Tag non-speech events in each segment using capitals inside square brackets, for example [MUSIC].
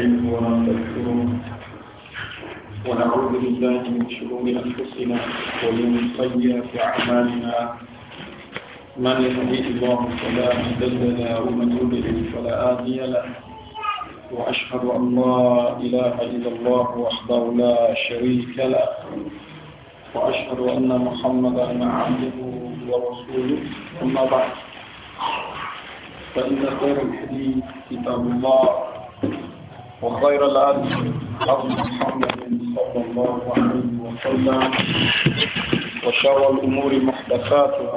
نستعينه ونستغفره ونعوذ بالله من شرور أنفسنا ومن سيئات أعمالنا من يهدي الله فلا مضل له ومن يضلل فلا هادي له وأشهد أن لا إله إلا الله وحده لا شريك له وأشهد أن محمدا عبده ورسوله أما بعد فإن خير الحديث كتاب الله وخير الأرض أرض محمد صلى الله عليه وسلم وشر الأمور محدثاتها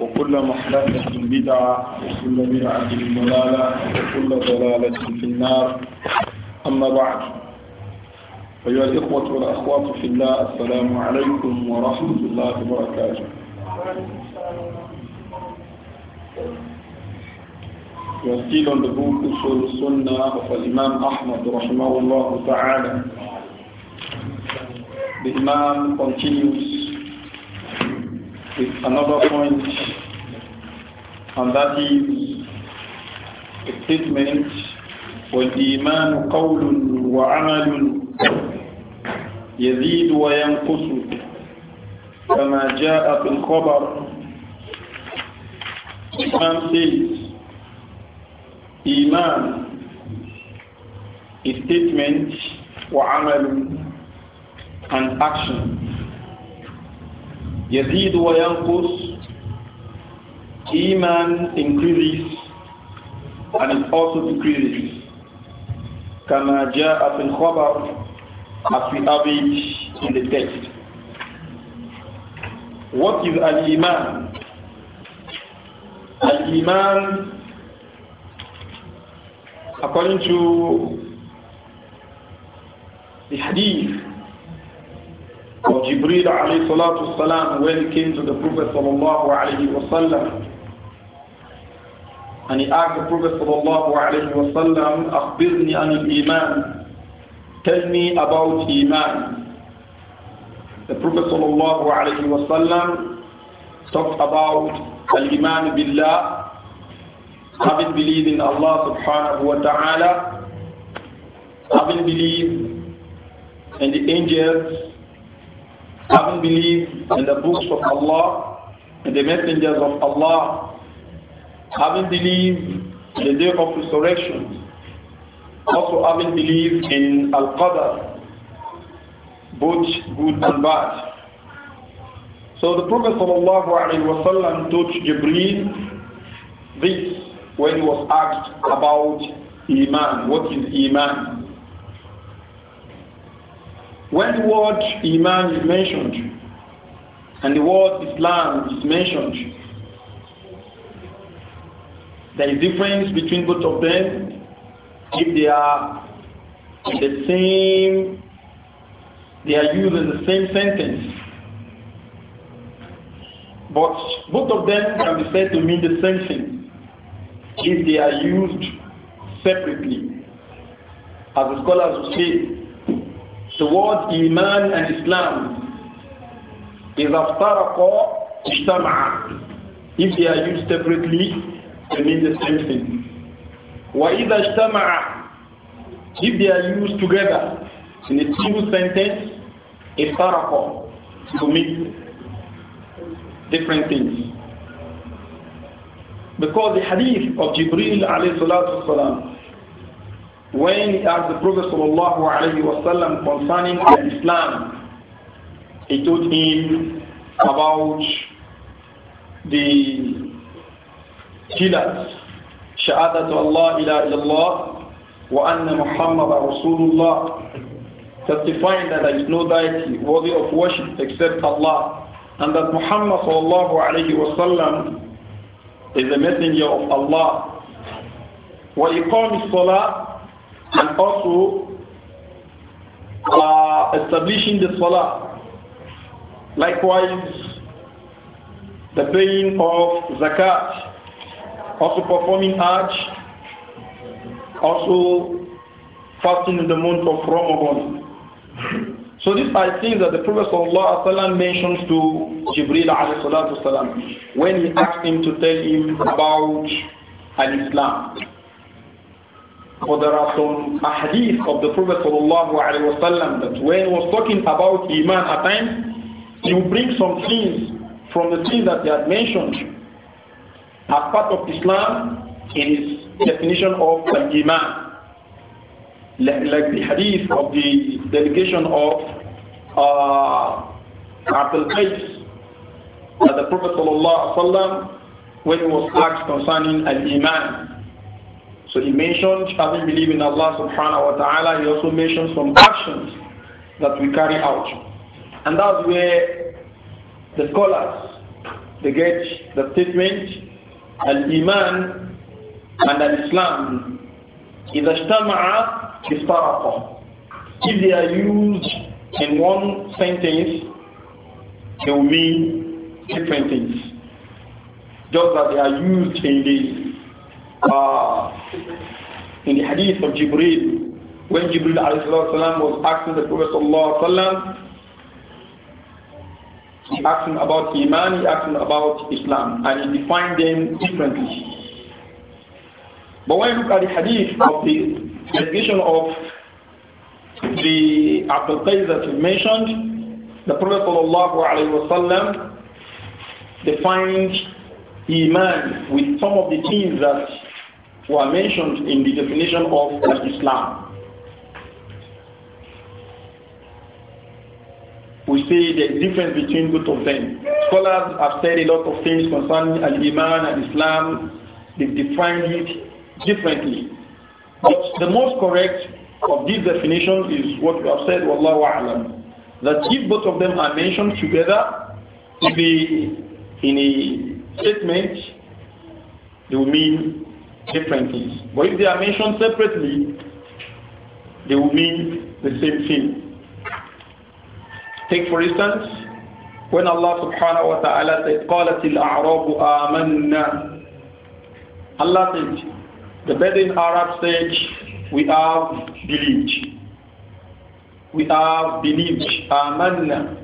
وكل محدثة بدعة وكل بدعة ضلالة وكل ضلالة في النار أما بعد أيها الإخوة والأخوات في الله السلام عليكم ورحمة الله وبركاته We are still on the book Usul Sunnah of Imam Ahmad rahimahullah ta'ala. The Imam continues with another point and that is a statement والإيمان قول وعمل يزيد وينقص كما جاء في الخبر Imam says Iman is statement, وعمل and action. يزيد وينقص Iman increases and it also decreases. كما جاء في الخبر as we have it in the text. What is Al-Iman? Al-Iman according to the hadith of Jibril alayhi salatu salam when he came to the Prophet sallallahu alayhi wasallam and he asked the Prophet sallallahu alayhi wasallam أخبرني عن الإيمان tell me about Iman the Prophet sallallahu alayhi wasallam talked about al-Iman billah having believed in Allah subhanahu wa ta'ala, having believed in the angels, having believed in the books of Allah and the messengers of Allah, having believed in the day of resurrection, also having believed in Al-Qadr, both good and bad. So the Prophet sallam taught Jibreel this when he was asked about Iman, what is Iman? When the word Iman is mentioned and the word Islam is mentioned, there is difference between both of them if they are the same they are used in the same sentence. But both of them can be said to mean the same thing if they are used separately. As the scholars will say, the word Iman and Islam is افترقا اجتمعا. If they are used separately, they mean the same thing. وإذا اجتمعا. If they are used together in a single sentence, افترقا to mean different things. Because the hadith of Jibril والسلام, when he asked the Prophet وسلم, concerning Islam, he told him about the pillars, Shahadatu Allah ila illallah wa anna Muhammad Rasulullah, testifying that there is no deity worthy of worship except Allah, and that Muhammad sallallahu alayhi wa sallam is the messenger of Allah. What you call me salah, and also uh, establishing the Salah. Likewise, the paying of Zakat, also performing Hajj, also fasting in the month of Ramadan. So these are things that the Prophet ﷺ mentions to Jibril والسلام, when he asked him to tell him about al-Islam. For there are some hadith of the Prophet ﷺ that when he was talking about Iman at times, he would bring some things from the things that he had mentioned as part of Islam in his definition of Iman like the hadith of the delegation of uh, Abdul Qais, that the Prophet wasallam, when he was asked concerning al-Iman, so he mentioned having believed in Allah subhanahu wa ta'ala, he also mentioned some actions that we carry out. And that's where the scholars, they get the statement, al-Iman and al-Islam, إذا اجتمع istaraqa. If they are used in one sentence, they will mean different things. Just that they are used in the uh, in the hadith of Jibril, when Jibril was asking the Prophet sallam, he asked him about Iman, he asked him about Islam, and he defined them differently. But when you look at the hadith of the the addition of the appetizer that we mentioned, the Prophet wasallam defined Iman with some of the things that were mentioned in the definition of Islam. we see the difference between both of them. Scholars have said a lot of things concerning Al-Iman and Islam. They've defined it differently. But the most correct of this definition is what you have said, Wallahu A'lam. That if both of them are mentioned together in, the, in a statement, they will mean different things. But if they are mentioned separately, they will mean the same thing. Take for instance, when Allah subhanahu wa ta'ala said, قَالَتِ الْأَعْرَابُ آمَنَّا Allah said, the Bedouin Arab said, We have believed. We have believed. Amanna.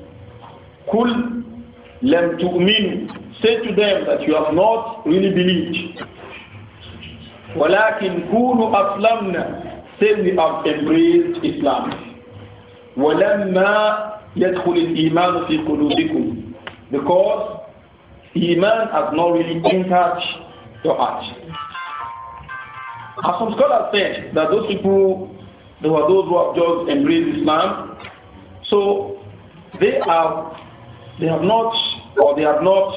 Kul lam tu'min. Say to them that you have not really believed. Walakin kunu aslamna. Say we have embraced Islam. Walamma يدخل الإيمان في قلوبكم because iman has not really entered your heart. As some scholars said that those people, there were those who have just embraced Islam, so they have they have not or they have not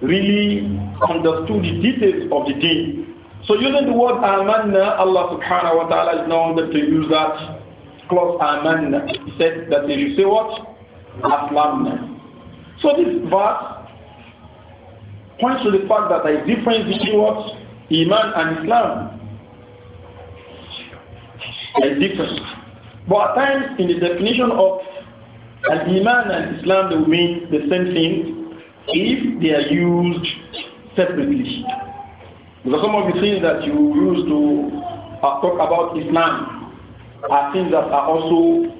really understood the details of the deen. So using the word amanna, Allah subhanahu wa ta'ala is now able to use that clause amanna. He said that if you say what? Aslamna. So this verse points to the fact that there is difference between what? Iman and Islam. There is different, But at times, in the definition of al Iman and Islam, they will mean the same thing if they are used separately. Because some of the things that you use to uh, talk about Islam are things that are also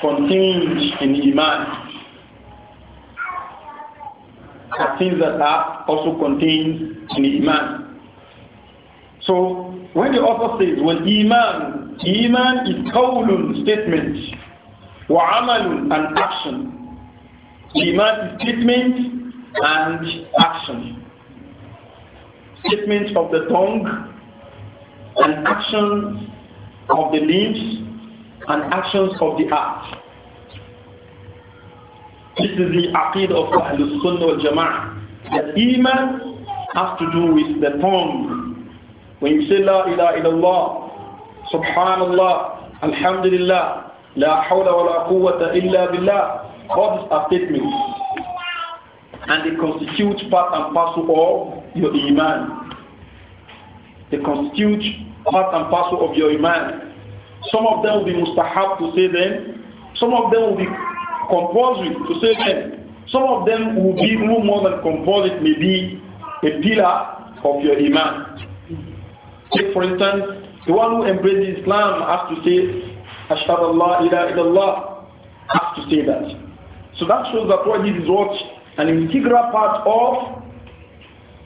contained in Iman. Are things that are also contained in Iman. So when the author says, when Iman Iman is qawlun, statement, wa amalun, and action. Iman is statement and action. Statement of the tongue and actions of the limbs and actions of the heart. This is the aqid of the Sunnah wal Jama'ah. The Iman has to do with the tongue. When you say La ilaha illallah, Subhanallah, Alhamdulillah, La hawla wa la quwwata illa billah. All these with statements. And it constitutes part and parcel of your Iman. It constitutes part and parcel of your Iman. Some of them will be mustahab to say them. Some of them will be compulsory to say them. Some of them will be no more than compulsory, maybe a pillar of your Iman. Take for instance, the one who embraces Islam has to say, Ashhadu Allah ila illallah, has to say that. So that shows that what he is what an integral part of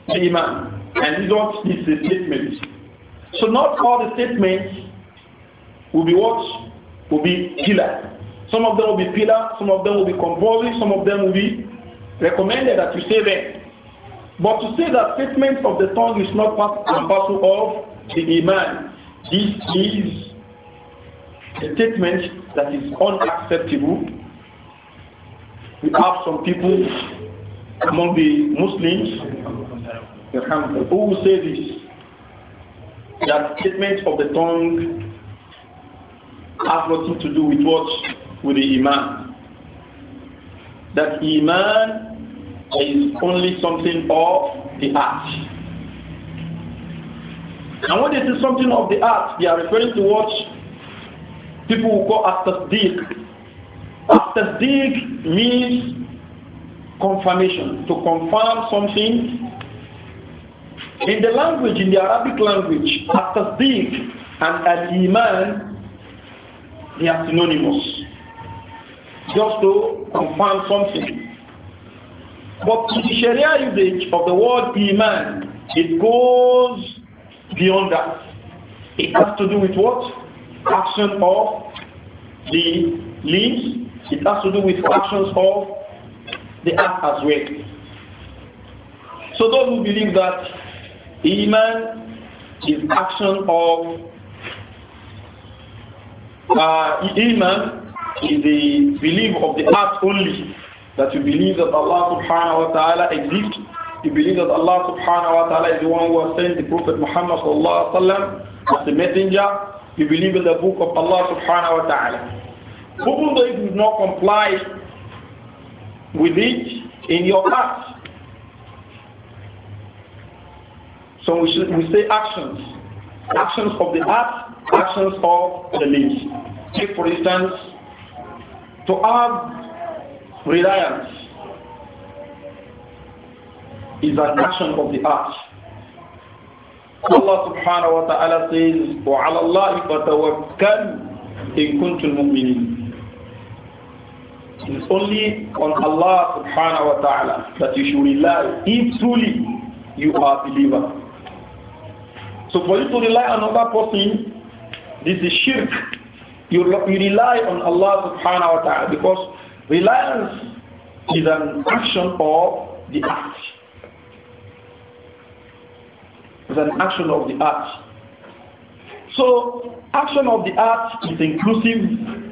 the Iman. And this is what is the statement. So not all the statements will be what? Will be pillar. Some of them will be pillar, some of them will be compulsory, some of them will be recommended that you say them. But to say that statement of the tongue is not part and parcel of the Iman this is a statement that is unacceptable. We have some people among the Muslims who say this that statement of the tongue has nothing to do with what? With the Iman. That Iman is only something of the heart. And when they say something of the art, they are referring to what people will call "After dig" means confirmation, to confirm something. In the language, in the Arabic language, dig" and al-iman, they are synonymous. Just to confirm something. But in the Sharia usage of the word iman, it goes beyond that. It has to do with what? Action of the limbs. It has to do with actions of the act as well. So those who believe that Iman is action of uh, Iman is the belief of the act only that you believe that Allah subhanahu wa ta'ala exists he believe that Allah subhanahu wa ta'ala is the one who has sent the Prophet Muhammad sallallahu alaihi wasallam as a messenger. He believed in the book of Allah subhanahu wa ta'ala. Even though if you do not comply with it in your heart, so we, should, we say actions, actions of the heart, actions of the lips. Take for instance, to have reliance is an action of the heart. Allah subhanahu wa ta'ala says, وَعَلَى اللَّهِ فَتَوَكَّلْ إِن كُنْتُمْ مُؤْمِنِينَ It is only on Allah subhanahu wa ta'ala that you should rely if truly you are a believer. So for you to rely on another person, this is shirk. You, you rely on Allah subhanahu wa ta'ala because reliance is an action of the act is an action of the heart. So, action of the heart is inclusive.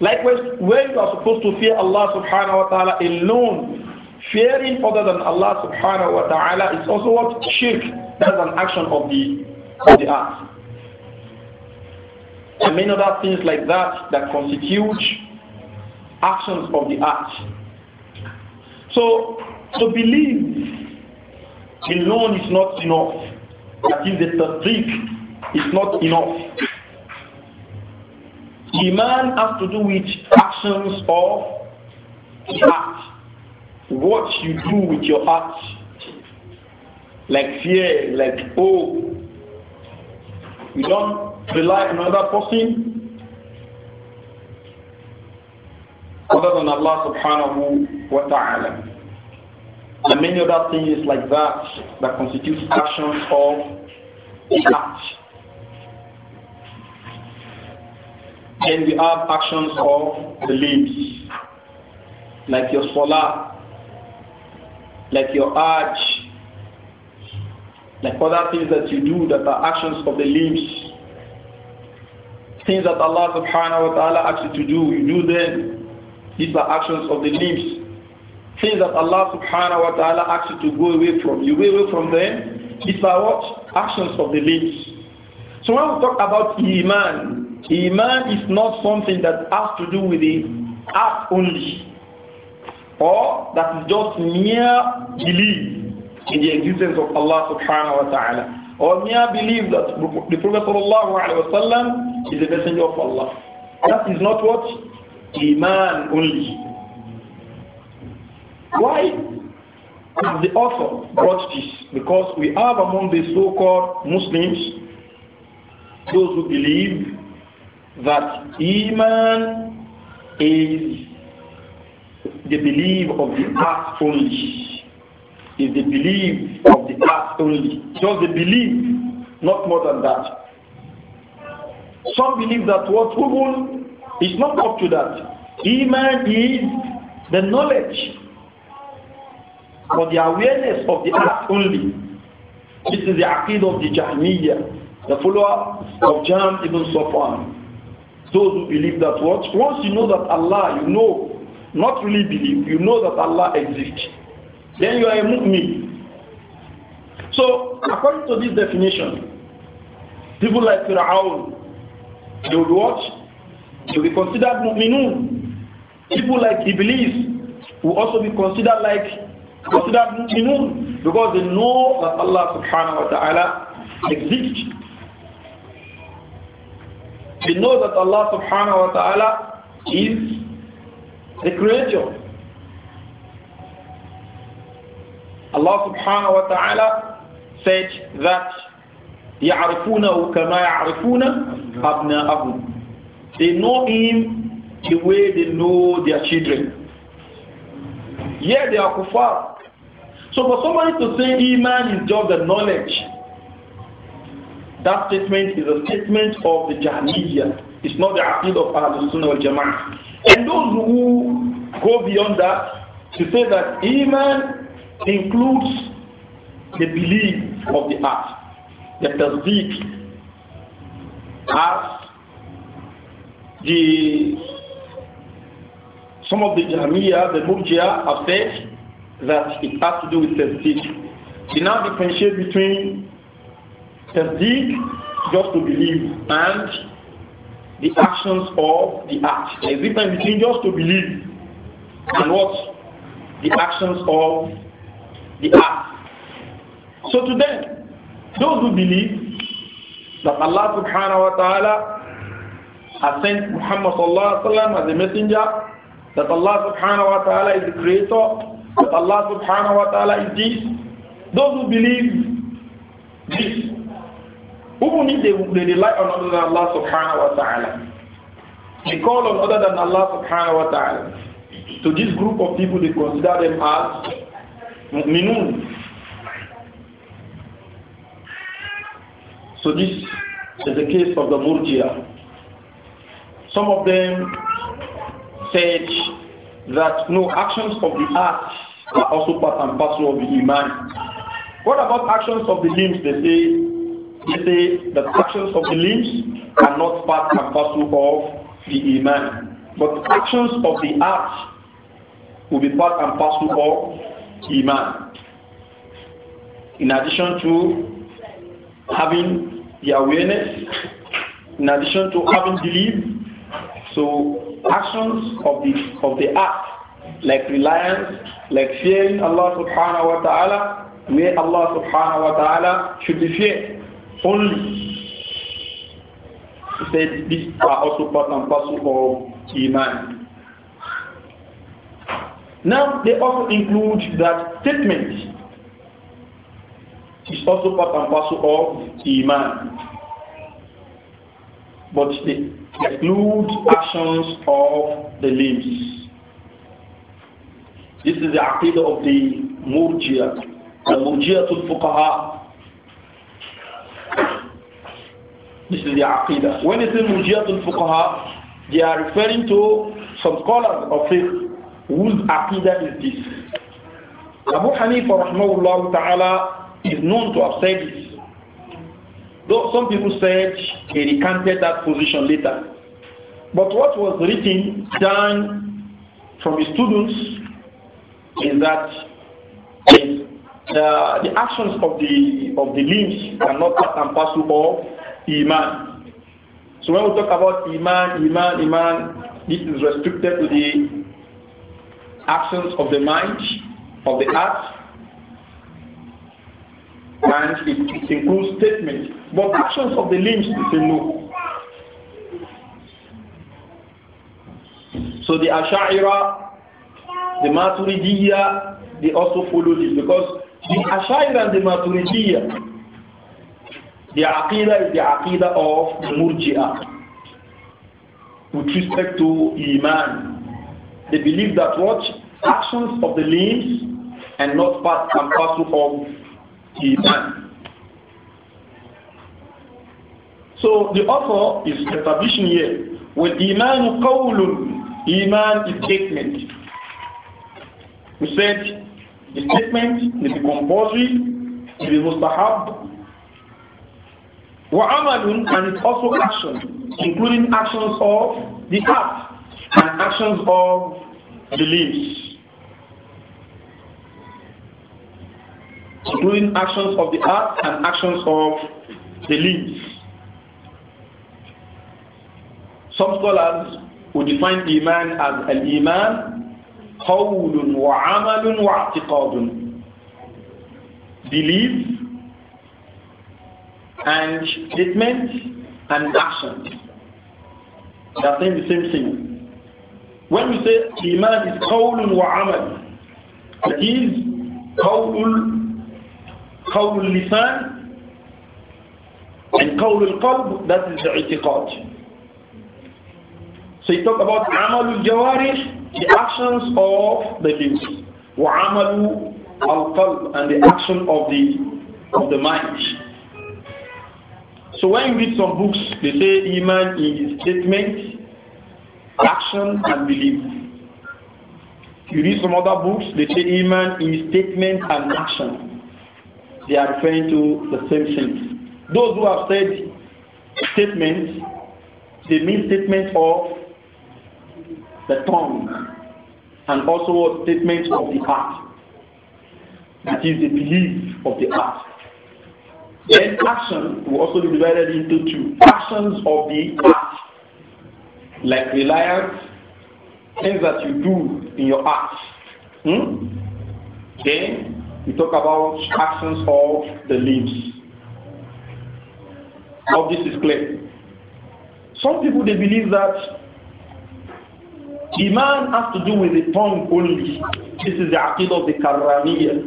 Likewise, where you are supposed to fear Allah subhanahu wa ta'ala alone, fearing other than Allah subhanahu wa ta'ala is also what? Shirk. That's an action of the, of the heart. And many other things like that that constitute actions of the heart. So, to believe alone is not enough. That is the tasdeeq is not enough. Iman has to do with actions of heart. What you do with your heart. Like fear, like hope. You don't rely on another person other than Allah subhanahu wa ta'ala and many other things like that that constitute actions of act. Then we have actions of the limbs, like your solar, like your arch, like other things that you do that are actions of the limbs. Things that Allah subhanahu wa ta'ala asks you to do, you do them. These are actions of the limbs things that Allah subhanahu wa ta'ala asks you to go away from, you go away from them, these are what? Actions of the lips. So when we talk about Iman, Iman is not something that has to do with the act only, or that is just mere belief in the existence of Allah subhanahu wa ta'ala, or mere belief that the Prophet sallallahu alayhi wa sallam is a messenger of Allah. That is not what? Iman only. Why has the author brought this? Because we have among the so-called Muslims those who believe that Iman is the belief of the heart only. Is the belief of the heart only. Just the belief, not more than that. Some believe that what woman is not up to that. Iman is the knowledge for the awareness of the act only. This is the Aqid of the Jahmiyyah, the follower of Jam ibn Safwan. Those who believe that what? Once you know that Allah, you know, not really believe, you know that Allah exists, then you are a mu'min. So, according to this definition, people like Fir'aun, they would watch, they would be considered mu'minun. People like Iblis will also be considered like considered mu'minun because they know that Allah subhanahu wa ta'ala exists. They know that Allah subhanahu wa ta'ala is the creator. Allah subhanahu wa ta'ala said that يَعْرِفُونَهُ كَمَا يَعْرِفُونَ أَبْنَاءَهُمْ They know Him the way they know their children. Yeah, they are kuffar. So for somebody to say Iman is just the knowledge, that statement is a statement of the Jahmiyyah. It's not the Aqid of al Sunnah al Jama'ah. And those who go beyond that to say that Iman includes the belief of the heart, the tasdeeq, as the some of the Jahmiya, the Murjiya have said that it has to do with tasdeeq. They now differentiate between tasdeeq, just to believe, and the actions of the act. There is difference between just to believe and what? The actions of the act. So to them, those who believe that Allah subhanahu wa ta'ala has sent Muhammad sallallahu alayhi wa sallam as a messenger that Allah subhanahu wa ta'ala is the creator, that Allah subhanahu wa ta'ala is this. Those who believe this, who believe they, they rely on other than Allah subhanahu wa ta'ala, they call on other than Allah subhanahu wa ta'ala. To so this group of people, they consider them as mu'minun. So this is the case of the Murjia. Some of them said that no actions of the heart are also part and parcel of the iman. What about actions of the limbs? They say they say that actions of the limbs are not part and parcel of the iman, but actions of the heart will be part and parcel of iman. In addition to having the awareness, in addition to having belief, so actions of the of the act, like reliance, like fearing Allah subhanahu wa ta'ala, may Allah subhanahu wa ta'ala should be feared only. He said these are also part and parcel of Iman. Now they also include that statement is also part and parcel of Iman but they exclude actions of the limbs. This is the aqidah of the Murjia, the Murjia to Fuqaha. This is the aqidah. When it is say Murjia to Fuqaha, they are referring to some scholars of it whose aqidah is this. Abu Hanifa rahmahullah ta'ala is known to have said this. Though some people said they recanted that position later. But what was written down from the students is that the, the actions of the of the limbs are not part and parcel of iman. So when we talk about iman, iman, iman, this is restricted to the actions of the mind, of the heart, and it, it includes statements but actions of the limbs is a no. So the Asha'ira, the Maturidiyya, they also follow this because the Asha'ira and the Maturidiyya, the Aqidah is the Aqidah of the Murji'ah with respect to Iman. They believe that what? Actions of the limbs and not part and parcel of Iman. So the author is establishing here, when iman qawlun, iman is statement. We said the statement is compulsory, it is mustahab, Wa'amalun and it's also action, including actions of the heart and actions of the lips. Including actions of the heart and actions of the lips. Some scholars would define Iman as an Iman, قول وعمل واعتقاد. Belief and statement and action. They are saying the same thing. When we say Iman is قول وعمل, it is قول قول اللسان and قول القلب that is the اعتقاد. So you talk about amalul jawarih, the actions of the lips. Wa amalu al-qalb, and the action of the, of the mind. So when you read some books, they say iman is statement, action, and belief. You read some other books, they say iman is statement and action. They are referring to the same thing. Those who have said statement, they mean statement of the tongue, and also statements of the heart. That is the belief of the heart. Then action will also be divided into two actions of the heart, like reliance, things that you do in your heart. Hmm? Then we talk about actions of the limbs. All this is clear. Some people they believe that Iman has to do with the tongue only. This is the aqidah of the Karramiyya.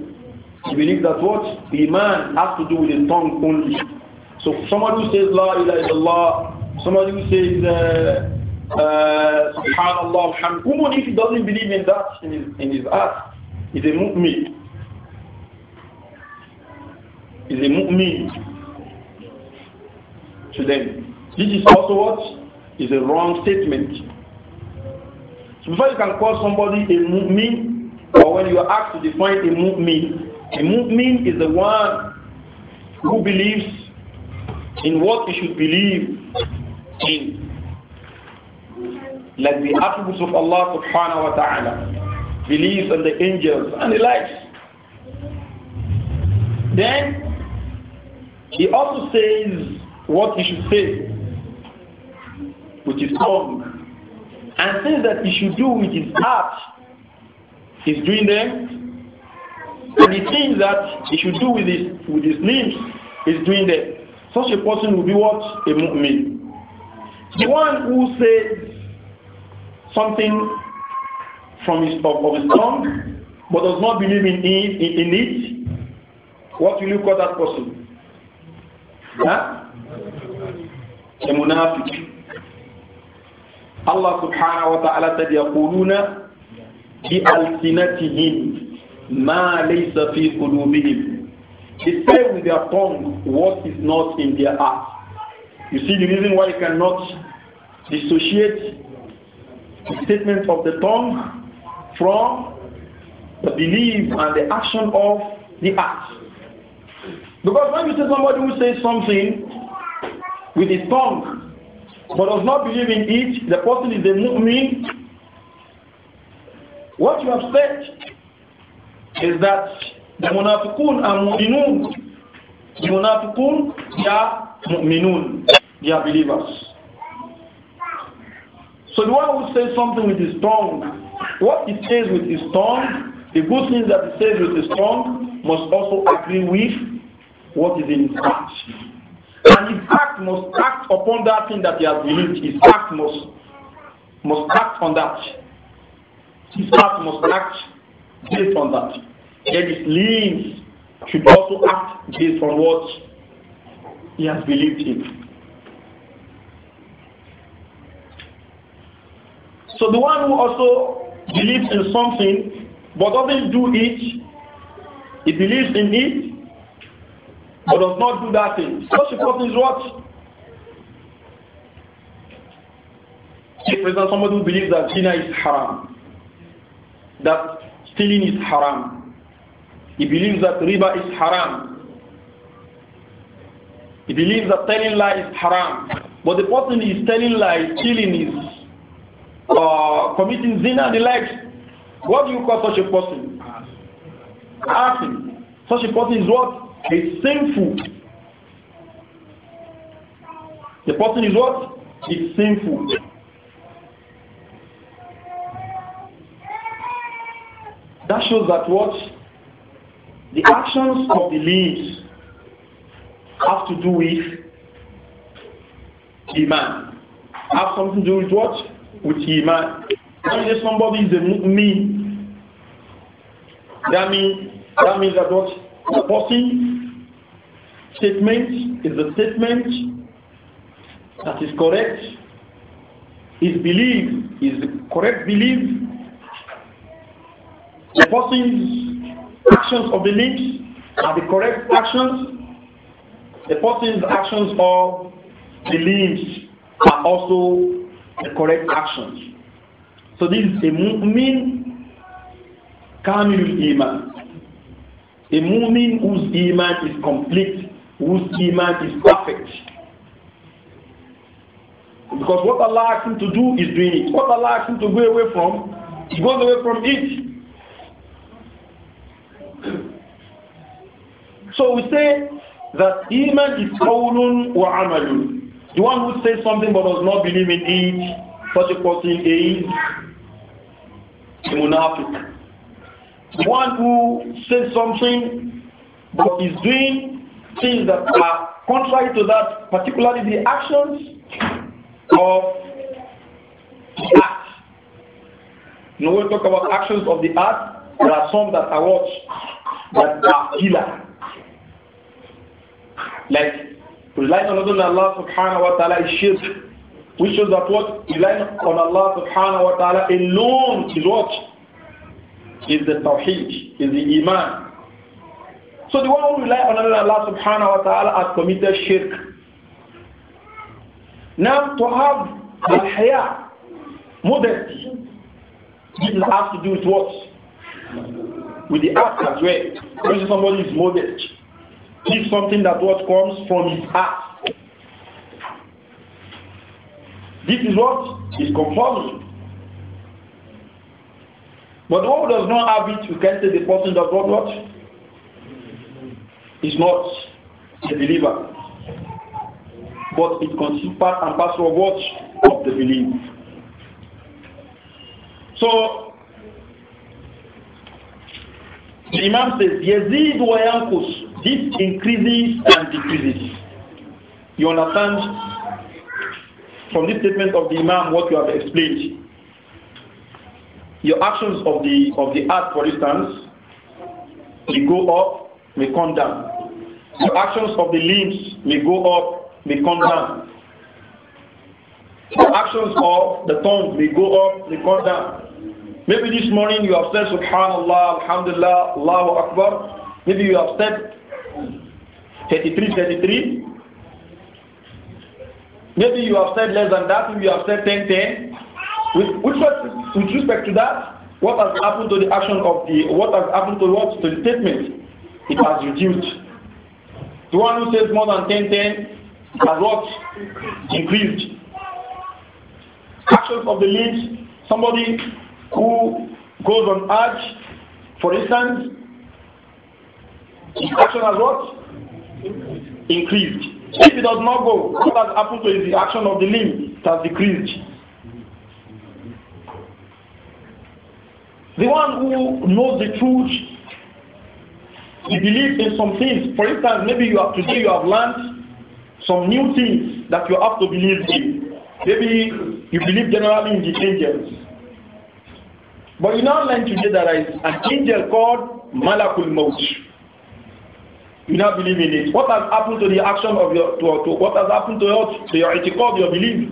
You believe that what? Iman has to do with the tongue only. So somebody who says La ilaha illallah, somebody who says uh, uh, Subhanallah, Muhammad, if he doesn't believe in that in his, in his heart, is a mu'min. Is a mu'min. So then, this is also what? Is a wrong statement before you can call somebody a mu'min, or when you are asked to define a mu'min, a mu'min is the one who believes in what he should believe in. Like the attributes of Allah subhanahu wa ta'ala, believes in the angels and the likes. Then he also says what he should say, which is wrong and things that he should do with his heart, he's doing them. And the things that he should do with his with his limbs, he's doing them. Such a person will be what? A mu'min. The one who says something from his of, of his tongue, but does not believe in it, in, in it, what will you call that person? Huh? A munafiq. Allah subhanahu wa ta'ala said, يَقُولُونَ مَا لَيْسَ فِي قُلُوبِهِمْ They say with their tongue what is not in their heart. You see the reason why you cannot dissociate the statement of the tongue from the belief and the action of the heart. Because when you see somebody who says something with his tongue, but does not believe in it, the person is a mu'min. What you have said is that the munafiqun are mu'minun. The munafiqun, are mu'minun. They are believers. So the one who says something with his tongue, what he says with his tongue, the good things that he says with his tongue, must also agree with what is in his heart. And his act must act upon that thing that he has believed. His act must must act on that. His act must act based on that. Then his limbs should also act based on what he has believed in. So the one who also believes in something but doesn't do it, he believes in it, but does not do that thing, such a person is what? Take for example somebody who believes that zina is haram, that stealing is haram, he believes that riba is haram, he believes that telling lies is haram, but the person is telling lies, stealing is uh, committing zina and the likes. What do you call such a person? Asking. Such a person is what? It's sinful. The person is what? It's sinful. That shows that what? The actions of the leaves have to do with the man Have something to do with what? With man. When somebody is a mean, that means that means that what? supporting statement is a statement that is correct, his belief is the correct belief, the person's actions of the lips are the correct actions, the person's actions of the are also the correct actions. So this is a mu'min kamil iman. A mu'min whose iman is complete, whose iman is perfect. Because what Allah asks him to do is doing it. What Allah asks him to go away from, he goes away from it. So we say that iman is qawlun wa amalun. The one who says something but does not believe in it, such a person is a munafiq one who says something but is doing things that are contrary to that, particularly the actions of the act. You know, when we talk about actions of the act, there are some that are what? That are killer. Like, relying on Allah subhanahu wa ta'ala is shirk. Which shows that what? Relying on Allah subhanahu wa ta'ala alone is what? is the Tawheed, is the Iman. So the one who relies on Allah subhanahu wa ta'ala has committed shirk. Now to have al-haya, modesty, it has to do with what? With the act as well. When somebody is modest, it's something that what comes from his heart. This is what is compulsory. But who does not have it, you can say the person does not what? Is not a believer. But it consists part and parcel of what? Of the belief. So, the Imam says, Yazid wa This increases and decreases. You understand? From this statement of the Imam, what you have explained your actions of the of the earth, for instance, may go up, may come down. Your actions of the limbs may go up, may come down. The actions of the tongue may go up, may come down. Maybe this morning you have said Subhanallah, Alhamdulillah, Allahu Akbar. Maybe you have said 33, 33. Maybe you have said less than that. Maybe you have said 10, 10. Which, which with respect to that, what has happened to the action of the, what has happened to what, to the statement? It has reduced. The one who says more than 10, 10 has what? Increased. Actions of the lead, somebody who goes on Hajj, for instance, his action has what? Increased. If it does not go, what has happened to the action of the limb? It has decreased. The one who knows the truth, he believes in some things. For instance, maybe you have today you have learned some new things that you have to believe in. Maybe you believe generally in the angels. But you now learn today that there is an angel called Malakul Maut. You now believe in it. What has happened to the action of your to, to what has happened to your to your ethical, your belief?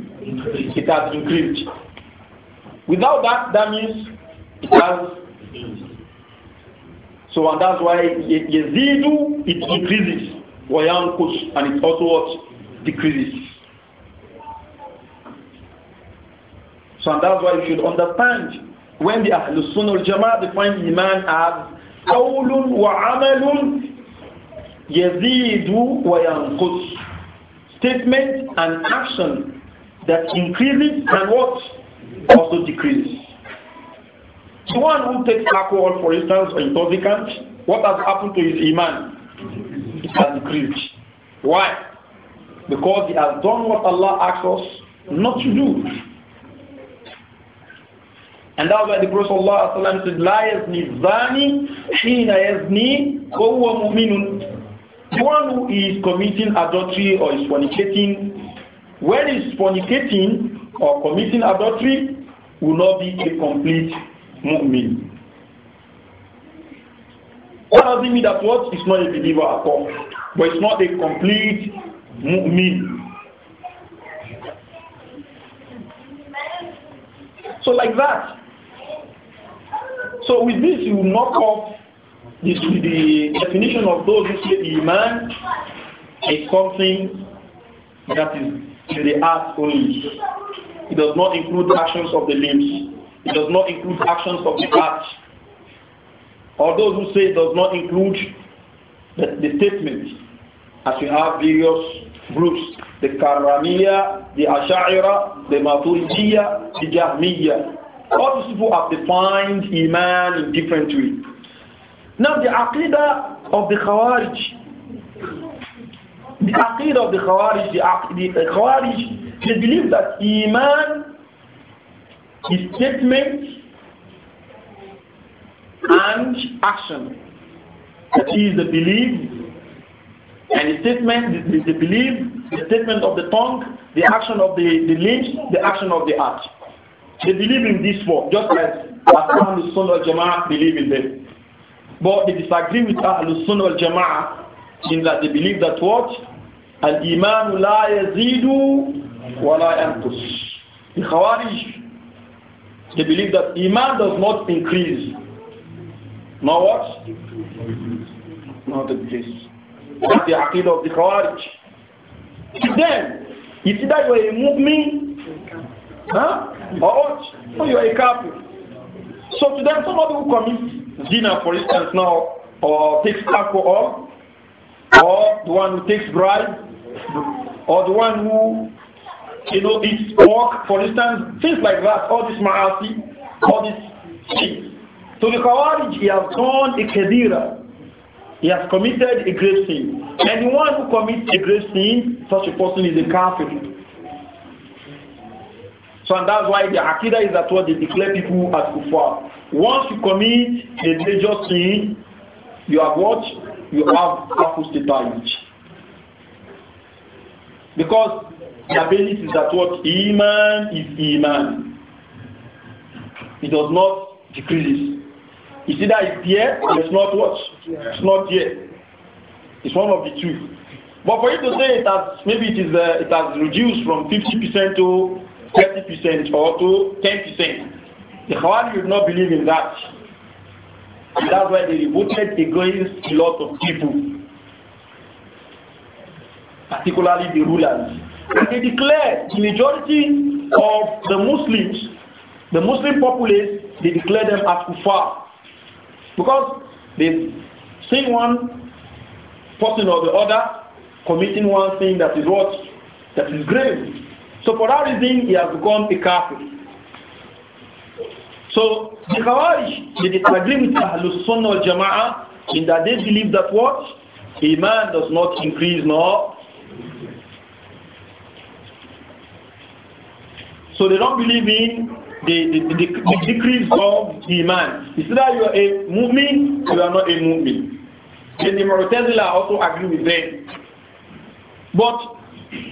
It has increased. Without that, that means so and that's why Yezidu it increases. Wayankus and it also what? Decreases. So and that's why you should understand when the Ahlul Sunnah Jama'ah defines Iman as Qawlun wa amalun yazidu wa yanqus. Statement and action that increases and what? Also decreases. The one who takes alcohol, for instance, or intoxicant, what has happened to his iman? It has decreased. Why? Because he has done what Allah asks us not to do. And that's why the Prophet Allah said, La yazni zani, hina yazni, huwa mu'minun. The one who is committing adultery or is fornicating, when he is fornicating or committing adultery, will not be a complete mu'min. What does it mean that what is not a believer at all, but it's not a complete mu'min? So like that. So with this, you knock off this, the definition of those who say iman is something that is in the heart only. It does not include actions of the limbs. It does not include actions of the heart. Or those who say it does not include the, the statement, as we have various groups, the Karamiya, the Ash'ira, the Maturidiyya, the Jahmiya. All these people have defined Iman in different ways. Now the Aqidah of the Khawarij, the Aqidah of the Khawarij, the, the Khawarij, they believe that Iman the statement and action. That is the belief and the statement, the, the, belief, the statement of the tongue, the action of the, the lips, the action of the heart. They believe in this form, just like the Sunnah of Jama'ah believe in them. But they disagree with the Sunnah of Jama'ah in that they believe that what? Al Imam la yazidu wa la yankus. The Khawarij they believe that Iman does not increase. Now what? Not increase. That's the Aqid of the Khawarij. Then, them, see that you are a movement, huh? or what? Or you are a kafir. So to them, somebody who commits zina, for instance, now, or takes alcohol, or the one who takes bribe, or the one who you know, it's work. for instance, things like that, all this ma'asi, all this sin. So the Khawarij, he has done a kadira. He has committed a grave sin. Anyone who commits a grave sin, such a person is a kafir. So and that's why the akida is that what they declare people as kufar. Once you commit a major sin, you have what? You have apostatized. Because the basis is that what Iman is Iman. It does not decrease. It's either it's there or it's not what? It's not here. It's one of the two. But for you to say it has maybe it is uh, it has reduced from 50% to 30% or to 10%. The Khawari would not believe in that. And that's why they voted against a lot of people, particularly the rulers. And they declare the majority of the Muslims, the Muslim populace, they declare them as kuffar. Because they see one person or the other committing one thing that is what? That is grave. So for that reason, he has become a kafir. So the Khawarij, they disagree with Ahlul Sunnah al Jama'ah in that they believe that what? Iman does not increase nor So they don't believe in the, the, the, the decrease of demand. iman. It's either you are a movement. you are not a movement. Then the Mu'tazila also agree with them. But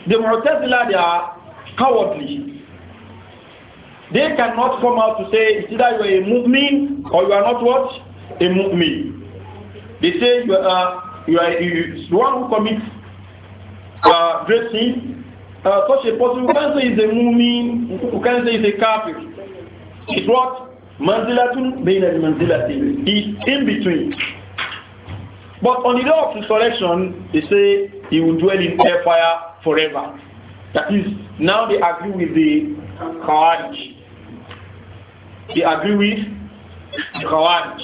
the Mu'tazila, they are cowardly. They cannot come out to say it's either you are a movement or you are not what? A movement. They say you are, you are, you, one who commits uh, great sin uh, such a person, we can't say he's a mumin, we can't say he's a kafir. It's what? Manzilatun bayna manzilatin. He's in between. But on the day of resurrection, they say he will dwell in hellfire forever. That is, now they agree with the Khawarij. They agree with the Khawarij.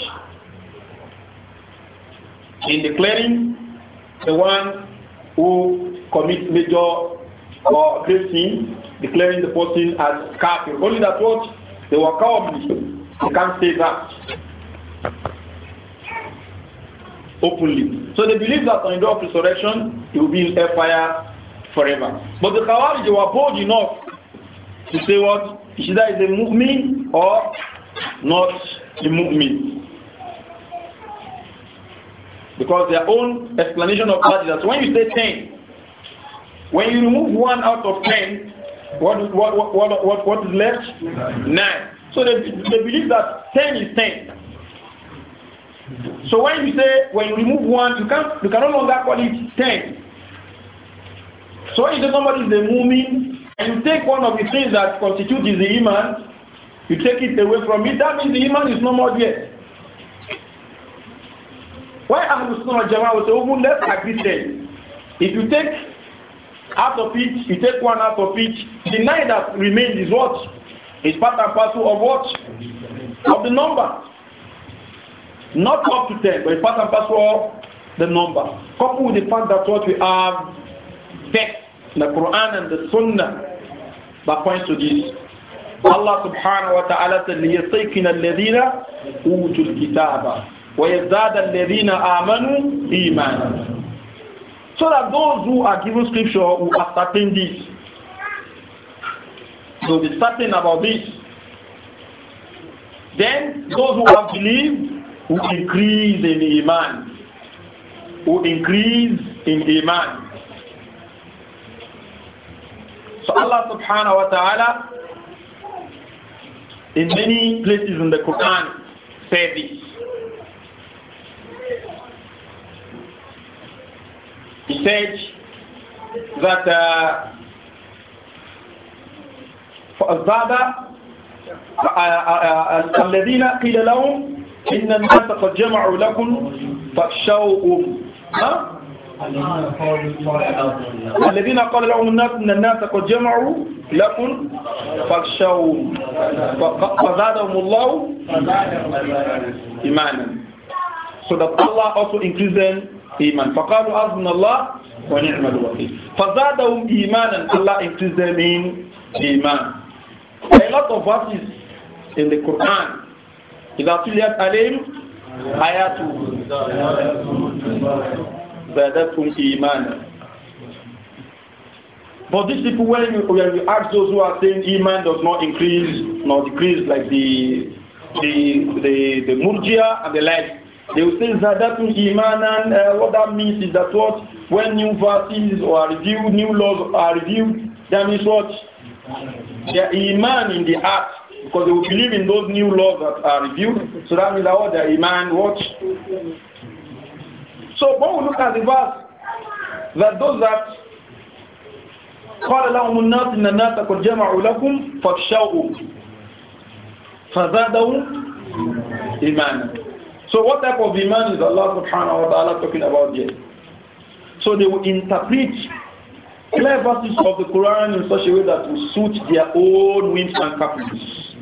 In declaring the one who commits major or great sin, declaring the person as kafir. Only that what? They were cowardly. They can't say that openly. So they believe that on the day of resurrection, he will be in fire forever. But the Khawarij were bold enough to say what? Ishida is a mu'min or not a mu'min. Because their own explanation of that is that when you say 10, when you remove one out of ten, what what what what what is left? Nine. So they they believe that ten is ten. So when you say when you remove one, you can you can no longer call it ten. So when you say somebody is a mumin, and you take one of the things that constitutes the iman, you take it away from it. That means the iman is no more there. Why Ahlul Sunnah Jama'ah will say, "Oh, let's agree ten. If you take out of it, you take one out of it. The nine that remains is what? It's part and parcel of what? Of the number. Not up to ten, but it's part and parcel of the number. Coupled with the fact that what we have text in the Quran and the Sunnah that points to this. Allah subhanahu wa ta'ala said, لِيَسْتَيْقِنَ الَّذِينَ أُوتُوا الْكِتَابَ وَيَزْدَادَ الَّذِينَ آمَنُوا إِيمَانًا So that those who are given scripture will ascertain this. They'll be certain about this. Then those who have believed will increase in Iman. Will increase in Iman. So Allah subhanahu wa ta'ala in many places in the Quran says this. He said that uh, فأزداد الذين قيل لهم إن الناس قد جمعوا لكم فاخشوهم الذين قال لهم الناس إن الناس قد جمعوا لكم فاخشوهم فزادهم الله إيمانا so that Allah also increases. إيمان فقالوا Allah wa ونعم الوكيل فزادهم إيمانا Allah intizamin iman. A lot of verses in the Quran إذا تليت عليهم آياته زادتهم إيمانا But these people, when you, when you ask those who are saying Iman does not increase nor decrease like the the the, the Murjia and the like, they will say Zadatu iman, Uh, what that means is that what when new verses are revealed, new laws are revealed, that means what their iman in the heart, because they will believe in those new laws that are revealed. So that means that what their iman what. So when we look at the verse, that those that قال لهم الناس إن الناس قد جمعوا لكم فزادهم إيمانا so what type of iman is Allah subhanahu wa ta'ala talking about here? So they will interpret clear verses of the Quran in such a way that will suit their own whims and caprices.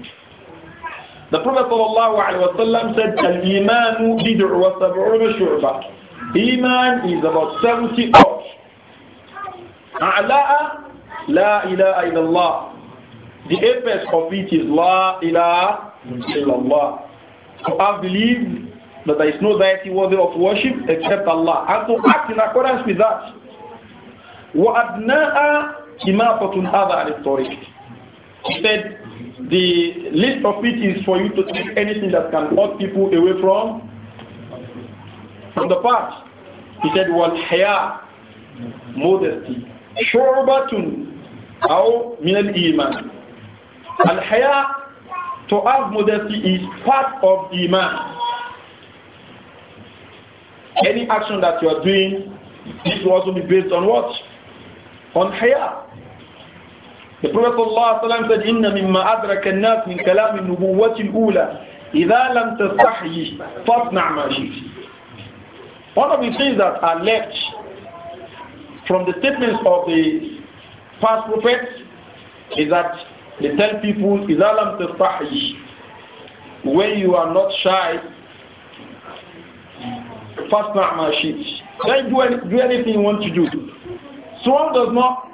The Prophet Allah said, Al-Imanu wa shu'ba. Iman is about 70 odd. A'la'a, la ilaha illallah. The apex of it is la ilaha illallah. So I believe that there is no deity worthy of worship except Allah, and to act in accordance with that. وَأَدْنَاءَ إِمَاطَةٌ هَذَا عَنِ He said, the least of it is for you to take anything that can cut people away from, from the path. He said, وَالْحَيَاءَ Modesty. شُعْبَةٌ أَوْ مِنَ And Al-Haya, to have modesty, is part of Iman. Any action that you are doing, this will also be based on what? On haya. The Prophet ﷺ said, إِنَّ مِمَّا أَدْرَكَ النَّاسِ مِنْ كَلَامِ النُّبُوَّةِ الْأُولَى إِذَا لَمْ تَسْتَحْيِ فَاصْنَعْ مَا شِئْتَ One of the things that are left from the statements of the past prophets is that they tell people, إِذَا لَمْ تَسْتَحْيِ When you are not shy, fast not my sheets. Then do, any, do anything you want to do. Someone does not,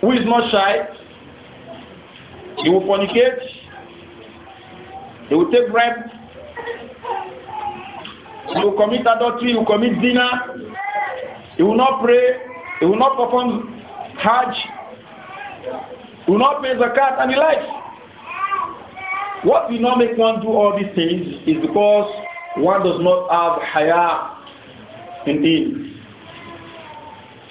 who is not shy, he will fornicate, he will take bread. he will commit adultery, he will commit dinner, he will not pray, he will not perform Hajj, he will not pay zakat and the like. What will not make one do all these things is because one does not have haya in him.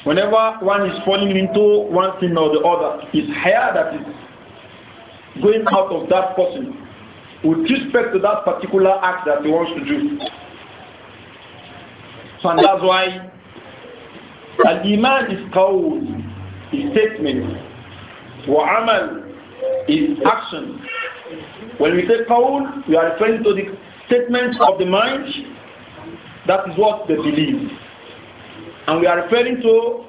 Whenever one is falling into one thing or the other, it's haya that is going out of that person with respect to that particular act that he wants to do. So and that's why Al-Iman is called a statement. Wa amal is action. When we say qawl, we are referring to the statements of the mind, that is what they believe. And we are referring to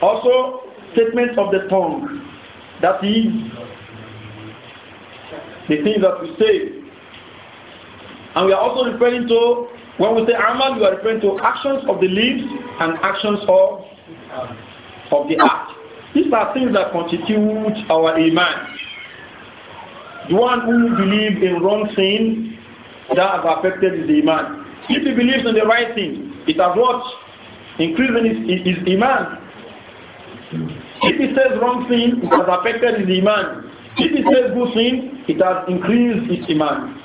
also statements of the tongue, that is the things that we say. And we are also referring to, when we say amal, we are referring to actions of the lips and actions of, of the heart. These are things that constitute our iman. The one who believes in wrong things that has affected his iman. If he believes in the right thing, it has what? Increasing his, his, his iman. If he says wrong thing, it has affected his iman. If he says good thing, it has increased his iman.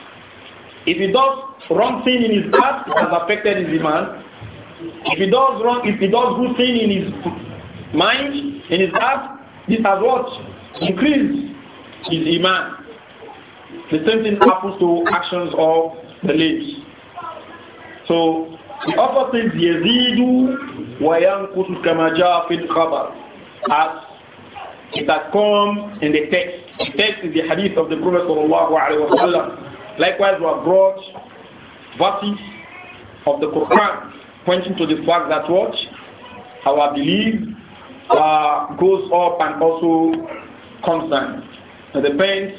If he does wrong thing in his heart, it has affected his iman. If he does wrong, if he does good thing in his mind, in his heart, it has what? Increased his iman. The same thing happens to actions of the lips. So the author says Yazidu wayankutu kamaja fil khabar as it has come in the text. The text is the hadith of the Prophet sallallahu alaihi wasallam. Likewise, we have brought verses of the Quran pointing to the fact that what our belief uh, goes up and also comes down. It depends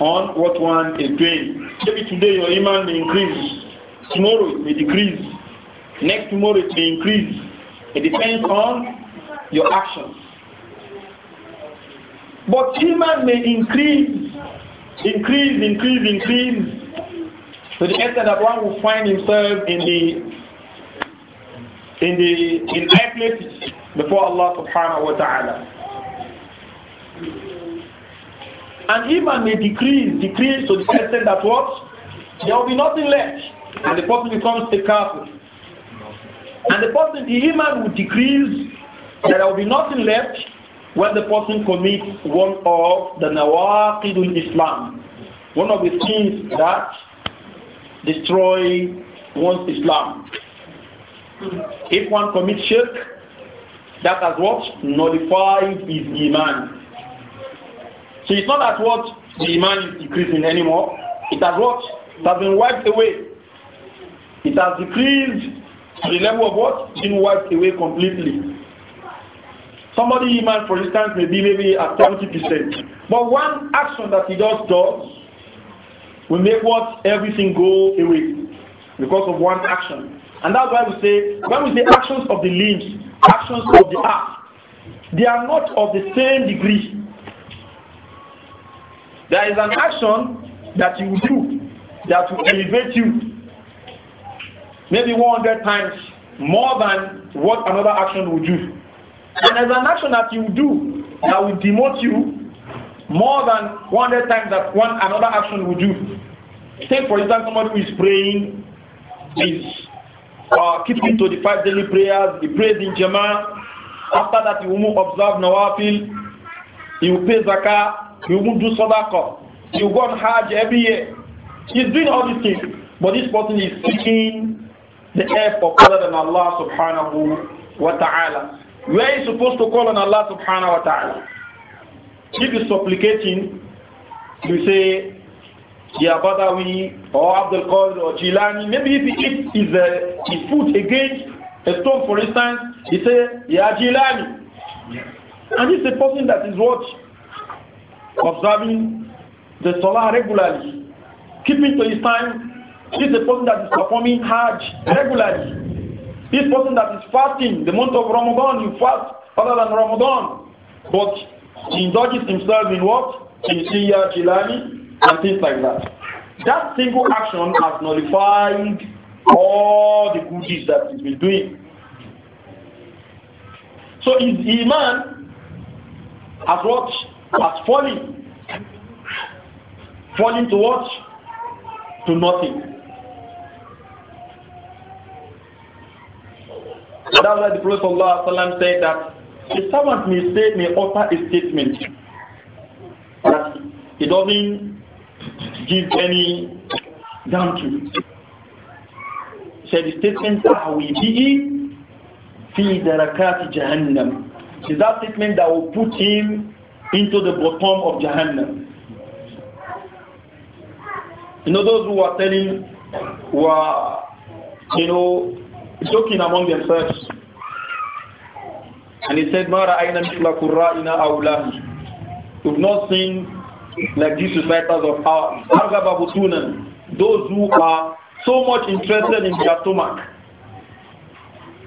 on what one is doing. Maybe today your iman may increase, tomorrow it may decrease, next tomorrow it may increase. It depends on your actions. But iman may increase, increase, increase, increase, to the extent that one will find himself in the in the in high places before Allah subhanahu wa ta'ala. And iman may decrease, decrease to the extent that what? There will be nothing left. And the person becomes a kafir. And the person, the iman will decrease, there will be nothing left when the person commits one of the in Islam, one of the things that destroy one's Islam. If one commits shirk, that has what? Nullified his iman. So it's not that what the demand is decreasing anymore. It has what? It has been wiped away. It has decreased to the level of what? Being wiped away completely. Somebody demand, for instance, may be maybe at 70%. But one action that he just does will make what? Everything go away because of one action. And that's why we say, when we say actions of the limbs, actions of the heart, they are not of the same degree. There is an action that you do that will elevate you maybe 100 times more than what another action will do. And there's an action that you do that will demote you more than 100 times that one another action will do. Take for example somebody who is praying, is uh, keeping to the five daily prayers, he prays in Jama. After that, he will observe Nawafil, he will pay Zakah, he won't do sadaqah. He will go on Hajj every year. He's doing all these things. But this person is seeking the help of other than Allah subhanahu wa ta'ala. Where is supposed to call on Allah subhanahu wa ta'ala? If you're supplicating, you say, Ya Badawi or Abdul Qadir or Jilani, maybe if he eats his, uh, his foot against a stone, for instance, he say, Ya Jilani. And he's a person that is what? observing the salah regularly, keeping to his time. This is a person that is performing Hajj regularly. This person that is fasting the month of Ramadan, He fast other than Ramadan, but he indulges himself in what? In Siyah, Jilani, and things like that. That single action has nullified all the good deeds that he's been doing. So his iman has what? as falling. Falling to what? To nothing. That's why the Prophet ﷺ said that the servant may say, may utter a statement that it doesn't give any down to. Said the statement that we be fi darakati jahannam. Is that statement that will put him into the bottom of Jahannam. You know, those who are telling, who are, you know, joking among themselves. And he said, Mara aina mithla qurra'ina awlahi. We've not seen like these reciters of ours. Argababutuna, those who are so much interested in their stomach.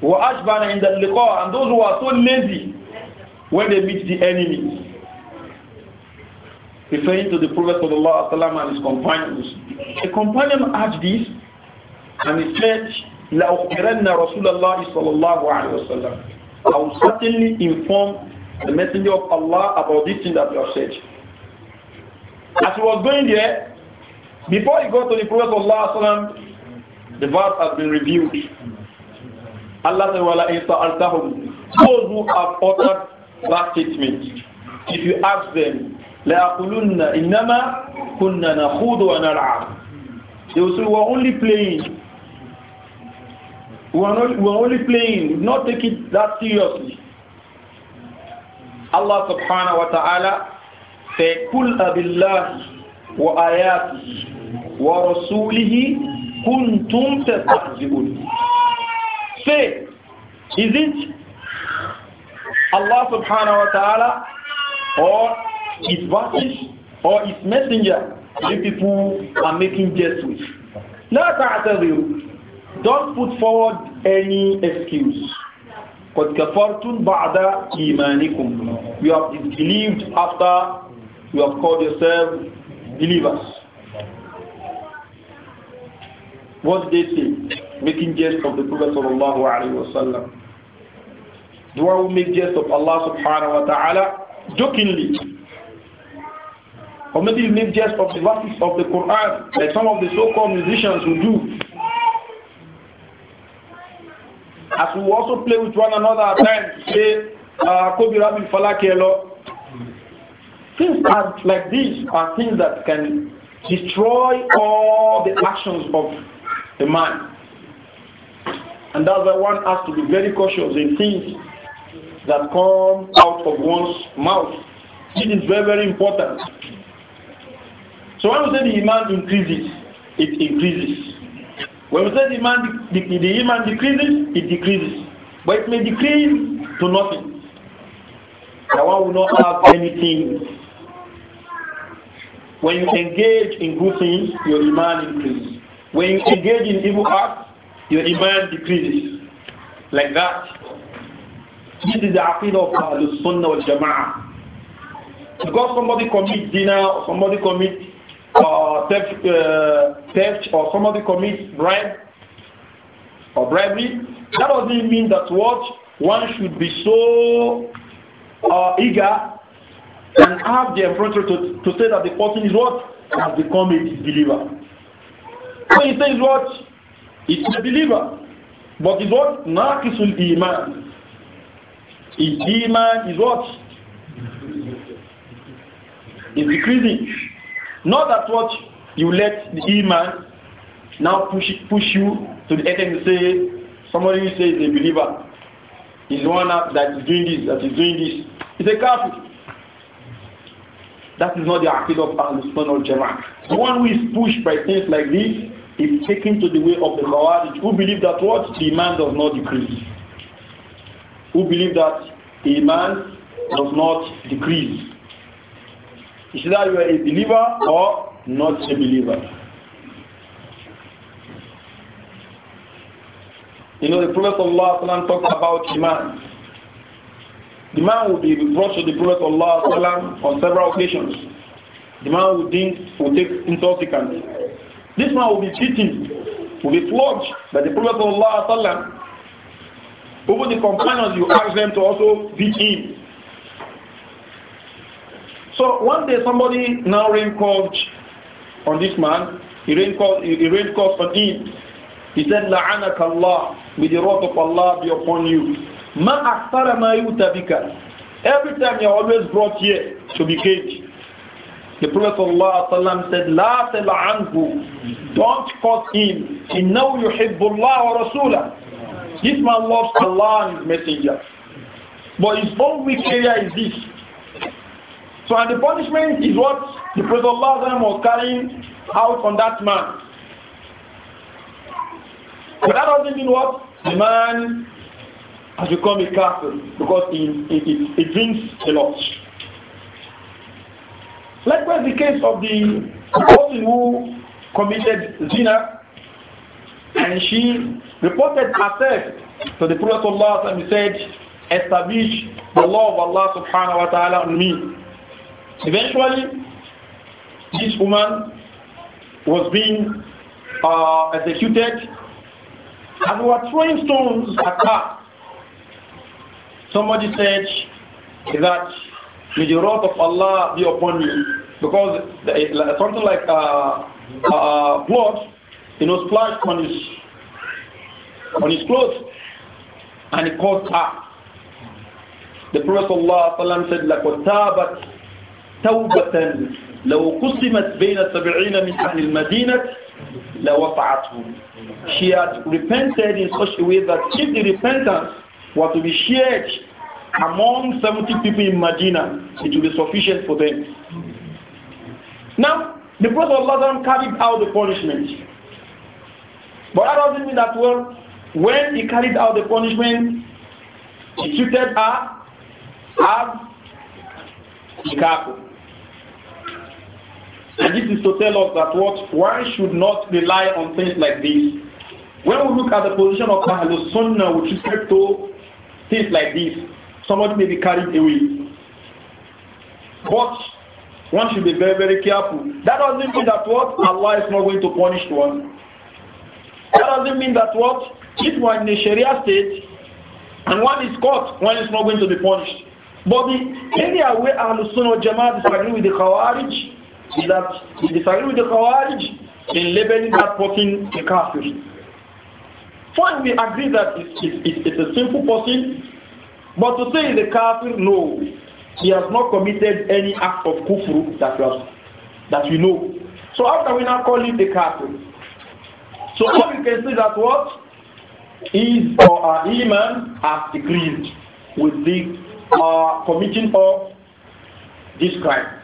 Wa ashbana in the liqa, and those who are so lazy when they meet the enemy referring to the Prophet and his companions. A companion asked this and he said, لَأُخْبِرَنَّ رَسُولَ اللَّهِ صَلَى اللَّهُ عَلَيْهِ وَسَلَّمَ I will certainly inform the messenger of Allah about this thing that you have said. As he was going there, before he got to the Prophet of Allah, the verse has been revealed. Allah said, Wala Those who have uttered that statement, if you ask them, لا يقولون إنما كنا نخوض ونلعب They will say we are only playing. We are, not, we are only playing. we not take it that seriously. Allah سبحانه وتعالى ta'ala said, قُلْ وَآيَاتِهِ وَرَسُولِهِ كُنْتُمْ تَسْتَهْزِئُونَ Say, isn't Allah سبحانه وتعالى or his verses or its messenger you people are making jest with. Now I tell you, don't put forward any excuse. قد كفرتم بعد إيمانكم You have disbelieved after you have called yourself believers. What did they say? Making jest of the Prophet sallallahu alayhi wa sallam. The one make jest of Allah subhanahu wa ta'ala jokingly or maybe you make jest of the verses of the Quran, like some of the so-called musicians would do. As we also play with one another at times, say, uh, Kobi Rabbi Falakelo. Things are, like these are things that can destroy all the actions of the man. And that's why one has to be very cautious in things that come out of one's mouth. It is very, very important. So when we say the iman increases, it increases. When we say the iman, the, the, the iman decreases, it decreases. But it may decrease to nothing. That one will not have anything. When you engage in good things, your iman increases. When you engage in evil acts, your iman decreases. Like that. This is the aqidah of the Sunnah wal Jama'ah. Because somebody commits dinner, somebody commits or uh, theft, uh, theft or somebody commits bribe or bribery, that doesn't mean that what one should be so uh, eager and have the effrontery to, to say that the person is what? Has become a disbeliever. So he says what? He's a believer. But is what? Naqisul Iman. His Iman is what? Is decreasing. Not that what you let the man now push push you to the extent and say somebody who says a believer is one that is doing this, that is doing this. It's a kafir. That is not the aqid of Al-Sunnah al-Jama'ah. The one who is pushed by things like this is taken to the way of the Khawarij who believe that what? The iman does not decrease. Who believe that the iman does not decrease. Is that you are a believer or not a believer? You know, the Prophet Allah talked about Iman. The man will be brought to the Prophet Allah on several occasions. The man will, think, will take intoxicants. This man will be beaten, will be flogged by the Prophet ﷺ. Even the companions, you ask them to also beat him. So one day somebody now rain called on this man. He rain called, he rain called for him. He said, لعنك Allah, may the wrath of Allah be upon you. ما أكثر ما يوتى Every time you're always brought here to be caged. The Prophet ﷺ said, لا تلعنه, don't curse him. He hate Allah or وَرَسُولَهُ This man loves Allah and His Messenger. But his own weak area is this. So, and the punishment is what the Prophet Allah was carrying out on that man. But that doesn't mean what? The man has become a kafir because he, he, he, drinks a lot. Likewise, the case of the person who committed zina and she reported herself to the Prophet Allah and he said, Establish the law of Allah subhanahu wa ta'ala on me. Eventually, this woman was being uh, executed and we were throwing stones at her. Somebody said that may the wrath of Allah be upon you because something like uh, uh, uh, blood, you know, splashed on his on his clothes and it caused her. The Prophet Allah said, "Laqad توبة لو قسمت بين من أهل المدينة She had repented in such a way that if the repentance were to be shared among 70 people in Medina, it would be sufficient for them. Now, the Prophet Allah carried out the punishment. But that doesn't mean that well, when he carried out the punishment, he treated her as a and this is to tell us that what one should not rely on things like this. When we look at the position of Ahlul Sunnah with respect to things like this, somebody may be carried away. But one should be very, very careful. That doesn't mean that what Allah is not going to punish one. That doesn't mean that what if one in a Sharia state and one is caught, one is not going to be punished. But the area where Ahlul Sunnah Jama'at disagree with the Khawarij is that you disagree with the Khawarij in labeling that person a kafir. First, we agree that it's, it's, it's a simple person, but to say he's a kafir, no. He has not committed any act of kufr that that we know. So how can we now call him a kafir? So what we can say that what is or our iman has decreased with the uh, committing of this crime.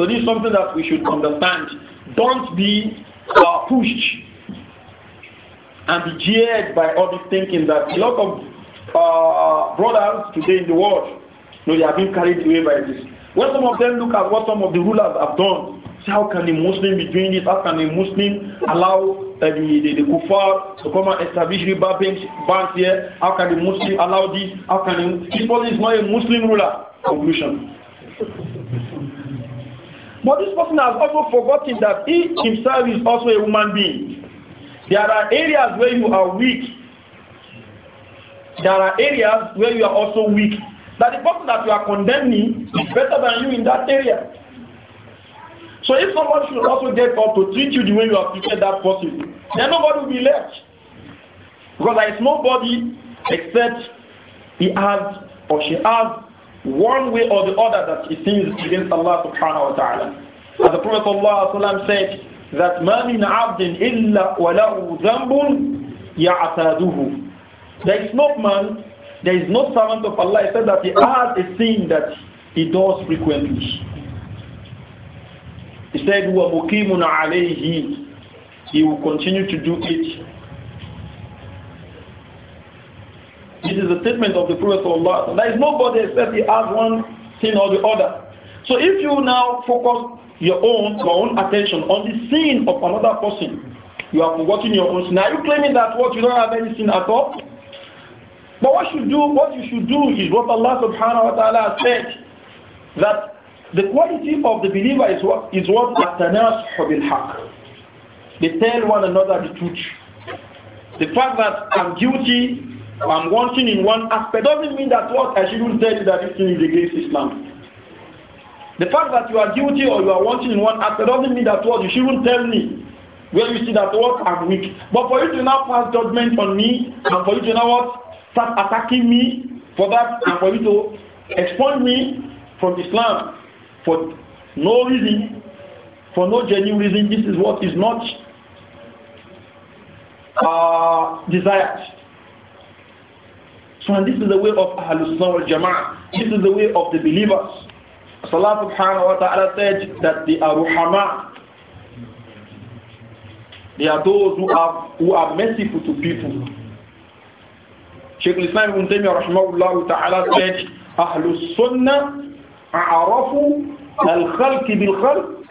So this is something that we should understand. Don't be uh, pushed and be jeered by all this thinking that a lot of uh, brothers today in the world, you know, they are being carried away by this. When some of them look at what some of the rulers have done, say how can a Muslim be doing this? How can a Muslim allow uh, the, the, the kuffar to come and establish riba banks, banks here? How can a Muslim allow this? How can a, this person is not a Muslim ruler? Conclusion. But this person has also forgotten that he himself is also a human being. There are areas where you are weak. There are areas where you are also weak. That the person that you are condemning is better than you in that area. So if someone should also get up to treat you the way you have treated that person, then nobody will be left. Because there is nobody except he has or she has one way or the other that he sins against Allah subhanahu wa ta'ala. As the Prophet Allah said, that مَا مِنْ illa إِلَّا وَلَهُ ذَنْبٌ يَعْتَادُهُ There is no man, there is no servant of Allah except that he has a sin that he does frequently. He said, وَمُقِيمٌ عَلَيْهِ He will continue to do it This is a statement of the Prophet Allah. There is nobody except he has one sin or the other. So if you now focus your own your own attention on the sin of another person, you are forgotten your own sin. Are you claiming that what you don't have any sin at all? But what you do, what you should do is what Allah subhanahu wa ta'ala said that the quality of the believer is what is what atanas bil haq. They tell one another the truth. The fact that I'm guilty I'm wanting in one aspect doesn't mean that what I shouldn't tell you that this thing is against Islam. The fact that you are guilty or you are wanting in one aspect doesn't mean that what you shouldn't tell me where you see that what I'm weak. But for you to now pass judgment on me and for you to now what start attacking me for that and for you to expel me from Islam for no reason, for no genuine reason, this is what is not uh, desired. So and this is the way of Ahlul Sunnah Jama'ah. This is the way of the believers. Allah subhanahu wa ta'ala said that they are ruhama. They are those who are, who are merciful to people. Sheikh al-Islam ibn Taymiyyah rahimahullah ta'ala said, Ahlul Sunnah a'arafu al-khalqi bil-khalq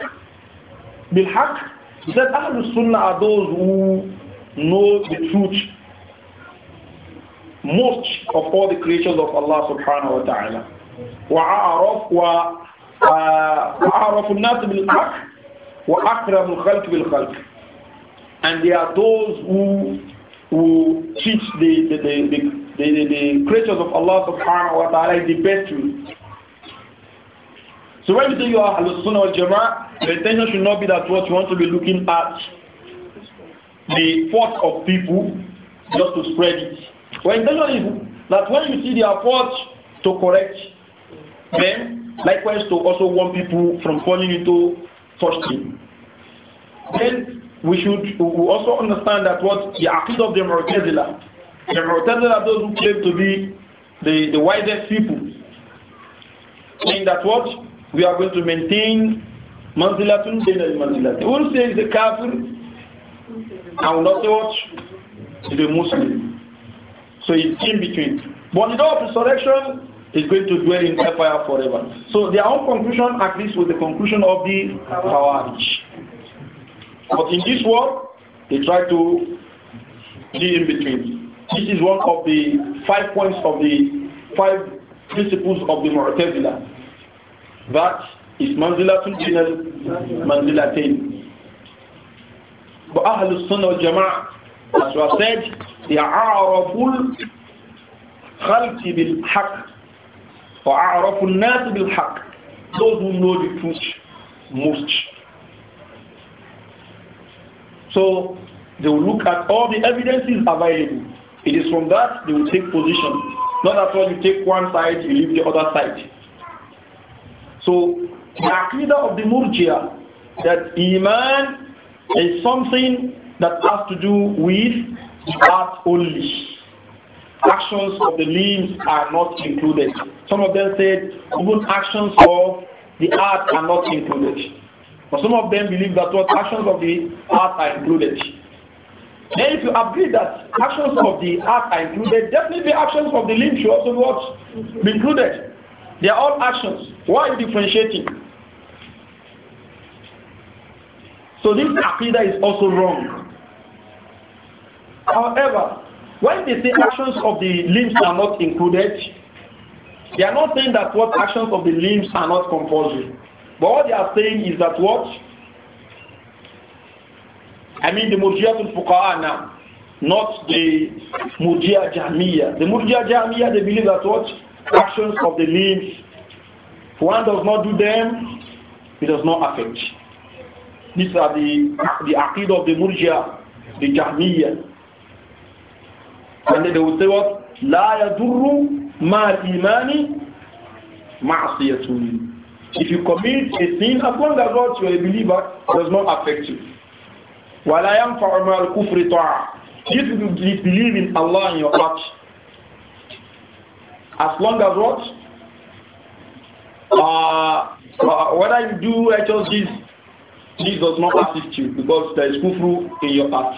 bil-haq. He said Ahlul Sunnah are those who know the truth most of all the creatures of Allah subhanahu wa ta'ala. وَأَعْرَفُ uh, وَأَعْرَفُ النَّاسِ بِالْحَقِّ وَأَكْرَمُ And they are those who, who teach the, the, the, the, the, the creatures of Allah subhanahu wa ta'ala the best way. So when you say you are Al-Sunnah al-Jama'ah, the intention should not be that what you want to be looking at the force of people just to spread it. Your intention is that when you see the effort to correct them, likewise to also warn people from falling into such thing. Then we should we also understand that what the aqid of the Mu'tazila, the Mu'tazila those who claim to be the, the wisest people, saying that what we are going to maintain manzilatun bin al Who will say is a kafir? I will not say what is The Muslim. So it's in between. But the door of resurrection is going to dwell in fire forever. So their own conclusion agrees with the conclusion of the Khawarij. But in this world, they try to be in between. This is one of the five points of the five principles of the Mu'tazila. That is manzilatun Manzila manzilatain. But Ahlul Sunnah wal Jama'ah, as we have said, يعرف الخلق بالحق وأعرف الناس بالحق those who know the truth most so they will look at all the evidences available it is from that they will take position not at all you take one side you leave the other side so the aqidah of the murjia that iman is something that has to do with the heart only. Actions of the limbs are not included. Some of them said even actions of the heart are not included. But some of them believe that what actions of the heart are included. Then if you agree that actions of the heart are included, definitely actions of the limbs should also what? be included. They are all actions. Why are you differentiating? So this aqidah is also wrong. However, when they say actions of the limbs are not included, they are not saying that what actions of the limbs are not compulsory. But what they are saying is that what? I mean the Mujia Fuqaha now, not the Mujia Jamia. The Mujia Jamia, they believe that what? Actions of the limbs, one does not do them, it does not affect. These are the, the Aqid of the Murjia, the Jamia. And then they will say what? La ma ma'al imani ma'asiyatun. If you commit a sin, as long as what you are a believer, it does not affect you. وَلَا يَنْفَعُ from al طَاعَةٌ If you believe in Allah in your heart, as long as what? Uh, uh whether you do righteous deeds, this does not assist you because there is kufru in your heart.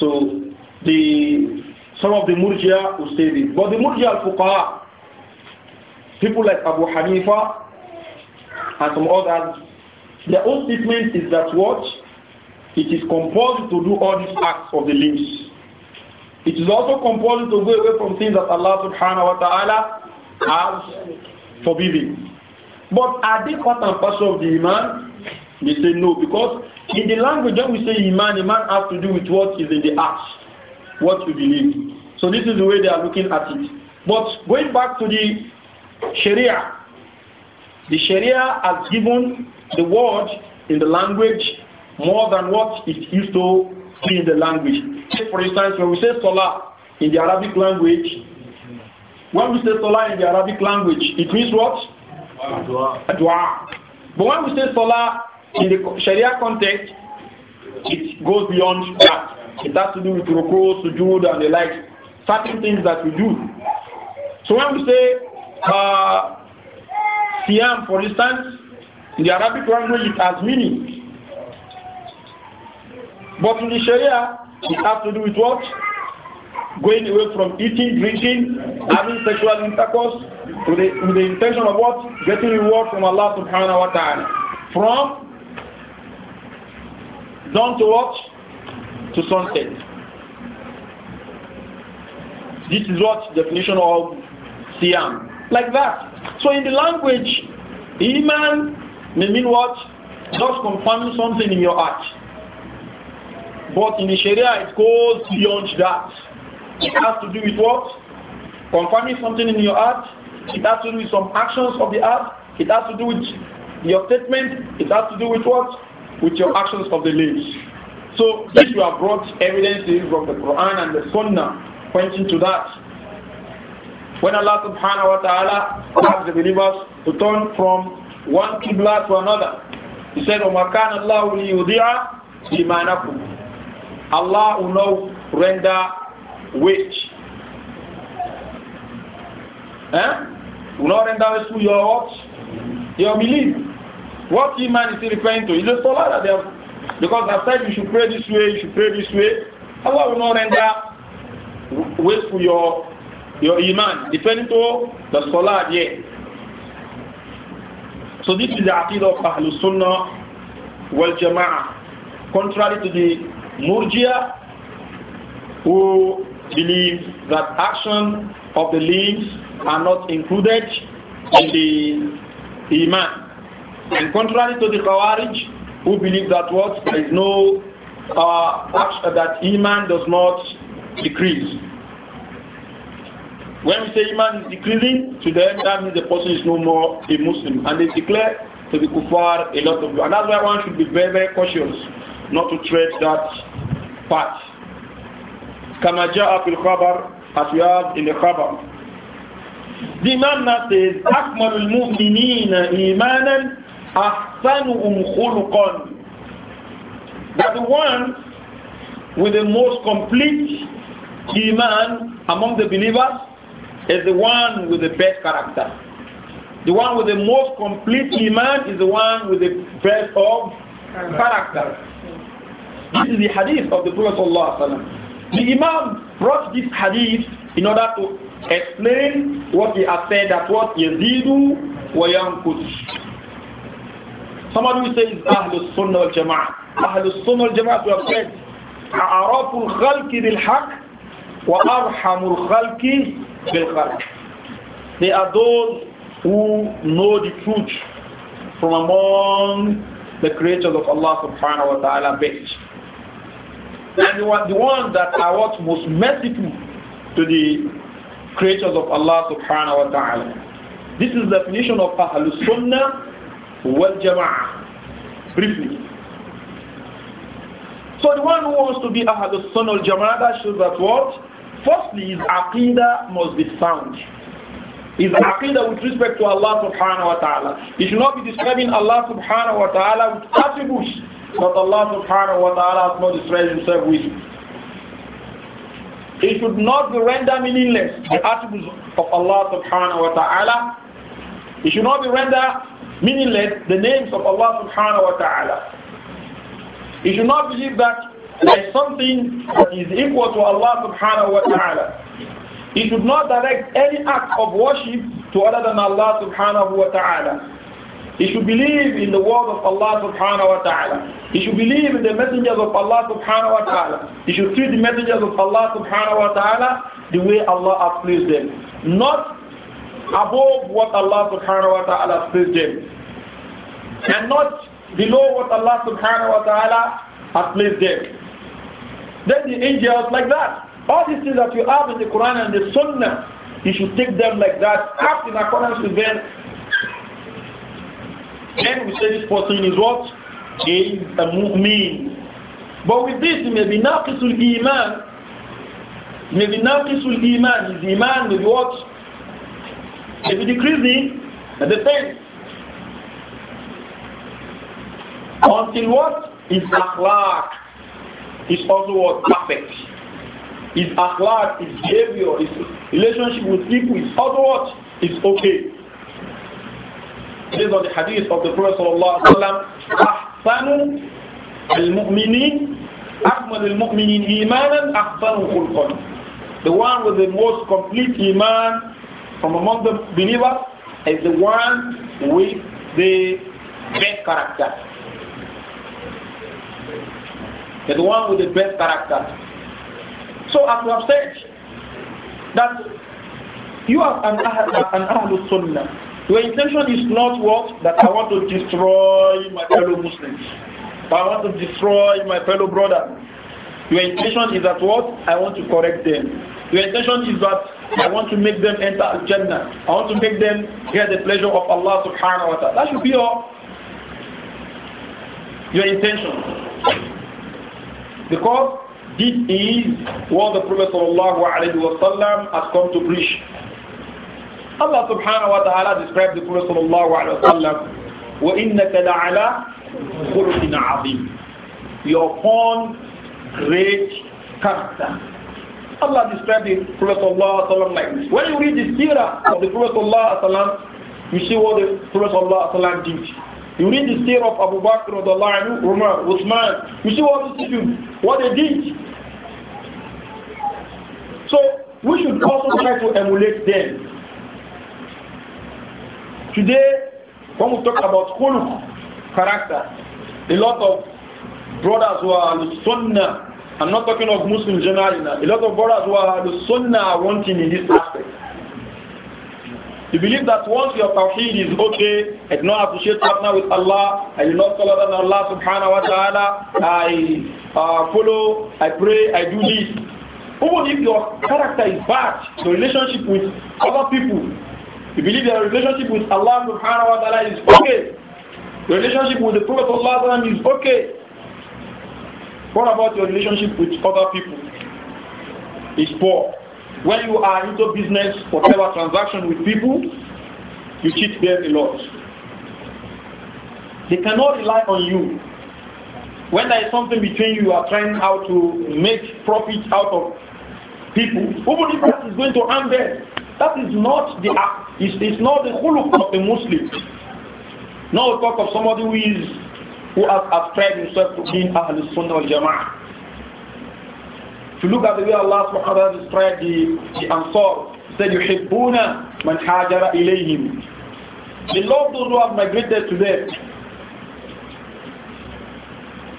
So the some of the Murjia who say this. But the Murjia al-Fuqaha, people like Abu Hanifa and some others, their own statement is that what? It is compulsory to do all these acts of the limbs. It is also compulsory to go away from things that Allah subhanahu wa ta'ala has forbidden. But are they part and parcel of the Iman? They say no, because in the language when we say Iman, Iman has to do with what is in the acts what you believe. So this is the way they are looking at it. But going back to the Sharia, the Sharia has given the word in the language more than what it used to be in the language. Take for instance, when we say Salah in the Arabic language, when we say Salah in the Arabic language, it means what? Dua. Dua. But when we say Salah in the Sharia context, it goes beyond that. It has to do with ruku, sujood, and the like. Certain things that we do. So when we say uh, siyam, for instance, in the Arabic language, it has meaning. But in the Sharia, it has to do with what? Going away from eating, drinking, having sexual intercourse, with the, with the intention of what? Getting reward from Allah subhanahu wa ta'ala. From down to what? to sunset. This is what definition of Siam. Like that. So in the language, Iman may mean what? Just confirming something in your heart. But in the Sharia, it goes beyond that. It has to do with what? Confirming something in your heart. It has to do with some actions of the heart. It has to do with your statement. It has to do with what? With your actions of the lips. So if you have brought evidences from the Quran and the Sunnah pointing to that, when Allah subhanahu wa ta'ala asked the believers to turn from one qibla to another, He said, وَمَا اللَّهُ لِيُضِيعَ إِيمَانَكُمْ Allah will know render which. Eh? Will not render weight to your what? Your belief. What iman is he referring to? Is the salah that they have because i said you should pray this way, you should pray this way. Allah will not render for your your iman, depending on the salah yeah. So this is the aqidah of Ahlul Sunnah wal Jama'ah. Contrary to the Murjia who believe that action of the limbs are not included in the Iman. And contrary to the Khawarij who believe that what? There is no, uh, that Iman does not decrease. When we say Iman is decreasing, to them that means the person is no more a Muslim. And they declare to the kuffar a lot of you. And that's why one should be very, very cautious not to tread that path. كما جاء في الخبر as we have in the khabar. The Imam now says, أكمل المؤمنين إيمانا ahsanuhum khuluqan that the one with the most complete iman among the believers is the one with the best character the one with the most complete iman is the one with the best of character this is the hadith of the prophet the imam brought this hadith in order to explain what he has said that what yazidu wa yankus Somebody will say is Ahlul Sunnah wal Jama'ah. Ahlul Sunnah wal Jama'ah, we have said, أَعْرَفُ الْخَلْقِ بِالْحَقِّ وَأَرْحَمُ الْخَلْقِ بِالْخَلْقِ They are those who know the truth from among the creators of Allah subhanahu wa ta'ala best. And the ones that are what most merciful to the creatures of Allah subhanahu wa ta'ala. This is the definition of Ahlul Sunnah wal jama'ah. Briefly. So the one who wants to be Ahlul Sunnah al Jama'ah, that shows that what? Firstly, his aqidah must be sound. His aqidah with respect to Allah subhanahu wa ta'ala. He should not be describing Allah subhanahu wa ta'ala with attributes that Allah subhanahu wa ta'ala has not described himself with. It should not be rendered meaningless, the attributes of Allah subhanahu wa ta'ala. It should not be rendered meaning the names of Allah subhanahu wa ta'ala. You should not believe that there is something that is equal to Allah subhanahu wa ta'ala. He should not direct any act of worship to other than Allah subhanahu wa ta'ala. He should believe in the word of Allah subhanahu wa ta'ala. He should believe in the messengers of Allah subhanahu wa ta'ala. He should treat the messengers of Allah subhanahu wa ta'ala the way Allah has placed them. Not above what Allah subhanahu wa ta'ala says them and not below what Allah subhanahu wa ta'ala has placed them. Then the angels like that. All these things that you have in the Quran and the Sunnah, you should take them like that, act in accordance with them. Then we say this person is what? He is a mu'min. But with this, he may be naqisul iman. He may be naqisul iman. His iman may be what? If it decreases, then the fail. Until what is akhlaq is also what? Perfect. His akhlaq, his behavior, his relationship with people is also what? Is okay. Based on the hadith of the Prophet sallallahu alaihi wasallam, أحسن المؤمنين المؤمنين The one with the most complete iman from among the believers is the one with the best character. Is the one with the best character. So as we have said, that you are an, an Ahlul Sunnah. Your intention is not what? That I want to destroy my fellow Muslims. I want to destroy my fellow brother. Your intention is that what? I want to correct them. Your intention is that I want to make them enter Jannah. I want to make them hear the pleasure of Allah subhanahu wa ta'ala. That should be your, your intention. Because this is what the Prophet sallallahu alayhi wa sallam has come to preach. Allah subhanahu wa ta'ala described the Prophet sallallahu alayhi wa sallam وَإِنَّكَ لَعَلَى خُلُقٍ عَظِيمٍ You're upon great character. Allah described the Prophet ﷺ like this. When you read the seerah of the Prophet ﷺ, you see what the Prophet Allah did. You read the seerah of Abu Bakr, anhu, Umar, Uthman, you see what they did, what they did. So we should also try to emulate them. Today, when we talk about khuluq, character, a lot of brothers who are sunnah, I'm not talking of Muslims generally now. A lot of brothers who are the sunnah are wanting in this aspect. You believe that once your tawheed is okay, I do not associate partner with Allah, I do not follow than Allah subhanahu wa ta'ala, I uh, follow, I pray, I do this. Even if your character is bad, your relationship with other people, you believe your relationship with Allah subhanahu wa ta'ala is okay, your relationship with the Prophet Allah is okay, what about your relationship with other people? It's poor. When you are into business, or whatever transaction with people, you cheat them a lot. They cannot rely on you. When there is something between you, you are trying how to make profit out of people, even if is going to harm them, that is not the it's, it's not the whole of the Muslim. Now we talk of somebody who is who has ascribed himself to being Ahlul Sunnah wal Jama'ah. If you look at the way Allah subhanahu wa ta'ala described the, the Ansar, he said, يُحِبُّونَ مَنْ حَاجَرَ إِلَيْهِمْ They love those who have migrated to them.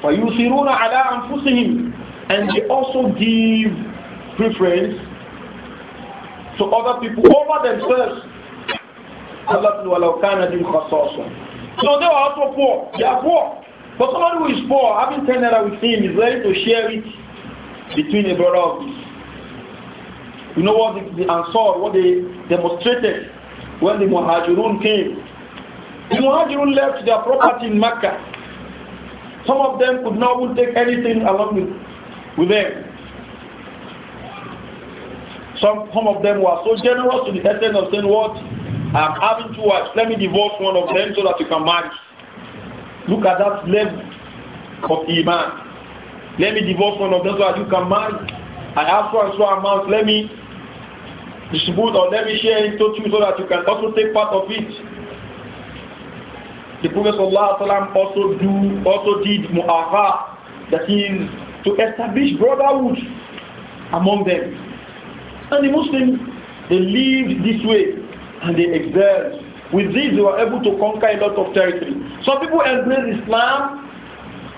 فَيُثِرُونَ عَلَىٰ أَنفُسِهِمْ And they also give preference to other people over themselves. Allah said, وَلَوْ كَانَ دِمْ خَصَاصًا So they are also poor. They are poor. But someone who is poor, having 10 naira with him, is ready to share it between a brother of his. You know what the, the Ansar, what they demonstrated when the Muhajirun came. The Muhajirun left their property in Mecca. Some of them could not even take anything along with, with them. Some, some of them were so generous to the extent of saying, What? I'm having two wives. Uh, let me divorce one of them so that you can marry. Look at that level of Iman. Let me divorce one of them so that you can marry. I ask for a small amount. Let me distribute or let me share it with you so that you can also take part of it. The Prophet also do also did mu'aha, that is to establish brotherhood among them. And the Muslims, they live this way and they exert. With this, they were able to conquer a lot of territory. Some people embrace Islam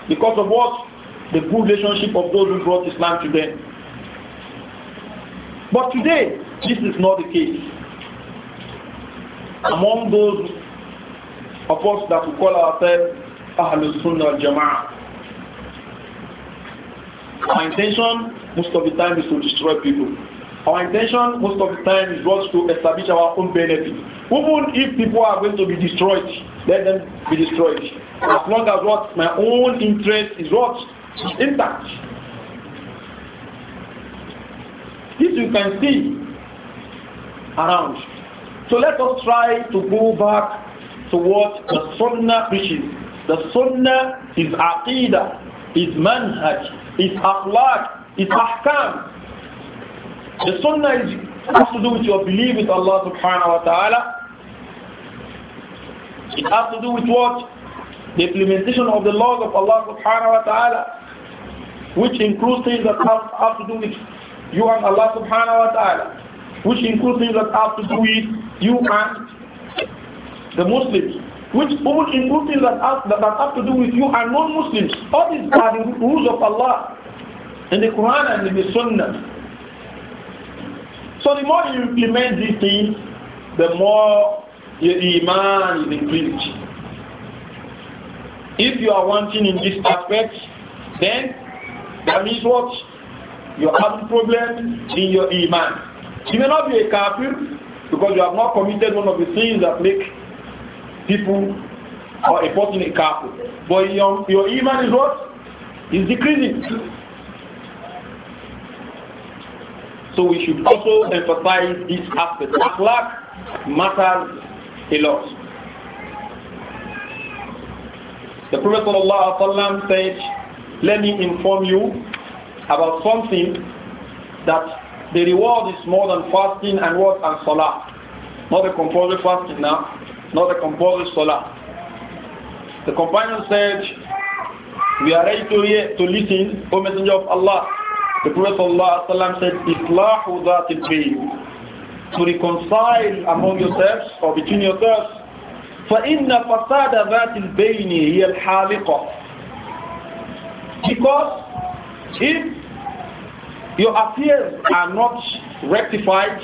because of what? The good relationship of those who brought Islam to them. But today, this is not the case. Among those of us that we call ourselves Ahlul Sunnah Jama'a. our intention most of the time is to destroy people. Our intention most of the time is just to establish our own benefit. Even if people are going to be destroyed, let them be destroyed. As long as what my own interest is what is intact. This you can see around. So let us try to go back to what the Sunnah preaches. The Sunnah is Aqidah, is Manhaj, is Akhlaq, is Ahkam. The sunnah is, has to do with your belief with Allah subhanahu wa ta'ala. It has to do with what? The implementation of the laws of Allah subhanahu wa ta'ala, which includes things that have, have to do with you and Allah subhanahu wa ta'ala, which includes things that have to do with you and the Muslims, which includes things that have, that have to do with you and non-Muslims. All these are the rules of Allah in the Quran and in the Sunnah. So the more you implement these things, the more your iman is increased. If you are wanting in this aspect, then that means what? You have problem in your iman. You may not be a kafir because you have not committed one of the sins that make people or a person a kafir. But your, your iman is what? Is decreasing. So we should also emphasize this aspect. Akhlaq matters a lot. The Prophet said, Let me inform you about something that the reward is more than fasting and what and salah. Not the compulsory fasting now, not the compulsory salah. The companion said, We are ready to, to listen, O Messenger of Allah. The Prophet ﷺ said, Islahu dhati To reconcile among yourselves or between yourselves. فَإِنَّ فَسَادَ ذَاتِ الْبَيْنِ هِيَ الْحَالِقَةِ Because if your affairs are not rectified,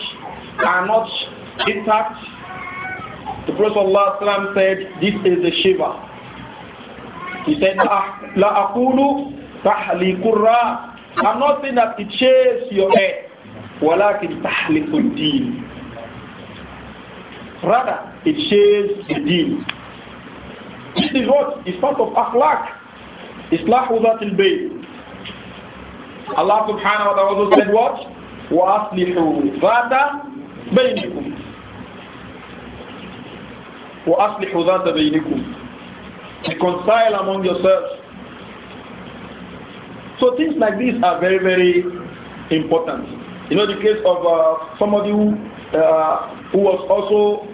are not intact, the Prophet ﷺ said, this is the Shiva. He said, لَأَقُولُ تَحْلِقُ الرَّاسِ I'm not saying that it shaves your hair. ولكن تحلق الدين. Rather, it shaves the deen. This is what is part of akhlaq. Islah ذات البيت. Allah subhanahu wa ta'ala said what? Wa aslihu وَأَصْلِحُوا ذَاتَ بَيْنِكُمْ وَأَصْلِحُوا ذَاتَ بَيْنِكُمْ Reconcile among yourselves. So things like these are very, very important. You know, the case of uh, somebody who, uh, who was also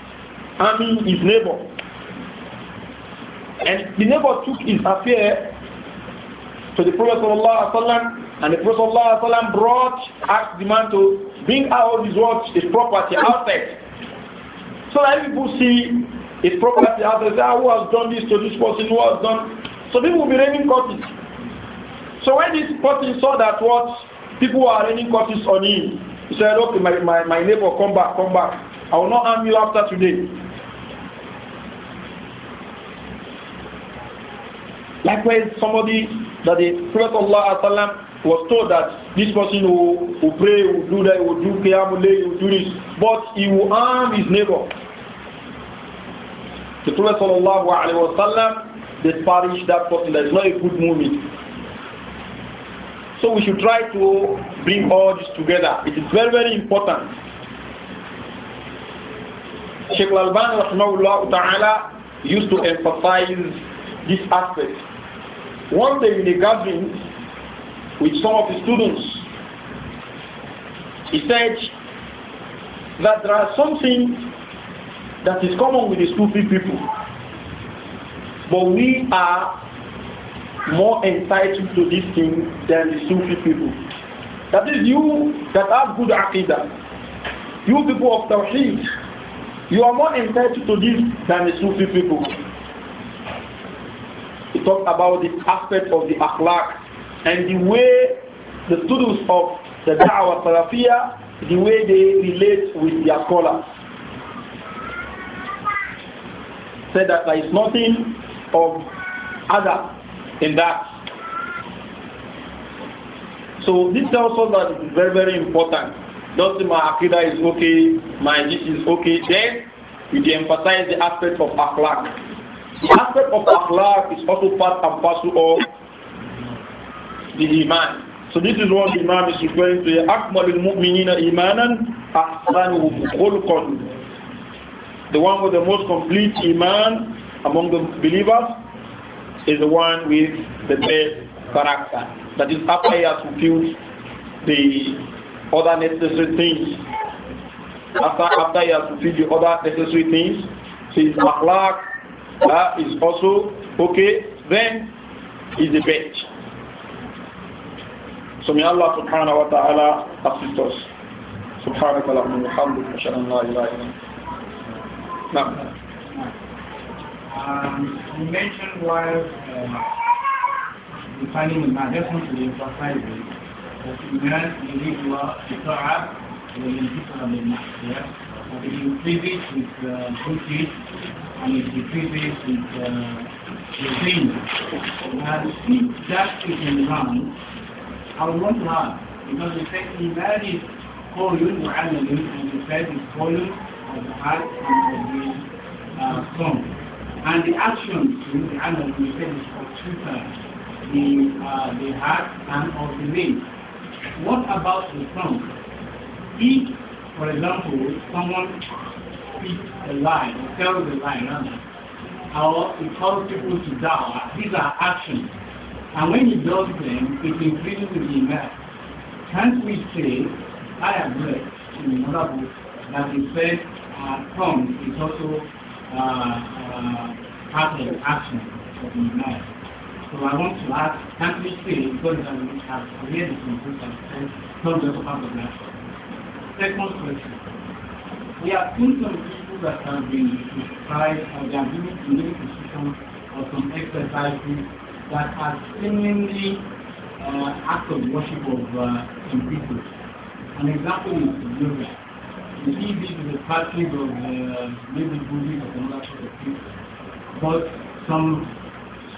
harming his neighbor. And the neighbor took his affair to the Prophet and the Prophet brought, asked the man to bring out his watch, his property outside. So that people see his property outside, say, ah, who has done this to this person, who has done... So people will be raining copies. So when this person saw that what people were raining curses on him, he said, okay, my, my, my neighbor, come back, come back. I will not harm you after today. Likewise, somebody that the Prophet ﷺ was told that this person will, will pray, will do that, will do qiyamulay, will do this, but he will harm his neighbor. The Prophet ﷺ disparaged that person that is not a good movement. So we should try to bring all this together. It is very, very important. Sheikh Al-Albani ta'ala used to emphasize this aspect. One day in a gathering with some of the students, he said that there are something that is common with the stupid people, but we are more entitled to this thing than the Sufi people. That is you that have good aqidah. You people of Tawheed, you are more entitled to this than the Sufi people. We talk about the aspect of the akhlaq and the way the students of the Da'wah Salafiyah, the way they relate with their scholars. Said that there is nothing of other in that. So this tells us that it is very, very important. do my akida is okay, my this is okay. Then we emphasize the aspect of akhlaq. The aspect of akhlaq is also part and parcel of the iman. So this is what the imam is referring to. أكمل المؤمنين imanan أحسنهم خلقا. The one with the most complete iman among the believers is the one with the best character. That is after he has fulfilled the other necessary things. After, after he has fulfilled the other necessary things, his akhlaq uh, is also okay, then he's the best. So may Allah subhanahu wa ta'ala assist us. سبحانك اللهم وبحمدك اشهد ان لا اله الا انت نعم um, you mentioned while uh, defining the management of emphasize it, that الإيمان indeed هو الطاعة والانتصار للمعصية but it increases with uh, duty and it decreases with uh, routine. And if that is in the I will not lie because we say Iman is قول وعمل and we say it's قول of the heart and of the uh, tongue. And the actions in the animal we the is for two terms, the, uh, the heart and of the limb. What about the tongue? If, for example, someone speaks a lie, or tells a lie rather, or he calls people to die, these are actions. And when he does them, it increases the impact. Can't we say, I have read in another book that it says our uh, tongue is also part of action for the night. So I want to ask, can we see say God has already complete and not just part of that? Second question. We have seen some people that have been criticized or they have been in any or some exercises that are seemingly uh, acts of worship of uh, some people. An example is yoga. The EB is a practice of the maybe bullying or the sort of thing. But some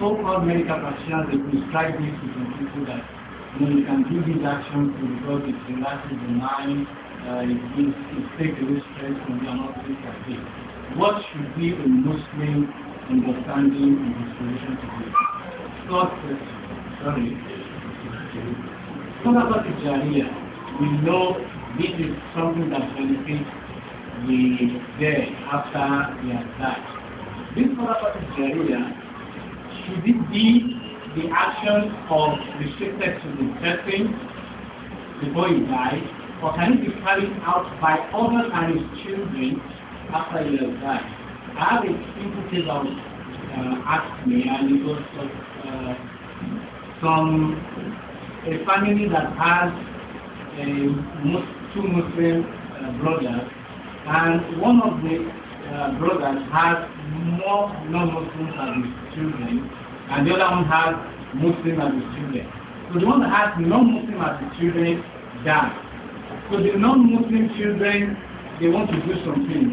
so-called medical practitioners, they prescribe this to some people that you know, you can do these actions because it relaxes the mind, uh, it, it, it takes away stress from you and all this. What should be a Muslim understanding and this to this? Not, uh, sorry, Sadaqat Jariyah, we know this is something that benefits the dead after their death. died. This part of Sharia, should it be the action of restricted to the person before he dies, or can it be carried out by others and his children after he has died? I have a simple case I was uh, asked me, and it was uh, from a family that has a Muslim two Muslim uh, brothers, and one of the uh, brothers has more non muslim his children, and the other one has Muslim as his children. So the one that has non-Muslim as his children dies. So the non-Muslim children, they want to do something,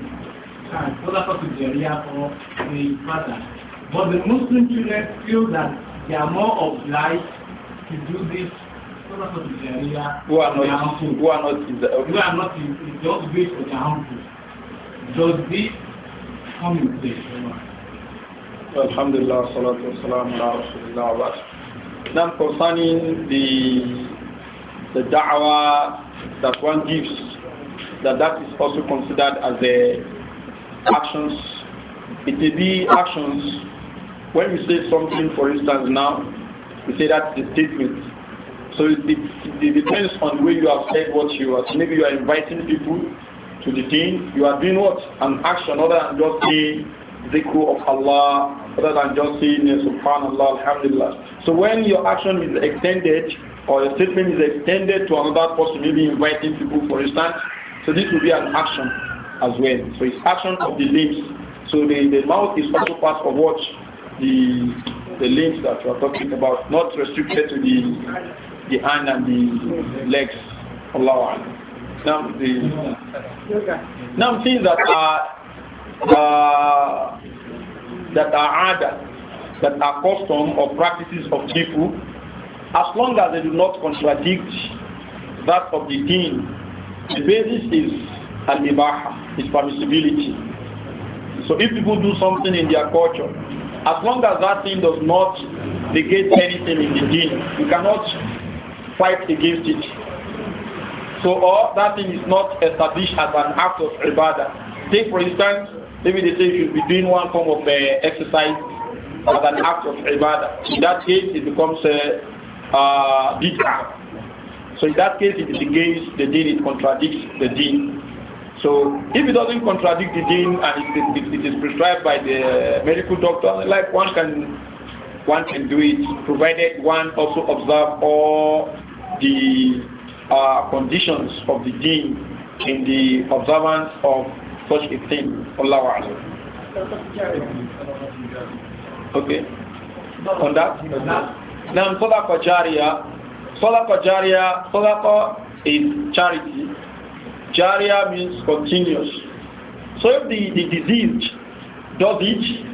and uh, so that's what the area for the father. But the Muslim children feel that they are more obliged to do this servants who are not who are not in the who are not in, in the upgrade their harmful. Does this come in place? Alhamdulillah, salatu wassalamu ala rasulillah wa Now concerning the, the da'wah that one gives, that that is also considered as the actions. It may be actions. When we say something, for instance, now, we say that's a statement. So it, it, it depends on the way you have said what you are. So maybe you are inviting people to the thing. You are doing what? An action other than just saying zikr of Allah, other than just saying subhanallah, alhamdulillah. So when your action is extended or your statement is extended to another person, maybe inviting people for instance, so this will be an action as well. So it's action of the limbs. So the, the mouth is also part of what the the limbs that you are talking about, not restricted to the the hand and the legs. Allah Now, the, now things that are uh, uh, that are other, that are custom or practices of people, as long as they do not contradict that of the deen, the basis is al-ibaha, is permissibility. So if people do something in their culture, as long as that thing does not negate anything in the deen, you cannot fight against it. So all that thing is not established as an act of ibadah. Take for instance, maybe they say you should be doing one form of uh, exercise as an act of ibadah. In that case, it becomes a uh, uh, bid'ah. So in that case, it is against the deen, it contradicts the deen. So if it doesn't contradict the deen and it, it, it is prescribed by the medical doctor, like one can one can do it, provided one also observe all the uh, conditions of the deen in the observance of such a thing. Allah Okay. On that? Now, Sadaqa Jariya. Sadaqa Jariya, Sadaqa is charity. Jariya means continuous. So if the, the diseased does it,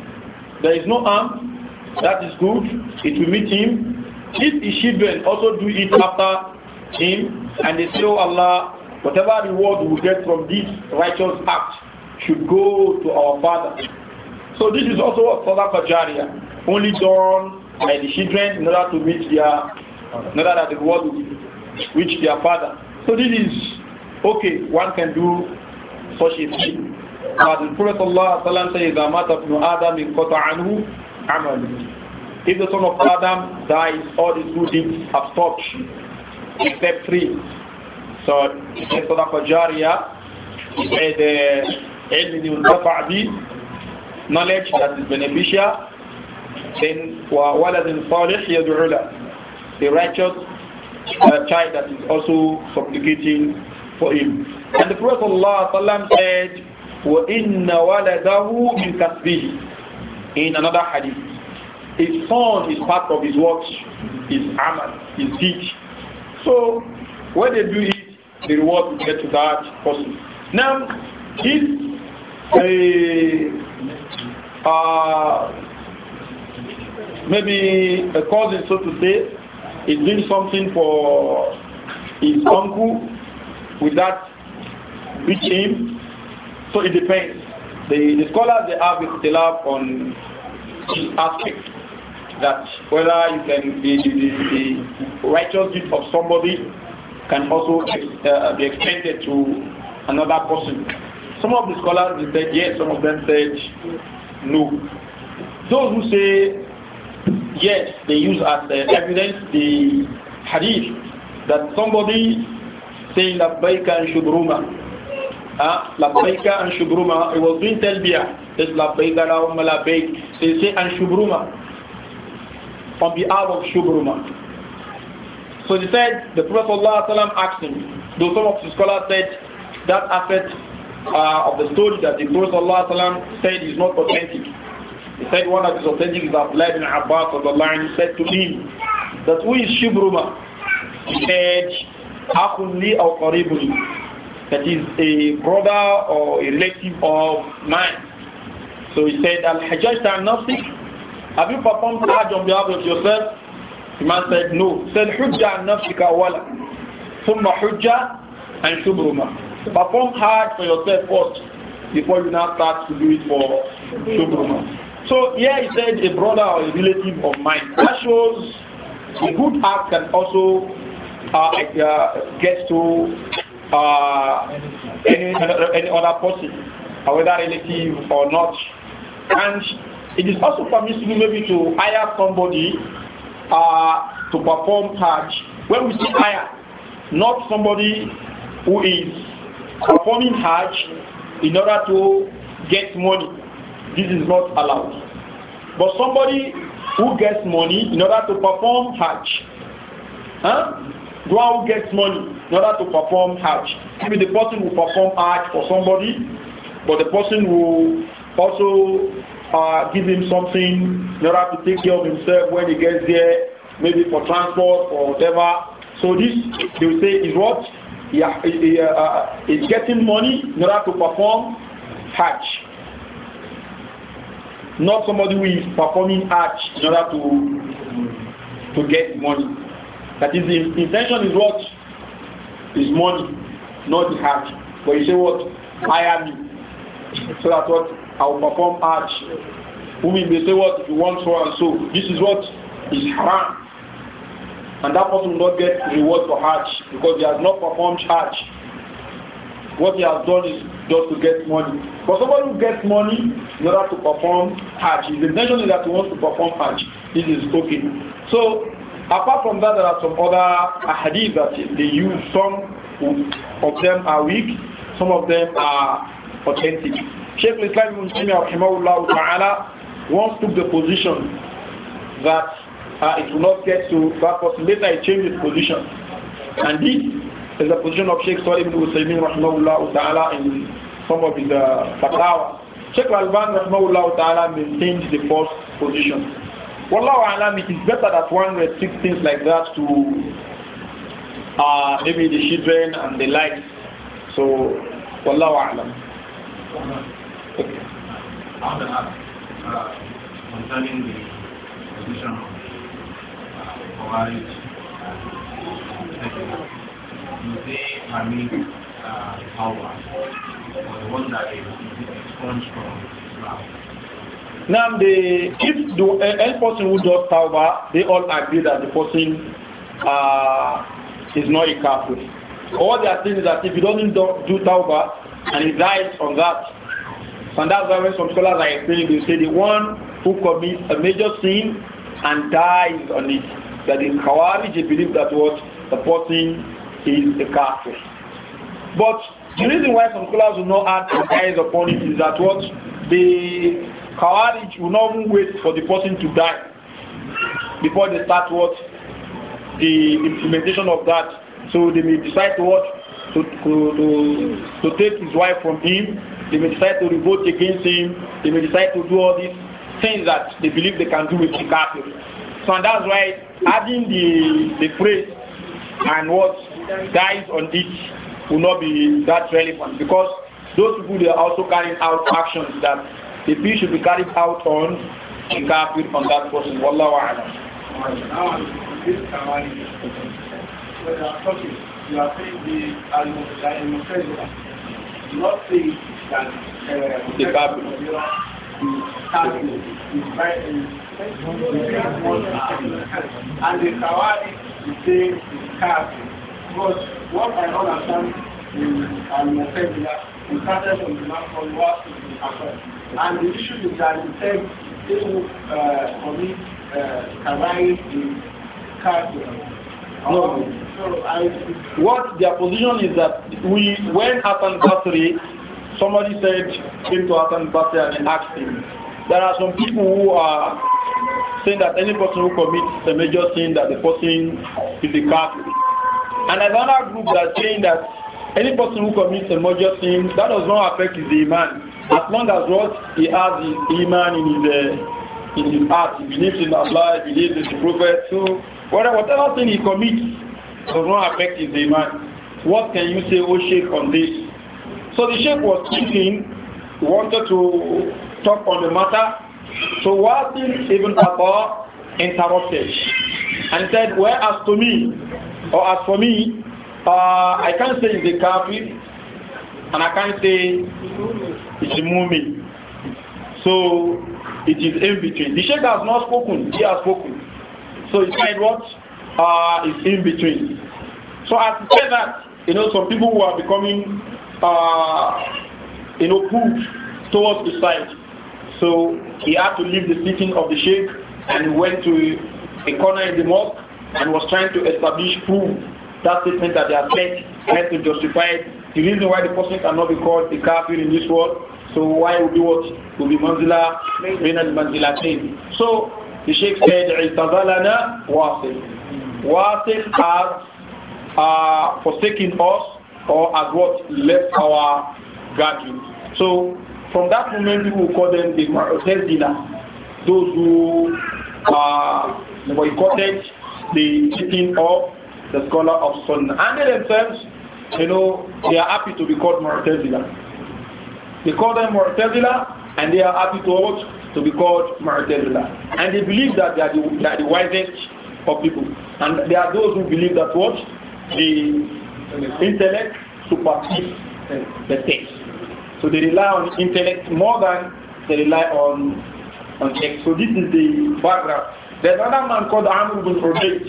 there is no harm, that is good, it will meet him, if his children also do it after him, and they say, oh Allah, whatever reward we get from this righteous act should go to our father. So this is also what Sadaqah Jariyah, only done by the children in order to reach their, in order that the reward will reach their father. So this is okay, one can do such a thing. But the Prophet says, إذا مات ابن آدم in عنه عمله if the son of Adam dies, all his good deeds have stopped, except three. So he said Sadaqa Jariya, he said uh, knowledge that is beneficial, then وَوَلَدٍ صَالِحْ يَدْعُو لَهُ The righteous uh, child that is also supplicating for him. And the Prophet Allah said, وَإِنَّ وَلَدَهُ مِنْ كَسْبِهِ In another hadith. His son is part of his watch, his amal, his deed. So when they do it, the reward will get to that person. Now, if a uh, maybe a cousin, so to say, is doing something for his uncle, with that reach him? So it depends. The, the scholars they have a love on this aspect that whether you can the, the, the righteous deed of somebody can also uh, be extended to another person. Some of the scholars said yes, some of them said no. Those who say yes, they use as uh, evidence the hadith that somebody saying labbaika and shudruma, uh, labbaika and shudruma, it was doing talbiyah, says labbaika lahumma labbaik, they say and shudruma, on behalf of Shubruma. So he said, the Prophet ﷺ asked him, though some of the scholars said that aspect uh, of the story that the Prophet ﷺ said is not authentic. He said one of the authentic is Abdullah bin Abbas of the line said to him that who is Shubruma? He said, al Qaribuni, that is a brother or a relative of mine. So he said, Al-Hajjaj not sick. Have you performed Hajj on behalf of yourself? The man said, No. He said, Hujja and Nafsika wala. Thumma Hujja and Shubruma. Perform Hajj for yourself first before you now start to do it for Shubruma. So here he said, A brother or a relative of mine. That shows a good heart can also uh, uh, get to uh, any, any other person, whether relative or not. And it is also permissible maybe to hire somebody uh, to perform Hajj. When we say hire, not somebody who is performing Hajj in order to get money. This is not allowed. But somebody who gets money in order to perform Hajj. Huh? The one who gets money in order to perform Hajj. Maybe the person will perform Hajj for somebody, but the person will also uh, give him something in order to take care of himself when he gets there, maybe for transport or whatever. So this, they will say, is what? Yeah, is uh, uh getting money in order to perform Hajj. Not somebody who is performing Hajj in order to to get money. That is, the intention is what? Is money, not the Hajj. But you say what? I am So that's what I will perform Hajj. Women may say what you want so and so. This is what is haram. And that person will not get reward for Hajj because he has not performed Hajj. What he has done is just to get money. But somebody who gets money in order to perform Hajj, his intention is that he wants to perform Hajj. This is okay. So apart from that, there are some other hadith that they use. Some of them are weak, some of them are authentic. Sheikh Islam Ibn Taymiyyah ta'ala once took the position that uh, it will not get to that person. Later he changed his position. And this is the position of Sheikh Salim Ibn Usaymin rahimahullah ta'ala in some of his uh, fatwa. Sheikh Al-Ban rahimahullah ta'ala the first position. Wallahu alam, it is better that one restricts things like that to uh, maybe the children and the likes. So, wallahu alam. I want to ask uh, concerning the position of marriage, and they are uh, power or the one that is expunged from Islam? Now, the, if the, uh, any person who does tawbah, they all agree that the person uh, is not a kafir. All they are saying is that if he doesn't do, do tawbah and he dies on that, and that's why when some scholars are explaining, they say the one who commits a major sin and dies on it. That in Khawarij, they believe that what the person is a kafir. But the reason why some scholars will not add and upon it is that what the Khawarij will not even wait for the person to die before they start what the implementation of that. So they may decide to what to, to, to, to take his wife from him they may decide to revolt against him. They may decide to do all these things that they believe they can do with the kafir. So and that's why adding the, the phrase and what dies on it will not be that relevant because those people they are also carrying out actions that the people should be carried out on the kafir on that person. Wallahu a'lam. You are saying the not saying the Bible. And the Kawadi is saying the casting. Because what I understand in Al-Muqaddila is started from the map from what is the Akbar. And the issue is that the said they will uh, commit uh, Kawadi in casting. No. So I, what their position is that we, when Hassan Basri Somebody said, came to Hassan and asked him. There are some people who are saying that any person who commits a major sin that the person is a Catholic. And another group that saying that any person who commits a major sin, that does not affect his iman. As long as what he has his iman in his, uh, in his heart, he believes in Allah, he believes in the Prophet. So whatever, whatever sin he commits does not affect his iman. What can you say, O oh, Sheikh, on this? So the sheikh was sitting, wanted to talk on the matter. So Wasil Ibn Abba interrupted and said, Well, as to me, or as for me, uh, I can't say it's a kafir and I can't say it's a mu'min. So it is in between. The sheikh has not spoken, he has spoken. So he said what uh, in between. So as he said that, you know, some people who are becoming uh, you know, pulled towards the side. So he had to leave the sitting of the sheikh and went to a corner in the mosque and was trying to establish proof that statement that they have said had to justify it. The reason why the person cannot be called a kafir in this world, so why would you what would be manzila, and manzila thing. So the sheikh said, "Itazalana wasil." Wasil has uh, forsaken us or as what left our garden. So from that moment, we will call them the Mu'tazila, those who uh, boycotted the teaching of the scholar of Sunnah. And they themselves, you know, they are happy to be called Mu'tazila. They call them Mu'tazila, and they are happy to what? To be called Mu'tazila. And they believe that they are, the, they are the wisest of people. And there are those who believe that what? The intellect supersedes the text. So they rely on intellect more than they rely on, on text. So this is the background. There's another man called Amr ibn Ubayd.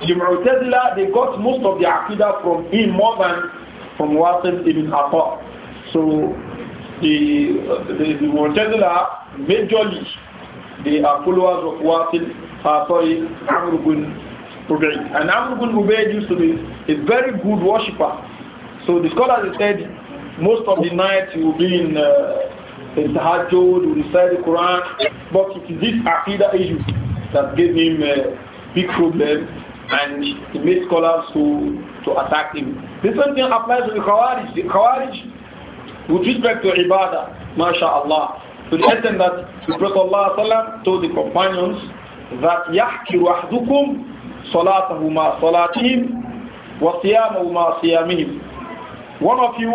The Mu'tazila, they got most of the Aqidah from him more than from Wasil ibn Atta. So the, the, the Mu'tazila, majorly, they are followers of Wasil, uh, sorry, Amr ibn Ubayd. And Amr ibn Ubayd used to be a very good worshipper. So the scholars said most of the night he will be in uh, in Tahajjud, he will recite the Quran, but it is this Aqidah issue that gave him a big problem and he made scholars to, to attack him. The same thing applies to the Khawarij. The Khawarij, with respect to Ibadah, MashaAllah, to the extent that the Prophet Allah told the companions that يَحْكِرُ أَحْدُكُمْ صَلَاتَهُ مَا صَلَاتِهِمْ وَصِيَامَهُ مَا صِيَامِهِمْ One of you,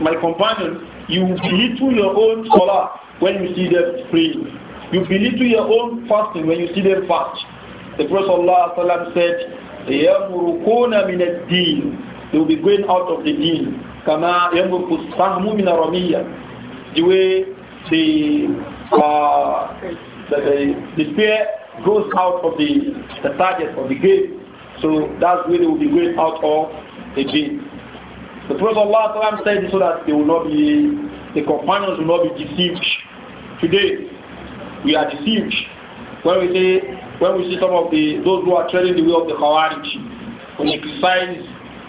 my companion, you belittle your own salah when you see them praying. You belittle your own fasting when you see them fast. The Prophet Allah said, يَمْرُكُونَ مِنَ الدِّينِ They will be going out of the deen. كَمَا يَمْرُكُ السَّهْمُ مِنَ رَمِيَّةِ The way the, uh, the, the, the spear goes out of the, the target of the game. So that's where they will be going out of again. The Prophet Allah said so that they will not be, the companions will not be deceived. Today, we are deceived. When we say, when we see some of the, those who are treading the way of the Khawarij, when they criticize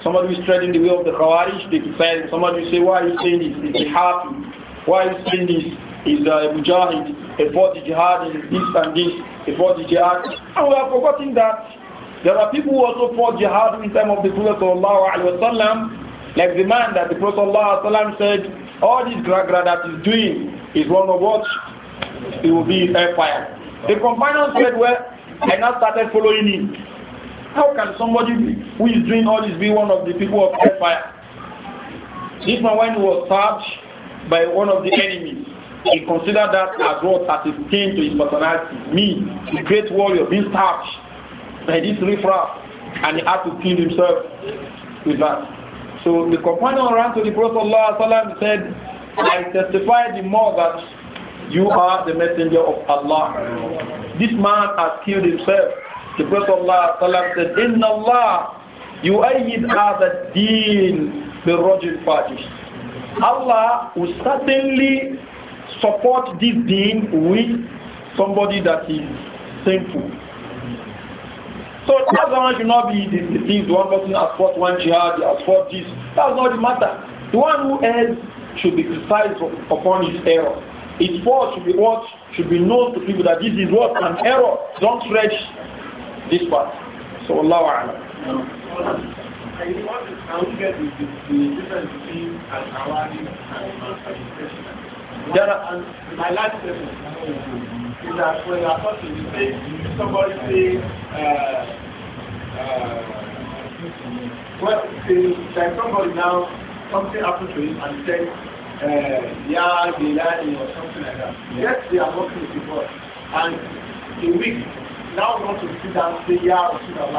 somebody who is treading the way of the Khawarij, they criticize somebody who say, why are you saying this? Is he Why are you saying this? Is a uh, Mujahid, a body jihad, is this and this, a body jihad. And we are forgetting that there are people who also fought jihad in time of the Prophet wasallam, like the man that the Prophet wasallam said, all this gragra that he's doing is one of what it will be his empire. The companion said, well, I now started following him. How can somebody who is doing all this be one of the people of empire? This man, when he was touched by one of the enemies, he considered that as what as a thing to his personality. Me, the great warrior, being touched. And this riffraff, and he had to kill himself with that. So the companion ran to the Prophet and said, I testify the more that you are the messenger of Allah. This man has killed himself. The Prophet said, Inna Allah you yu'ayyid the deen birrajul fajish. Allah will certainly support this deen with somebody that is sinful. So that one should not be the, the things one person has fought one jihad, has fought this. That's not the matter. The one who errs should be criticized upon his error. His fault should be what should be known to people that this is what an error. Don't stretch this part. So Allah Alam. There are, my last question is that when you're to somebody say, uh, uh, well, say, somebody now, something happened to him and he said, uh, yeah, they lying or something like that. Yeah. Yes, they are working with And a week now want to sit down and say, yeah, or sit down.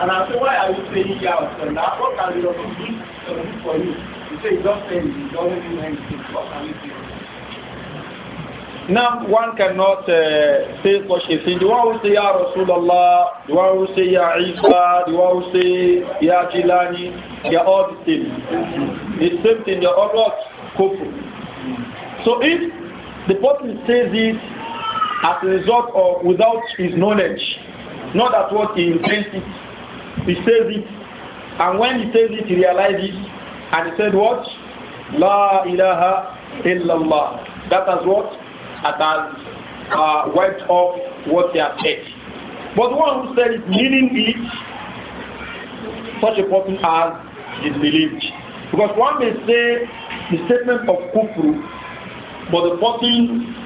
And I say, why are you saying yeah, or sit down? What can the do for you? He said, he not say, he doesn't do anything. What can you do? Now, one cannot uh, say what a thing. The who say, Ya Rasulullah, the one who say, Ya Isa, the one who say, Ya Jilani, they are all the same. The same thing, they are all what? So if the person says it as a result of without his knowledge, not at what he intends it, he says it, and when he says it, he realizes, and he said what? La ilaha illallah. That is what? that uh, wiped off what they have said. But one who said it, meaning it, such a person has disbelieved. Because one may say the statement of kufru, but the person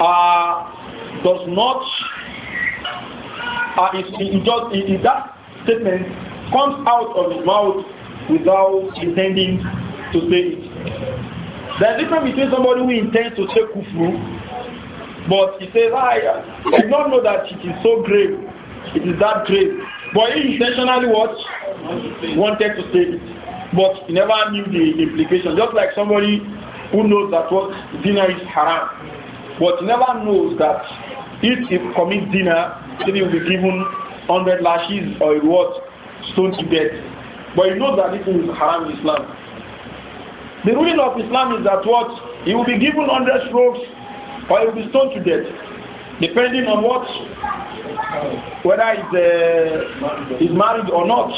uh, does not, uh, it, it, just, it, it, that statement comes out of his mouth without intending to say it. There is a difference between somebody who intends to say kufru but he says, I did not know that it is so grave. It is that grave. But he intentionally what? Wanted to say it. But he never knew the implication. Just like somebody who knows that what dinner is haram. But he never knows that if he commits dinner, then he will be given 100 lashes or what? Stone to death. But he knows that it is haram in Islam. The ruling of Islam is that what? He will be given 100 strokes or will be stoned to death, depending on what, whether he's, uh, he's married or not.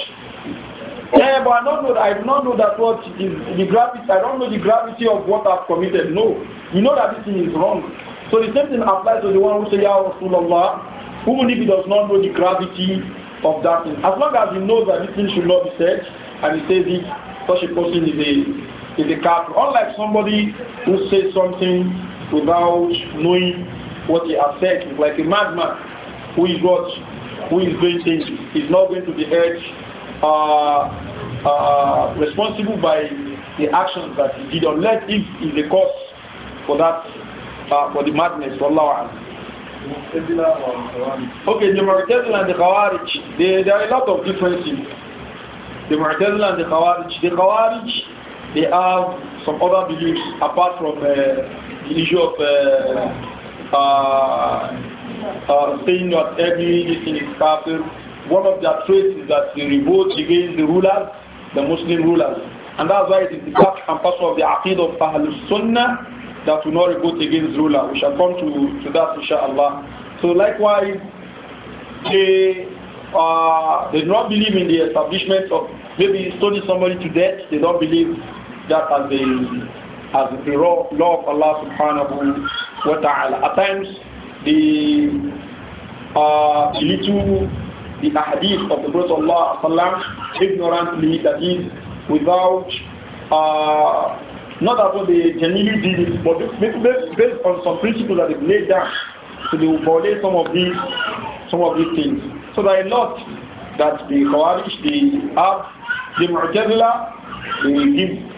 Yeah, but I don't know. I do not know that what is the gravity. I don't know the gravity of what I've committed. No, you know that this thing is wrong. So the same thing applies to the one who says "Ya Rasulullah," even if he does not know the gravity of that thing. As long as he knows that this thing should not be said, and he says it, such a person is a is a kafir. Unlike somebody who says something without knowing what he has said. It's like a madman who is what? Who is doing things. is not going to be held uh, uh, responsible by the actions that he did unless if is the cause for that, uh, for the madness. Wallahu Okay, the Mu'tazila and the Khawarij, they, there are a lot of differences. The Mu'tazila and the Khawarij, the Khawarij, they have some other beliefs apart from uh, issue of uh, uh, uh, saying that every religion is kafir. One of their traits is that they revolt against the rulers, the Muslim rulers. And that's why it is the part and parcel of the Aqid of Ahlul Sunnah that will not revolt against ruler. We shall come to, to that inshallah. So likewise, they uh, they do not believe in the establishment of maybe stoning somebody to death. They don't believe that as they as the law, of Allah subhanahu wa ta'ala. At times, the uh, little, the hadith of the Prophet Allah sallam, ignorantly, that is, without, uh, not that the genuinely did it, but based on some principle that is laid down, so they violate some of these, some of these things. So there are a lot that the Khawarij, the Ab, the Mu'tazila, they give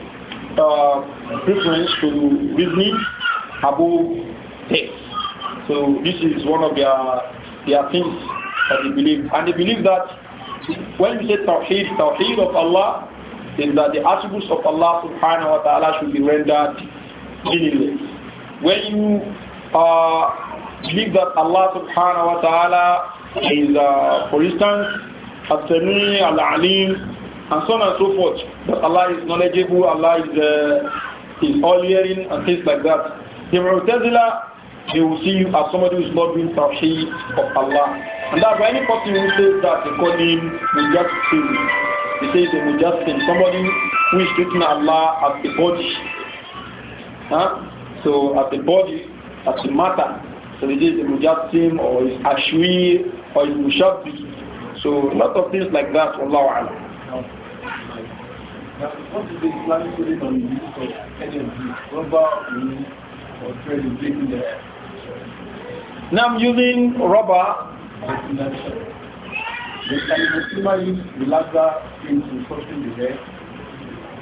preference to reasoning above text. So this is one of their their things that they believe, and they believe that when we say tawheed, tawheed of Allah is that the attributes of Allah Subhanahu wa Taala should be rendered meaningless. When you uh, believe that Allah Subhanahu wa Taala is, uh, for instance, Al-Sami, Al-Alim, and so on and so forth. That Allah is knowledgeable, Allah is, uh, is all-hearing and things like that. The Mu'tazila, they will see you as somebody who is not doing tawheed of Allah. And that's why any person who says that, they call him Mujassim. They say he's a Mujassim, somebody who is treating Allah as a body. Huh? So as a body, as a matter. So they say the Mujassim or it's Ashwi or it's Mushabbi. So a lot of things like that, Allah Allah. What is the Islamic ruling on the use of energy, rubber, wool, or thread in breaking the hair? Now I'm using rubber. The Muslim use relaxer cream to soften the hair,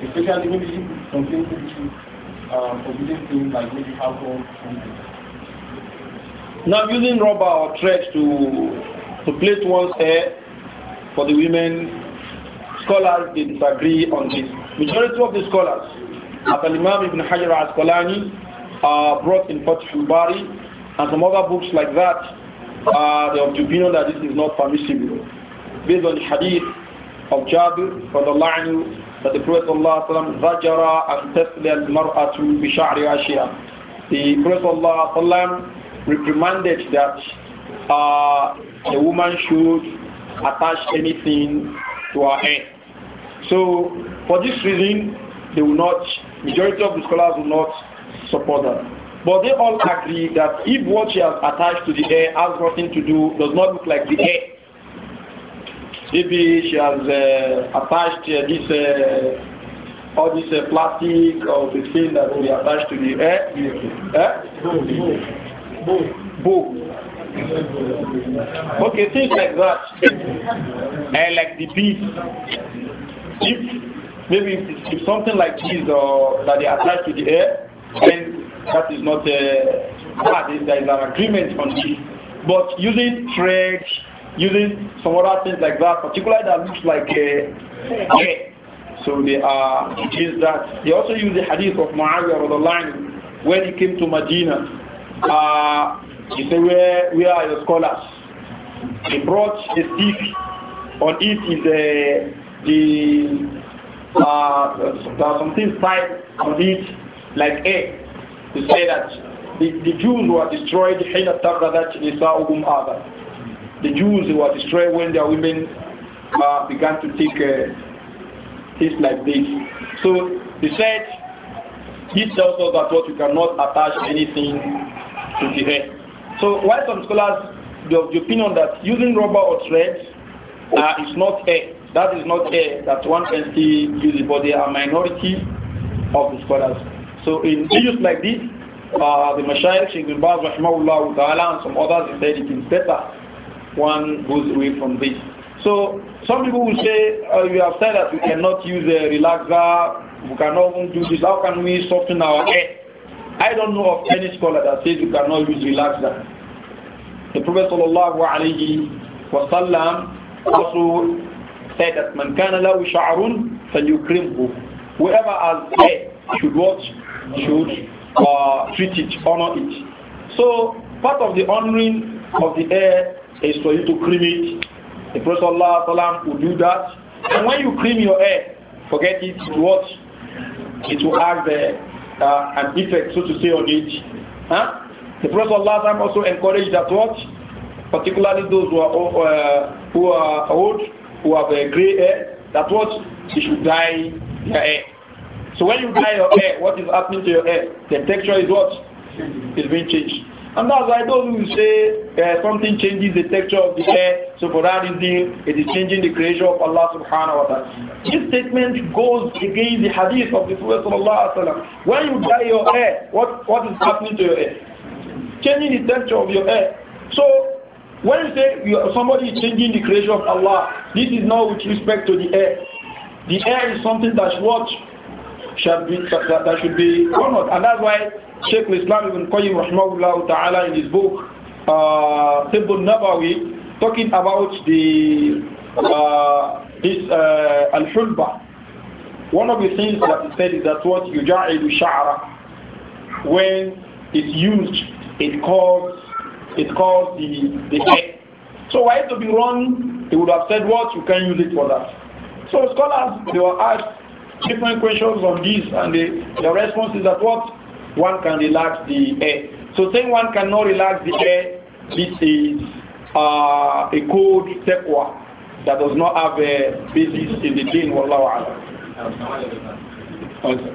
especially when something to uh, forbidden things like maybe alcohol Now using rubber or thread to to plait one's hair for the women scholars they disagree on this. Majority of the scholars, as Imam Ibn Hajar al-Asqalani uh, brought in Fathul Bari and some other books like that, uh, they have the opinion that this is not permissible. Based on the hadith of Jabir from the line that the Prophet ﷺ zajara and tasla al-mar'atu Bishari The Prophet ﷺ reprimanded that uh, a woman should attach anything to her head. So for this reason, they will not, majority of the scholars will not support that. But they all agree that if what she has attached to the hair has nothing to do, does not look like the hair, maybe she has uh, attached uh, this, uh, all this uh, plastic or the thing that will be attached to the hair. Eh? Boom. Boom. Okay, things like that. Eh, like the beads if maybe if, something like this or uh, that they attach to the air, then that is not a uh, bad. There is an agreement on this. But using threads, using some other things like that, particularly that looks like a uh, hair. So they are against that. They also use the hadith of Muawiyah when he came to Medina. Uh, he said, where, where are your scholars? He brought a stick. On it is a the uh, there uh, are some things tied on it, like A, to say that the, the Jews were destroyed, the Jews were destroyed when their women uh, began to take uh, things like this. So he said, this tells us that what you cannot attach anything to the hair. So while some scholars the, the opinion that using rubber or thread uh, is not a. That is not a that one can see use but they are minority of the scholars. So in issues like this, uh, the Mashayikh, Sheikh bin Baz, Rahimahullah, Ta'ala, and some others said it is better one goes away from this. So some people will say, uh, you have said that we cannot use a relaxer, we cannot do this, how can we soften our head? I don't know of any scholar that says you cannot use relaxer. The Prophet Sallallahu Alaihi Wasallam also said that man kana lahu sha'run falyukrimhu. Whoever has hair should watch, should uh, treat it, honor it. So part of the honoring of the hair is for you to cream it. The Prophet Allah will do that. And when you cream your hair, forget it, to watch It will have the, uh, uh, an effect, so to say, on it. Huh? The Prophet Allah also encouraged that what? Particularly those who are, uh, who are old, who have a gray hair that what you should dye your hair. So when you dye your hair, what is happening to your hair? The texture is what? It's being changed. And that's why those who say uh, something changes the texture of the hair, so for that reason it is changing the creation of Allah subhanahu wa ta'ala. This statement goes against the hadith of the Prophet sallallahu alaihi wasallam. When you dye your hair, what, what is happening to your hair? Changing the texture of your hair. So when you say you somebody is changing the creation of Allah, this is not with respect to the air. The air is something that what should be that, that should be honored, and that's why Sheikh Islam Ibn Qayyim rahmahullah taala in his book uh, Tibbun Nabawi talking about the uh, this uh, al-hulba. One of the things that he said is that what yuja'ilu sha'ra when it's used, it causes it's called the, the head. So why to be wrong? They would have said, what? You can use it for that. So scholars, they were asked different questions on this, and the, the response is that what? One can relax the air. So saying one cannot relax the air, this is uh, a cold taqwa that does not have a basis in the deen, wallahu Okay.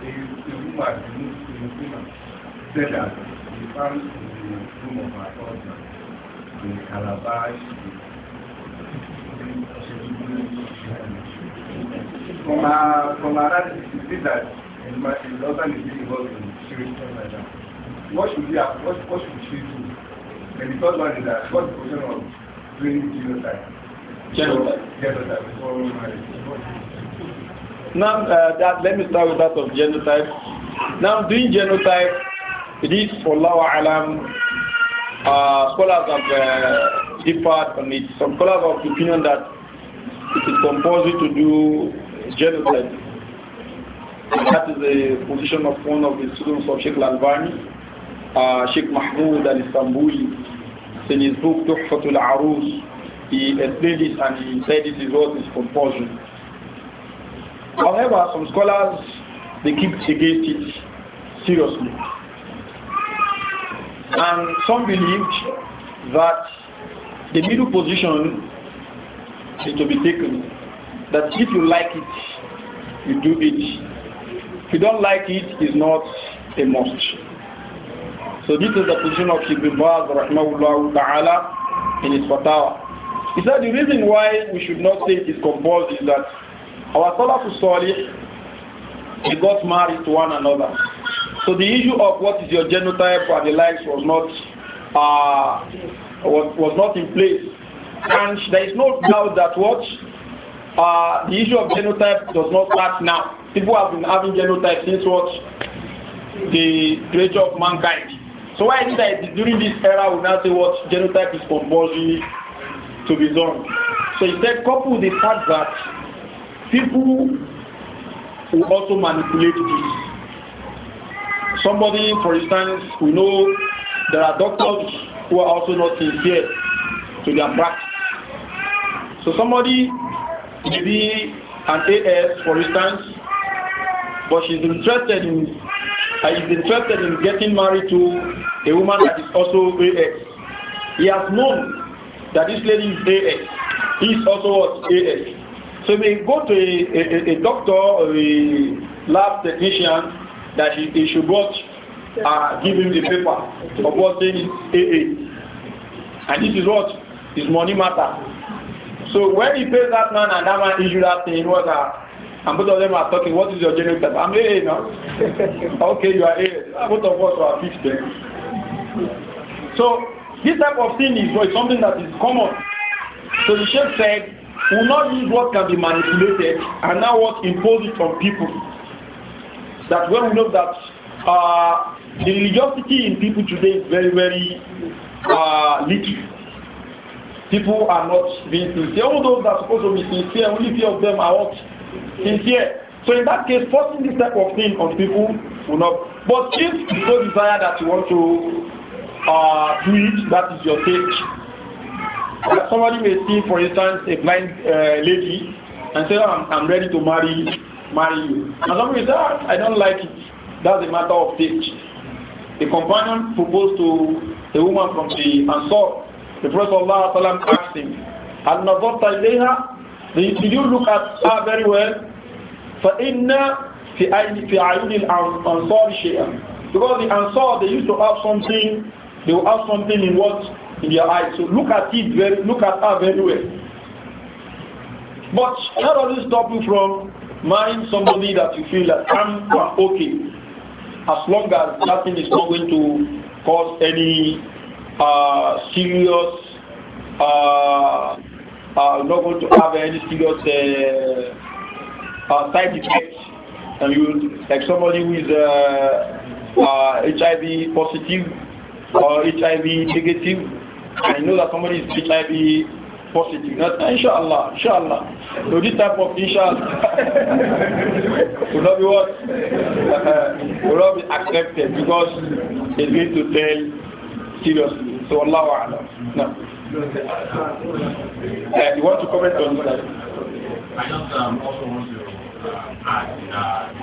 the, the woman removed that in the is being involved in like that what should we have what what should do and the third one is that what's the question of doing genocide genocide genocide now, uh, that, let me start with that of genotype. Now, doing genotype, it is for Lawa Alam. Uh, scholars have uh, differed on it. Some scholars have opinion that it is compulsory to do genotype. And that is the position of one of the students of Sheikh uh, Sheikh Mahmoud al-Istanbuli. In his book, Tuhfatul Aruz, he explained this and he said this is what is compulsory. However, some scholars they keep against it seriously. And some believed that the middle position is to be taken. That if you like it, you do it. If you don't like it, it's not a must. So this is the position of Ibn Baz al ta'ala in his fatwa. He said the reason why we should not say it is compulsory is that our Salafus Salih, they got married to one another. So the issue of what is your genotype or the likes was not uh, was, was not in place. And there is no doubt that what uh, the issue of genotype does not start now. People have been having genotype since what the creature of mankind. So why is it that during this era we now say what genotype is compulsory to be done? So instead, couple the fact that people will also manipulate this. Somebody, for instance, we know there are doctors who are also not sincere to their practice. So somebody maybe an AS, for instance, but she's interested in uh, is interested in getting married to a woman that is also AS. He has known that this lady is AS. He is also what? AS. So if go to a, a, a doctor or a lab technician, that he, he should not uh, give him the paper of what saying AA. And this is what is money matter. So when he pays that man and that man issue that thing, what are uh, and both of them are talking, what is your general type? I'm AA now. [LAUGHS] okay, you are AA. Both of us are fixed So this type of thing is well, something that is common. So the chef said will not use what can be manipulated and now what imposed on people. That when we know that uh, the religiosity in people today is very, very uh, little. People are not being sincere. All those that are supposed to be sincere, only few of them are not sincere. So in that case, forcing this type of thing on people will not. But if you so desire that you want to uh, do it, that is your take. But somebody may see, for instance, a blind uh, lady and say, I'm, I'm ready to marry marry you. And somebody says, ah, I don't like it. That's a matter of taste. The companion proposed to a woman from the Ansar. The Prophet Allah asked him, Al Nazarta ilayha, did you look at her very well? فَإِنَّ فِي عَيُنِ Ansar شَيْئًا Because the Ansar, they used to have something, they would have something in what in your eyes. So look at it very, look at her very well. But how does it stop you from marrying somebody that you feel that I'm ah, ah, okay, as long as nothing is not going to cause any uh, serious, uh, uh, not going to have any serious uh, uh side effects, and you like somebody who is HIV uh, uh, positive or HIV negative I know that somebody is be positive. Not inshallah, inshallah. So this type of inshallah [LAUGHS] will not be what? [LAUGHS] will not be accepted because it's going to tell seriously. So Allah Alam. No. Uh, you want to comment on that? I just um, also want to um, add that uh,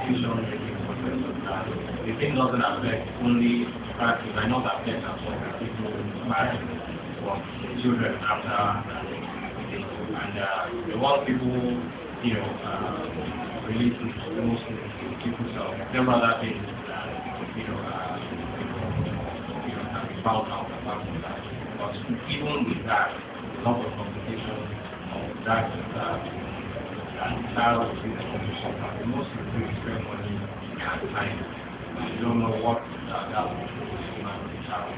the thing doesn't affect only practice, I know that affects as well for children after uh, and uh, lot of people you know uh, relate to the most people so several other things you know uh, you know have found out about that but even with that a lot of complications of that uh, and child with the condition the most important ceremony at time you don't know what uh, that will be the child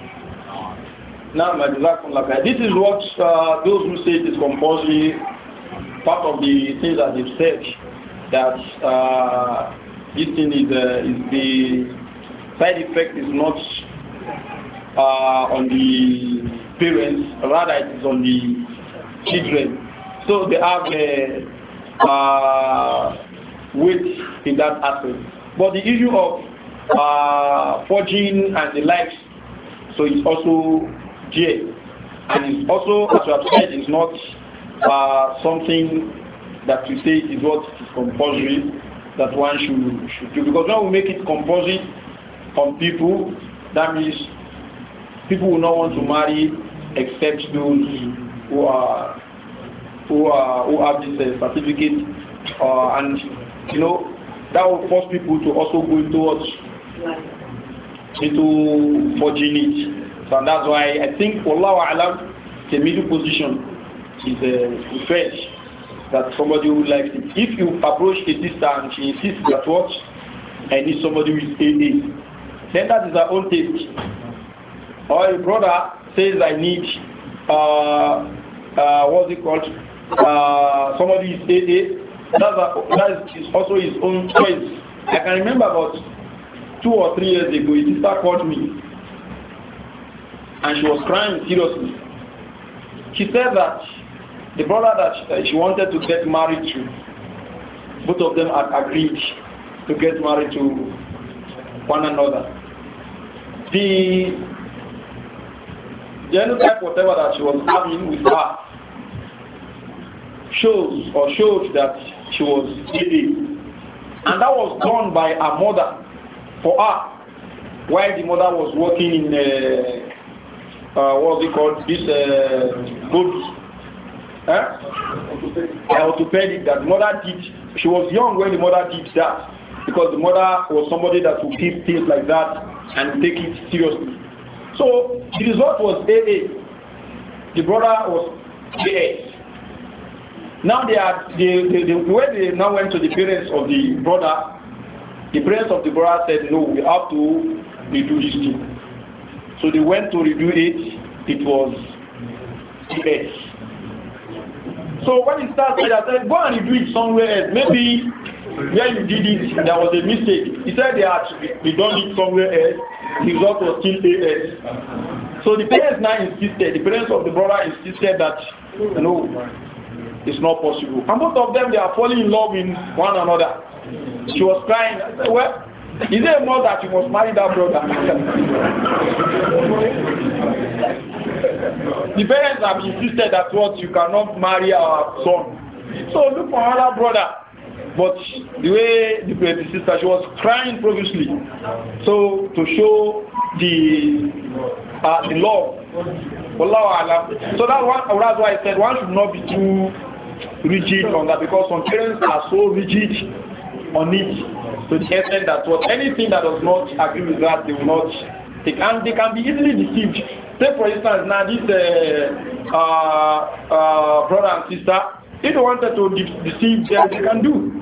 now, this is what uh, those who say it is compulsory, part of the things that they've said, that uh, this thing is, uh, is the side effect is not uh, on the parents, rather it is on the children. So they have a uh, weight in that aspect. But the issue of uh, forging and the likes, so it's also jail. And also, as you have said, it's not uh, something that we say is what is compulsory that one should, should do. Because when we make it compulsory on people, that means people will not want to marry except those who are who are who have this uh, certificate uh, and you know that will force people to also go towards what into forging it so that's why I think Allah Alam, the middle position is the uh, preferred that somebody who likes it. If you approach a sister and she insists that what I need somebody with AA, then that is her own taste. Or a brother says I need uh, uh, what's it called? Uh, somebody is AA. That's a, that is also his own choice. I can remember about two or three years ago, a sister called me and she was crying seriously. She said that the brother that she wanted to get married to, both of them had agreed to get married to one another. The genotype, whatever that she was having with her, shows or showed that she was ill, And that was done by her mother for her while the mother was working in uh, uh, what's it called, this uh, boat, eh? orthopedic that mother did. She was young when the mother did that because the mother was somebody that would keep things like that and take it seriously. So the result was AA. The brother was AA. Now they are they, they, they, when they now went to the parents of the brother, the parents of the brother said, no, we have to redo this thing. So they went to review it, it was dead. So when it starts, I said, go and review it somewhere else. Maybe where you did it, there was a mistake. He said they had they done it somewhere else. The result was still AS. So the parents now insisted, the parents of the brother insisted that, you know, it's not possible. And both of them, they are falling in love with one another. She was crying. I said, well, is there a more that you must marry that brother? the parents have insisted that what you cannot marry our son. So look for another brother. But the way the, sister, she was crying profusely. So to show the uh, the love, Allah So that one, that's why I said one should not be too rigid on that because some parents are so rigid on it to the extent that what anything that does not agree with that they will not take and they can be easily deceived. Say for instance now this uh, uh, uh, brother and sister, if they wanted to de deceive them, they can do.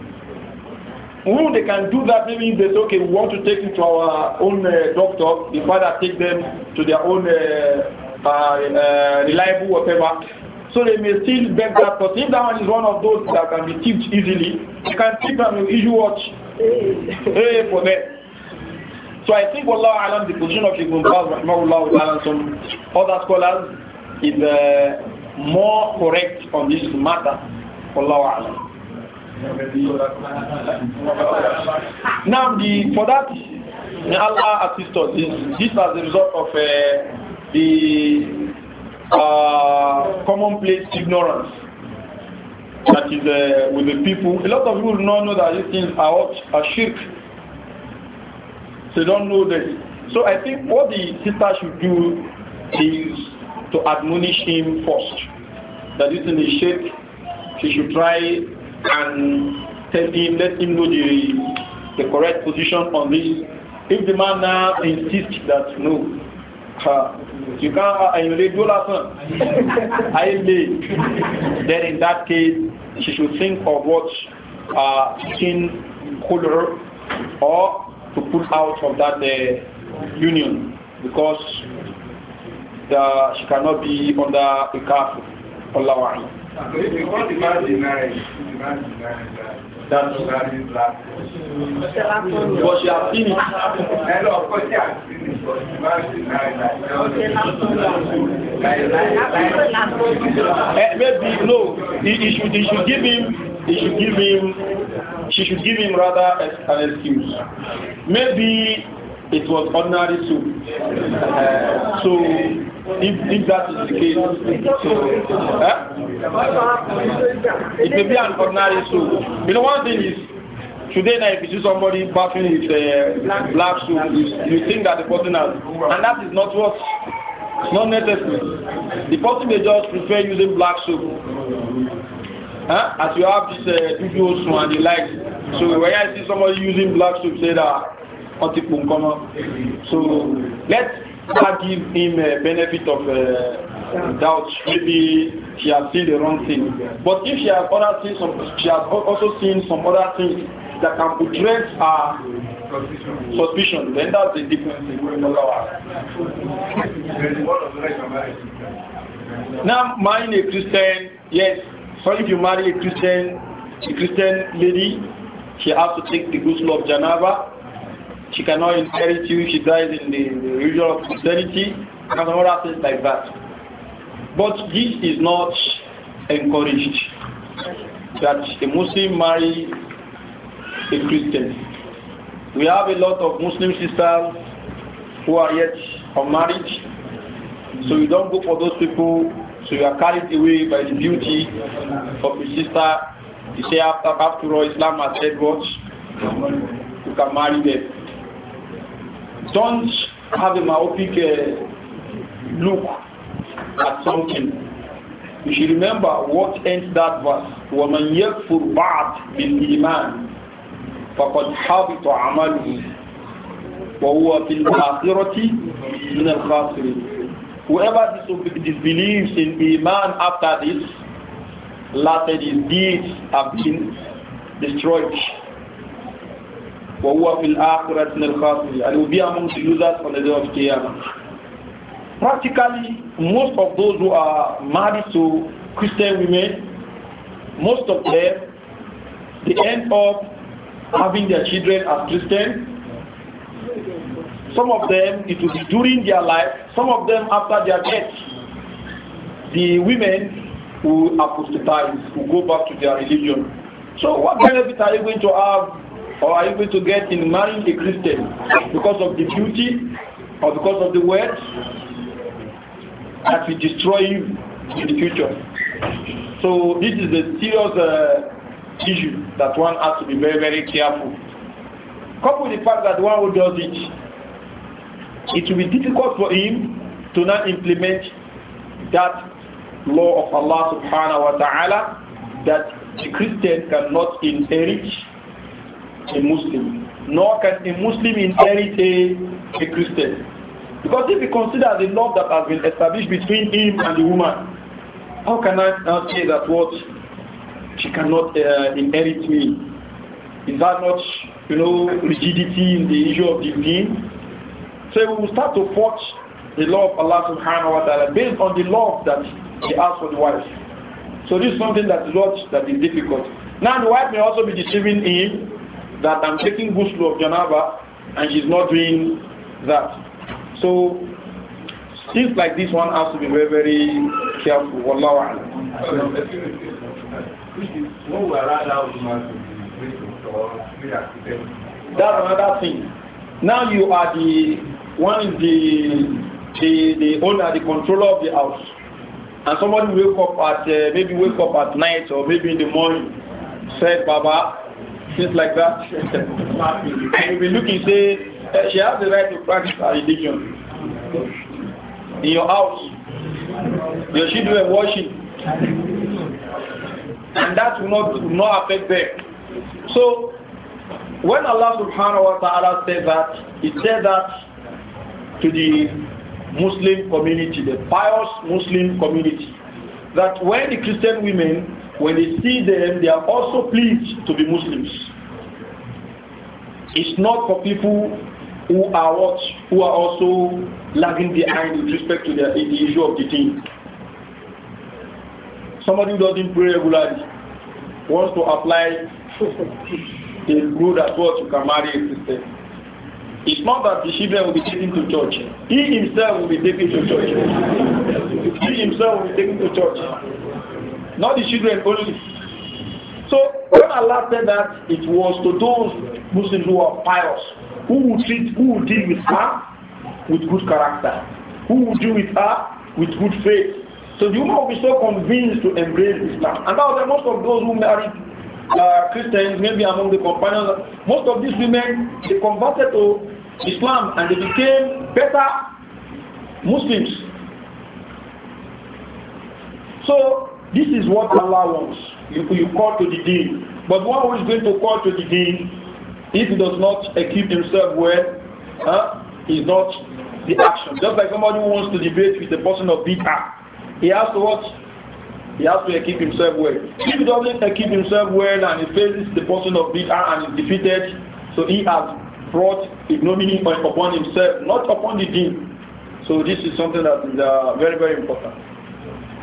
Who they can do that, maybe they say, okay, we want to take it to our own uh, doctor, the father take them to their own uh, uh, reliable whatever. So they may still beg that but If that one is one of those that can be tipped easily, you can tip them with issue watch. hey, for them. So I think Allah Alam, the position of Ibn Baz and some other scholars is uh, more correct on this matter. Allah Alam. Now the, for that may Allah assist us. This, this as a result of uh, the uh, commonplace ignorance that is uh, with the people. A lot of people do not know that these things are, a are shirk. They don't know this. So I think what the sister should do is to admonish him first. that this is a shirk. She should try and tell him, let him know the, the correct position on this. If the man now insists that no, her, you can't and you do last I lay. Then in that case, she should think of what uh, skin pull her or to put out of that uh, union because the, she cannot be under a kafir. Allah. So if you want to deny, demand that That's what I'm glad. [LAUGHS] But she has seen it. Eh, maybe, no. He, he, should, he should give him, he should give him, she should give him rather an excuse. Maybe it was ordinary soup. Uh, so if, if that is the case, so uh, it may be an ordinary soup. You know, one thing is today now if you see somebody bathing with uh, black soup, you, think that the person has, and that is not what. It's not necessary. The person may just prefer using black soap. Huh? As you have this uh, and the like. So when I see somebody using black I say that so let's not give him a uh, benefit of uh, doubt maybe she has seen the wrong thing but if she has other things she has also seen some other things that can portray her suspicion then that's the difference in now marrying a christian yes so if you marry a christian a christian lady she has to take the law of janaba she cannot inherit you, she dies in the, the region of eternity, and other things like that. But this is not encouraged that a Muslim marry a Christian. We have a lot of Muslim sisters who are yet unmarried, so you don't go for those people, so you are carried away by the beauty of your sister. You say, after, after all, Islam has said what? You can marry them. Don't have a myopic uh, look at something. You should remember what ends that verse. وَمَنْ يَكْفُرْ بَعْدْ بِالْإِيمَانِ فَقَدْ حَبِطَ عَمَلُهُ وَهُوَ فِي الْآخِرَةِ مِنَ الْخَاسِرِينَ Whoever disbelieves in Iman after this, latter his deeds have been destroyed. وَهُوَ فِي الْآخِرَةِ مِنَ الْخَاسِرِينَ And will be among the users on the day of Practically, most of those who are married to Christian women, most of them, they end up having their children as Christian. Some of them, it will be during their life. Some of them, after their death, the women who apostatize, who go back to their religion. So what benefit are you going to have or are you going to get in marrying a Christian because of the beauty or because of the wealth that will destroy you in the future. So this is a serious uh, issue that one has to be very, very careful. Couple with the fact that one who does it, it will be difficult for him to not implement that law of Allah subhanahu wa ta'ala that the Christian cannot inherit a Muslim, nor can a Muslim inherit a, a Christian. Because if you consider the love that has been established between him and the woman, how can I now say that what she cannot uh, inherit me? Is that not, you know, rigidity in the issue of the deen? So we will start to forge the law of Allah subhanahu wa ta'ala based on the love that he has for the wife. So this is something that is not that is difficult. Now the wife may also be deceiving him that I'm taking ghusl of janaba and she's not doing that. So things like this one has to be very, very careful. Wallahu alam. That's another thing. Now you are the one is the the, the owner, the controller of the house. And somebody wake up at uh, maybe wake up at night or maybe in the morning, said, Baba, things like that. you will look and say, eh, she has the right to practice her religion. In your house, your children are washing. And that will not, will not affect them. So, when Allah subhanahu wa ta'ala said that, He said that to the Muslim community, the pious Muslim community, that when the Christian women when they see them, they are also pleased to be Muslims. It's not for people who are what, who are also lagging behind with respect to the, the issue of the team. Somebody who doesn't pray regularly wants to apply the rule that what you can marry a Christian. It's not that the children will be taken to church. He himself will be taken to church. He himself will be taken to church not the children only. So when Allah said that, it was to those Muslims who are pious, who will treat, who will deal with her with good character, who will deal with her with good faith. So you must be so convinced to embrace Islam. And now most of those who married uh, Christians, maybe among the companions, most of these women, they converted to Islam and they became better Muslims. So this is what Allah wants. You, you call to the deen. But who is going to call to the deen, if he does not equip himself well, huh, is not the action. Just like somebody who wants to debate with the person of bid'ah, he has to what? He has to equip himself well. If he doesn't equip himself well and he faces the person of bid'ah and is defeated, so he has brought ignominy upon himself, not upon the deen. So this is something that is uh, very, very important.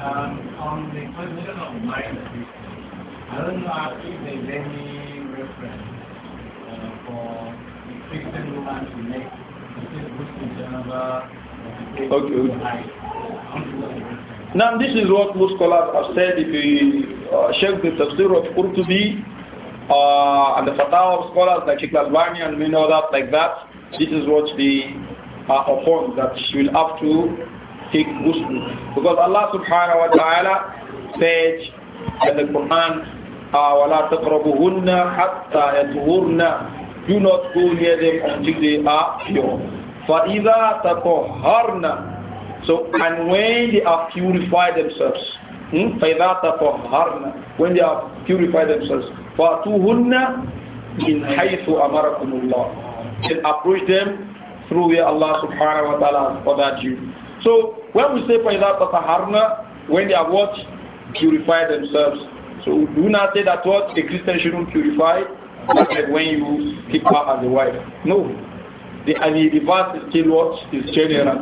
Um on the question of mine, I don't know if there's any reference uh, for a Christian woman to make Okay. Now this is what most scholars have said. If you uh, check the tafsir of Qurtubi uh, and the fatwa of scholars like Sheikh Albani and many others like that, this is what the uh, upon that she will have to take ghusl. Because Allah subhanahu wa ta'ala said in the Quran, وَلَا تَقْرَبُهُنَّ حَتَّى يَطْهُرْنَ Do not go near them until they are pure. فَإِذَا تَطَهَّرْنَ So, and when they have purified themselves, hmm? فَإِذَا تَطَهَّرْنَ When they have purified themselves, فَأْتُوهُنَّ مِنْ حَيْثُ أَمَرَكُمُ اللَّهُ Then approach them through where Allah subhanahu wa ta'ala has ordered you. So when we say for example Taharna, when they are what? Purify themselves. So do not say that what a Christian shouldn't purify like when you keep her as a wife. No. The, I mean, the verse is still what is general.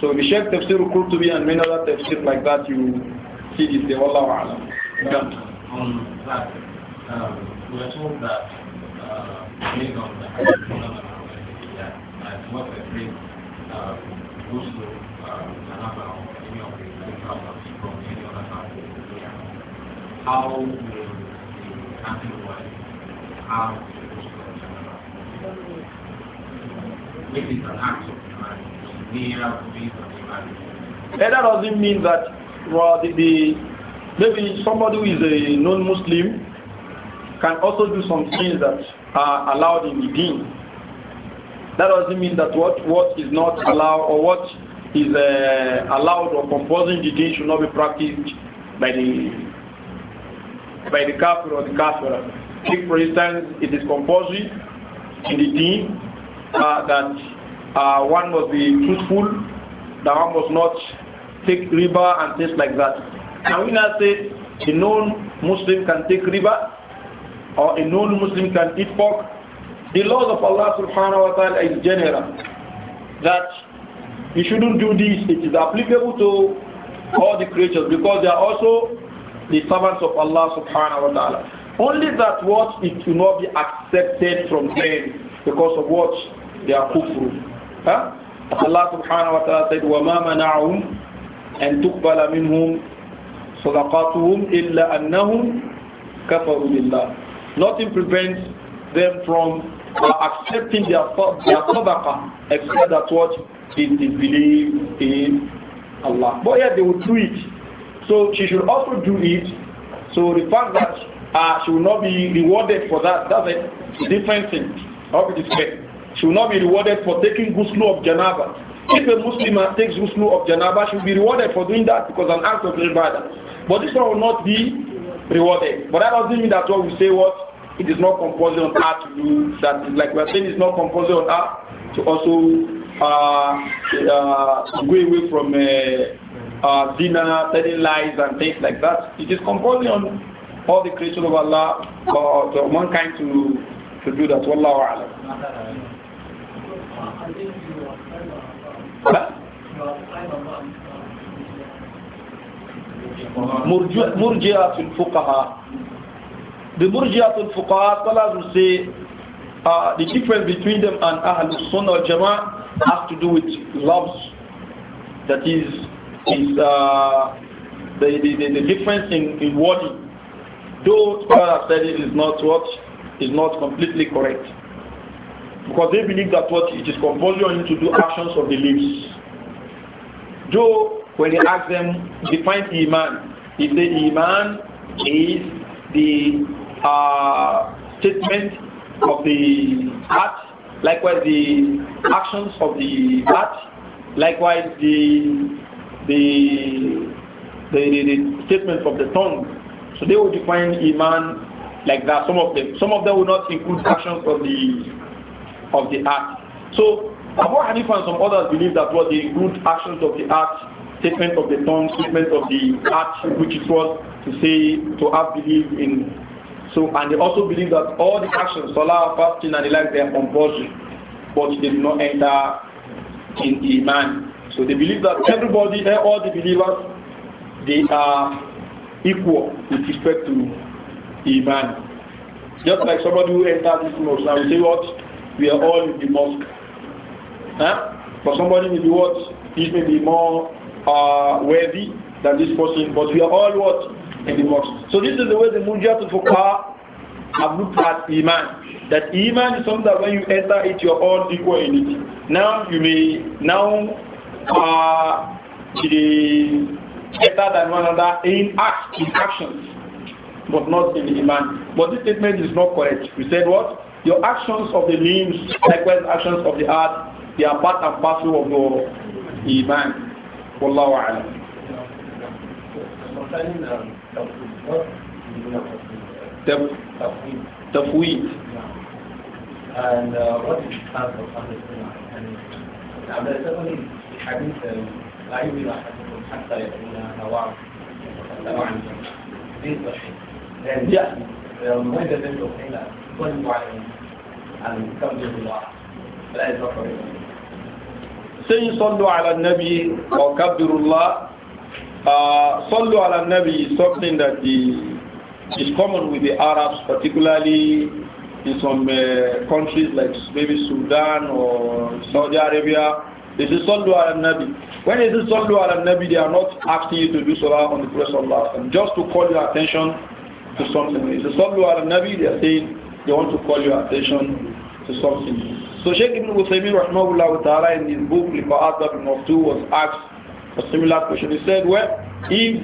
So the Sheikh Tafsir me and many other tafsir like that, you see this, the Allah Yeah. On um, that, um, we are told that uh, based on the that what uh, goes how will the acting wife have Maybe it's an act of marriage. that doesn't mean that well, the, the, maybe somebody who is a non-Muslim can also do some things that are allowed in the deen. That doesn't mean that what, what is not allowed or what is uh, allowed or composing the deen should not be practiced by the by the kafir or the kafirah. If, for instance, it is compulsory in the deen uh, that uh, one must be truthful, that one must not take riba and things like that. Can we not say a non-Muslim can take riba or a non-Muslim can eat pork? The laws of Allah subhanahu wa ta'ala is general that you shouldn't do this. It is applicable to all the creatures because they are also the servants of Allah subhanahu wa ta'ala. Only that what it will not be accepted from them because of what they are kufru. Huh? Allah subhanahu wa ta'ala said, وَمَا مَنَعُهُمْ أن تقبل منهم صدقاتهم إلا أنهم كفروا بالله Nothing prevents them from accepting their, their sadaqah except that what they believe in Allah. But yeah, they will do it. So she should also do it. So the fact that uh, she will not be rewarded for that, that's a different thing. I'll She will not be rewarded for taking ghusl of janaba. If a Muslim uh, takes ghusl of janaba, she will be rewarded for doing that because an act of ibadah. But this one will not be rewarded. But that doesn't mean that what we say what it is not compulsory on her to do that. Like we are saying, it's not compulsory on her to also uh, go uh, away from uh, uh, dinner, telling lies and things like that. It is compulsory on all the creation of Allah or uh, to mankind to to do that. Wallahu alam. Murji'atul fuqaha. The Murji'atul fuqaha, scholars will say uh, the difference between them and Ahlul Sunnah al-Jama'ah has to do with loves. That is, is uh, the, the, the, the, difference in, in wording. Though have said it is not what is not completely correct. Because they believe that what it is compulsory to do actions of the lips. Though when he asked them, define Iman, he said Iman is the uh, statement of the heart Likewise, the actions of the bat. Likewise, the the the, the, statements of the tongue. So they will define iman like that. Some of them, some of them will not include actions of the of the act. So Abu Hanifa and some others believe that what they include actions of the act, statement of the tongue, statement of the act, which is what to say to have belief in so, and they also believe that all the actions, salah, fasting, and the like, they are compulsory, but they do not enter in Iman. So they believe that everybody, eh, all the believers, they are equal with respect to Iman. Just like somebody who enters this mosque now, we say what? We are all in the mosque. Huh? But somebody may be what? This may be more uh, worthy than this person, but we are all what? in the mosque. So this is the way the Mujahid Fuqaha have looked at Iman. That Iman is something that when you enter it, you're all equal in it. Now you may, now uh, the better than one another in acts, in actions, but not in Iman. But this statement is not correct. We said what? Your actions of the limbs, likewise actions of the heart, they are part and parcel of your Iman. Wallahu Concerning um, تفويض تفويت and uh, what um, is um, the part of understanding and عبد السبب الحديث لا يؤمن احدكم حتى يكون نوعا نوعا دين صحيح لان المعده بنت اخينا تطلب على ان تبلغ الله فلا يتفرق سيصلوا على النبي وكبروا الله Uh, Sallu ala Nabi is something that is, is common with the Arabs, particularly in some uh, countries like maybe Sudan or Saudi Arabia. This is Sallu ala Nabi. When they say Sallu ala Nabi, they are not asking you to do Salah on the Prophet Allah, just to call your attention to something. It's say Sallu ala Nabi, they are saying they want to call your attention to something. So Sheikh Ibn Uthaymeen rahmahullah ta'ala in his book Liqa'at al Muftu was asked a similar question. He said, well, if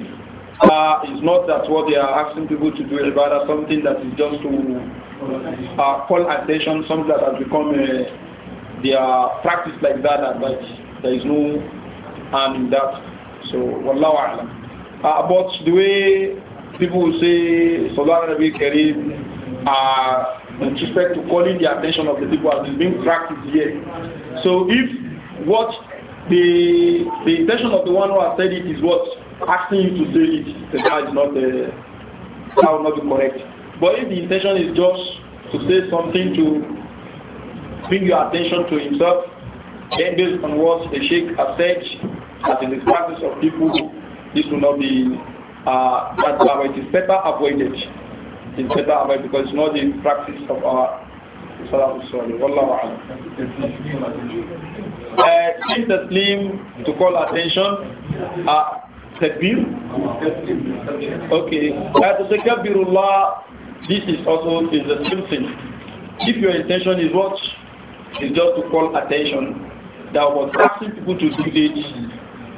uh, it's not that what they are asking people to do, rather something that is just to uh, call attention, something that has become a, uh, their practice like that, that, that there is no harm in that. So, wallahu a'lam. Uh, but the way people will say Salat Arabi Kareem uh, with respect to calling the attention of the people as being practiced here. So if what the the intention of the one who has said it is what asking you to say it. that is not uh, the that will not be correct. But if the intention is just to say something to bring your attention to himself, then based on what the sheikh has said, as in the practice of people, this will not be uh, that It is better avoided. It's better avoided because it's not the practice of our uh, eh, in to call attention, uh, Takbir? Okay. Uh, to say this is also is the same thing. If your intention is what? Is just to call attention. That was asking people to do this,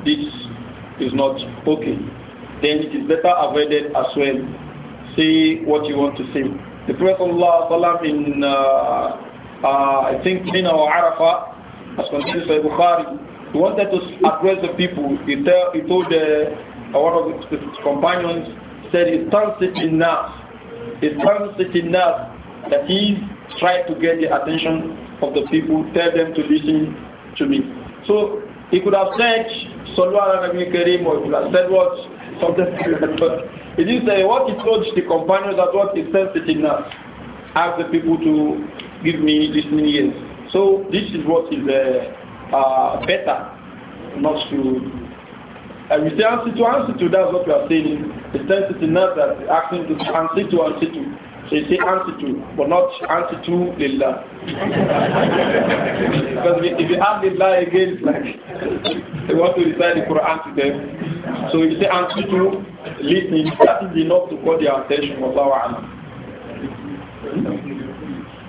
this is not okay. Then it is better avoided as well. Say what you want to say. The Prophet ﷺ in, uh, uh, I think, Mina or Arafah, as continued by Bukhari, he wanted to address the people. He, tell, he told uh, uh one of his companions, said, "It's in nas, it's in nas." That he tried to get the attention of the people, tell them to listen to me. So he could have said, "Sallallahu alaihi wasallam," or he could have said what something He didn't say what he told the companion that what he said Ask the people to give me this many years. So this is what is uh, uh, better not to and we say answer to answer to, that's what we are saying. It's sensitive not that asking to answer to answer to. So you say antitu, but not antitu lillah. because if you add lillah again, it's like they want to recite the Quran to them. So if you say antitu, listening, that is enough to call their attention. Wallahu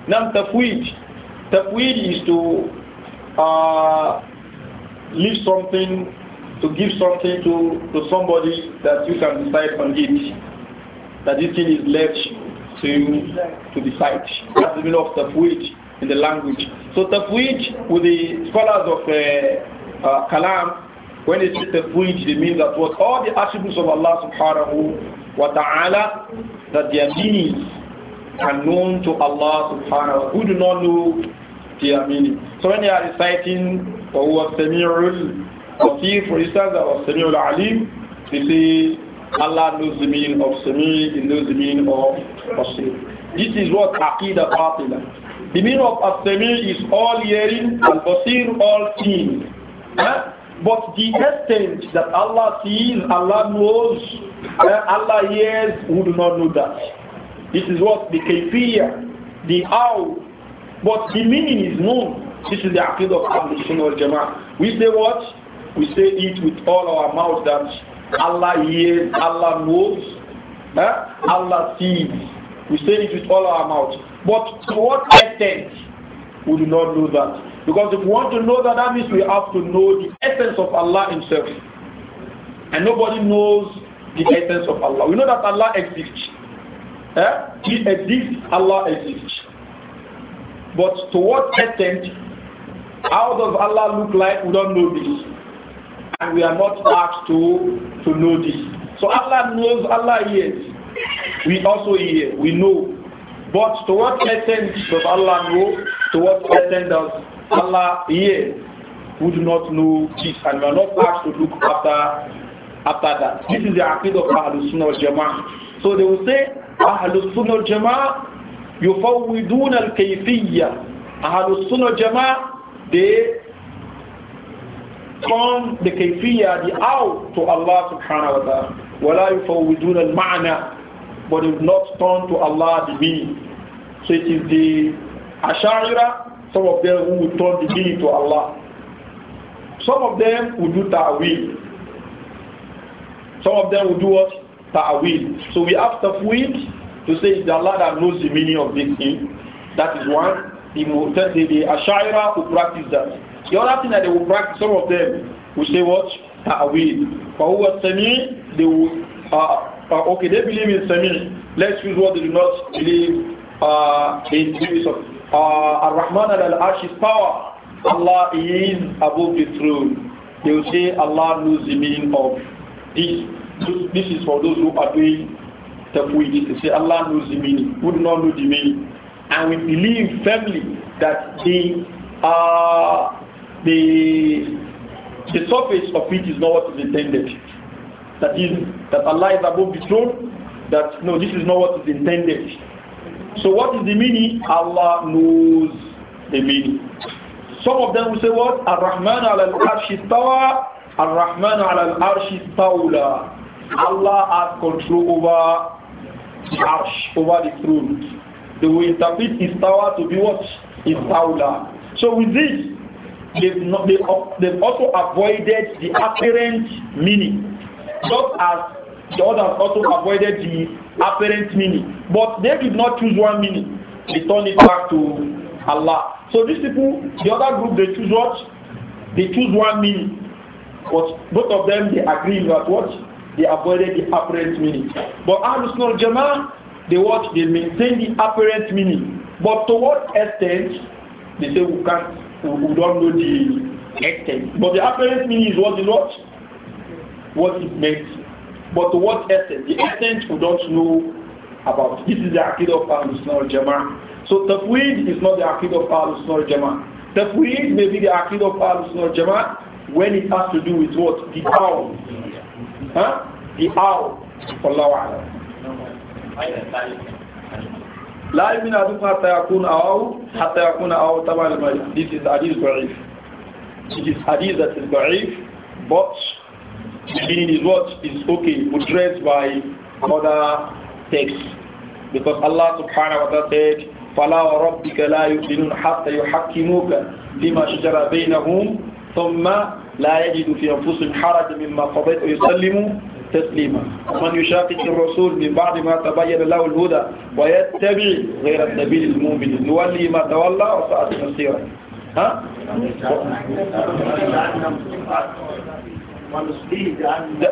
Now tafweed. Tafweed is to uh, leave something, to give something to, to somebody that you can decide on it. That this thing is left to, to decide. That's the meaning of tafwid in the language. So tafwid with the scholars of uh, uh, Kalam, when they say tafwid, they mean that what all the attributes of Allah subhanahu wa ta'ala, that their meanings are known to Allah subhanahu wa ta'ala, who do not know their meaning. So when they are reciting, وَهُوَ السَّمِيعُ if, For instance, that was Alim, they say, Allah knows the meaning of Sami, He knows the meaning of Basir. This is what Aqidah Batila. The meaning of as is all hearing and Basir all seeing. Huh? Eh? But the extent that Allah sees, Allah knows, uh, Allah hears, who do not know that. This is what the kafir, the how, but the meaning is known. This is the Aqidah of Ahlul Sunnah wal Jama'ah. We say what? We say it with all our mouths that Allah hears, Allah knows, eh? Allah sees. We say it with all our mouth. But to what extent we do not know that? Because if we want to know that, that means we have to know the essence of Allah Himself. And nobody knows the essence of Allah. We know that Allah exists. Eh? He exists, Allah exists. But to what extent, how does Allah look like? We don't know this and we are not asked to, to know this. So Allah knows, Allah hears. We also hear, we know. But to what extent does Allah know? To what extent does Allah hear? We do not know this and we are not asked to look after after that. This is the aqid of Ahlul Sunnah wal Jama'ah. So they will say, Ahlul Sunnah wal Jama'ah, يفوضون الكيفية. Ahlul Sunnah wal Jama'ah, they turn the kayfiyya, the out to Allah subhanahu wa ta'ala. وَلَا the الْمَعْنَى But if not turn to Allah the meaning. So it is the Ash'ira, some of them who will turn the meaning to Allah. Some of them will do ta'wil. Some of them will do what? Ta'wil. So we have tafwid to say it's Allah that knows the meaning of this thing. That is one. The, the Ash'ira who practice that. The other thing that they will practice, some of them will say what? Ta'wil. For who was Sami, they will, uh, uh, okay, they believe in Sami. Let's use what they do not believe uh, in use uh, Ar-Rahman al-Arsh is power. Allah is above the throne. They will say Allah knows the meaning of this. This is for those who are doing tafwid. They say Allah knows the meaning. We do not know the meaning. And we believe firmly that the uh, the the surface of it is not what is intended. That is, that Allah is above the throne, that no, this is not what is intended. So what is the meaning? Allah knows the meaning. Some of them will say what? al rahman al-Arshi tawa, Ar-Rahman al-Arshi tawla. Allah has control over the arsh, over the throne. They will interpret his istawa to be what? his Istawla. So with this, they've, not, they, they've also avoided the apparent meaning, just as the others also avoided the apparent meaning. But they did not choose one meaning, they turned it back to Allah. So these people, the other group, they choose what? They choose one meaning. But both of them, they agree that what? They avoided the apparent meaning. But Ahlus Jama'ah, they what? They maintain the apparent meaning. But to what extent? They say we can't we don't know the extent. But the apparent meaning is what is what? What it meant. But to what extent? The extent we don't know about. This is the Aqidah of Al-Sunnah jamaah So Tafweed is not the Aqidah of Al-Sunnah al-Jama'ah. Tafweed may be the Aqidah of Al-Sunnah jamaah when it has to do with what? The owl. Huh? The owl. Wallahu a'lam. لا يؤمن أحدكم حتى يكون أو حتى يكون أو تبع لما this is hadith ضعيف it is hadith that is ضعيف but meaning is what is okay addressed by other texts because Allah subhanahu wa ta'ala said فلا وربك لا يؤمنون حتى يحكموك لما شجر بينهم ثم لا يجد في أنفسهم حرج مما قضيت ويسلموا تسليما ومن يشاقق الرسول من بعد ما تبين له الهدى ويتبع غير سبيل المؤمن نولي ما تولى وساءت مصيره ها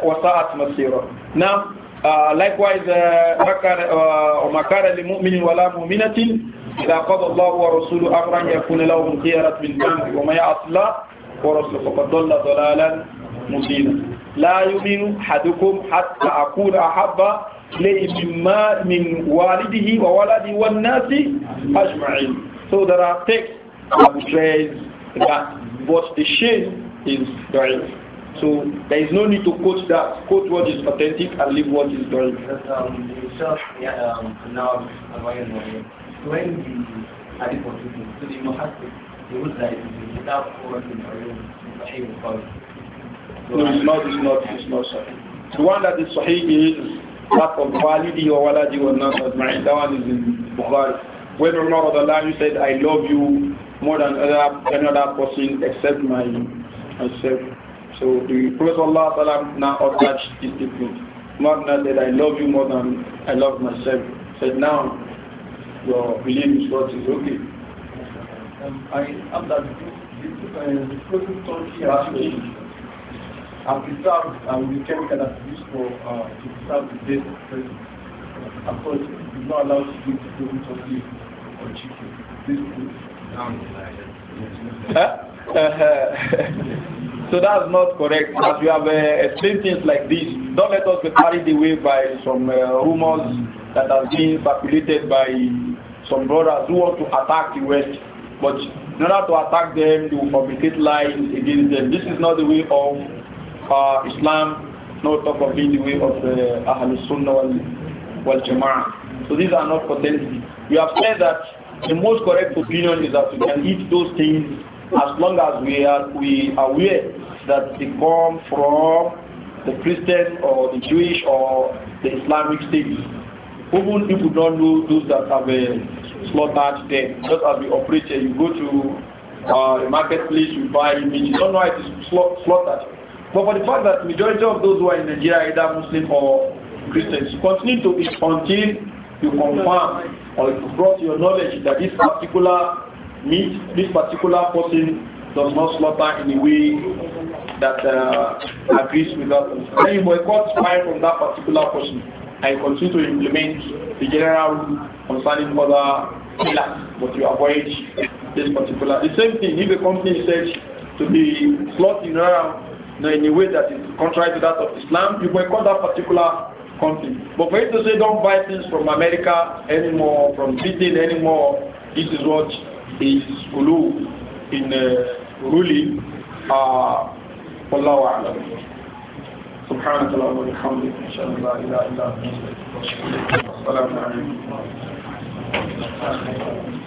وساءت مصيره نعم Uh, likewise, آه، آه، وما كان لمؤمن ولا مؤمنة إذا قضى الله ورسوله أمرا يكون لهم خيرة من ذنب وما يعصى الله ورسوله فقد ضل ضلالا مبينا لا يؤمن أحدكم حتى أكون أحب من والده وولده والناس أجمعين. So there are texts that address that, but the shame is da'if. So there is no need to quote that. Quote what is authentic and leave what is da'if. Um, um, when the hadith was written, so the he was like, without quoting, no, it's not, it's not, it's not sahih. The one that is sahih is that of Walidi or Waladi or not? Ajma'in. That one is in Bukhari. When Umar said, I love you more than other, any other person except my, myself. So the Prophet Allah now attached this statement. Magna said, I love you more than I love myself. Said, now your belief is what is okay. Um, I am that the, the, uh, the Prophet told here preserved uh, with the chemical that's used for uh, to preserve the Of course, it's not allowed to beef or chicken. This food. Huh? [LAUGHS] so that's not correct. As we have uh, explained things like this, don't let us be carried away by some uh, rumors that have been circulated by some brothers who want to attack the West. But in order to attack them, they will fabricate lies against them. This is not the way of uh, Islam, no talk of being the way of uh, Sunnah wal, wal Jama'ah. So these are not potential. We have said that the most correct opinion is that we can eat those things as long as we are we aware that they come from the Christian or the Jewish or the Islamic state. Even if we don't know those that have uh, slaughtered them, just as we operate here, you go to uh, the marketplace, you buy meat, you don't know it is slaughtered. But for the fact that majority of those who are in Nigeria are either Muslim or Christians, continue to be until you confirm or you brought your knowledge that this particular meat, this particular person does not slaughter in a way that uh, agrees with that. Then you boycott fire from that particular person and continue to implement the general rule concerning other killers, but you avoid this particular. The same thing if a company says to be slaughtering around know, in a way that is contrary to that of Islam, you boycott that particular country. But for you to say don't buy things from America anymore, from Britain anymore, this is what is Ulu in uh, Uruli. Uh, والله سبحانك اللهم وبحمدك أشهد أن لا إله إلا أنت والسلام عليكم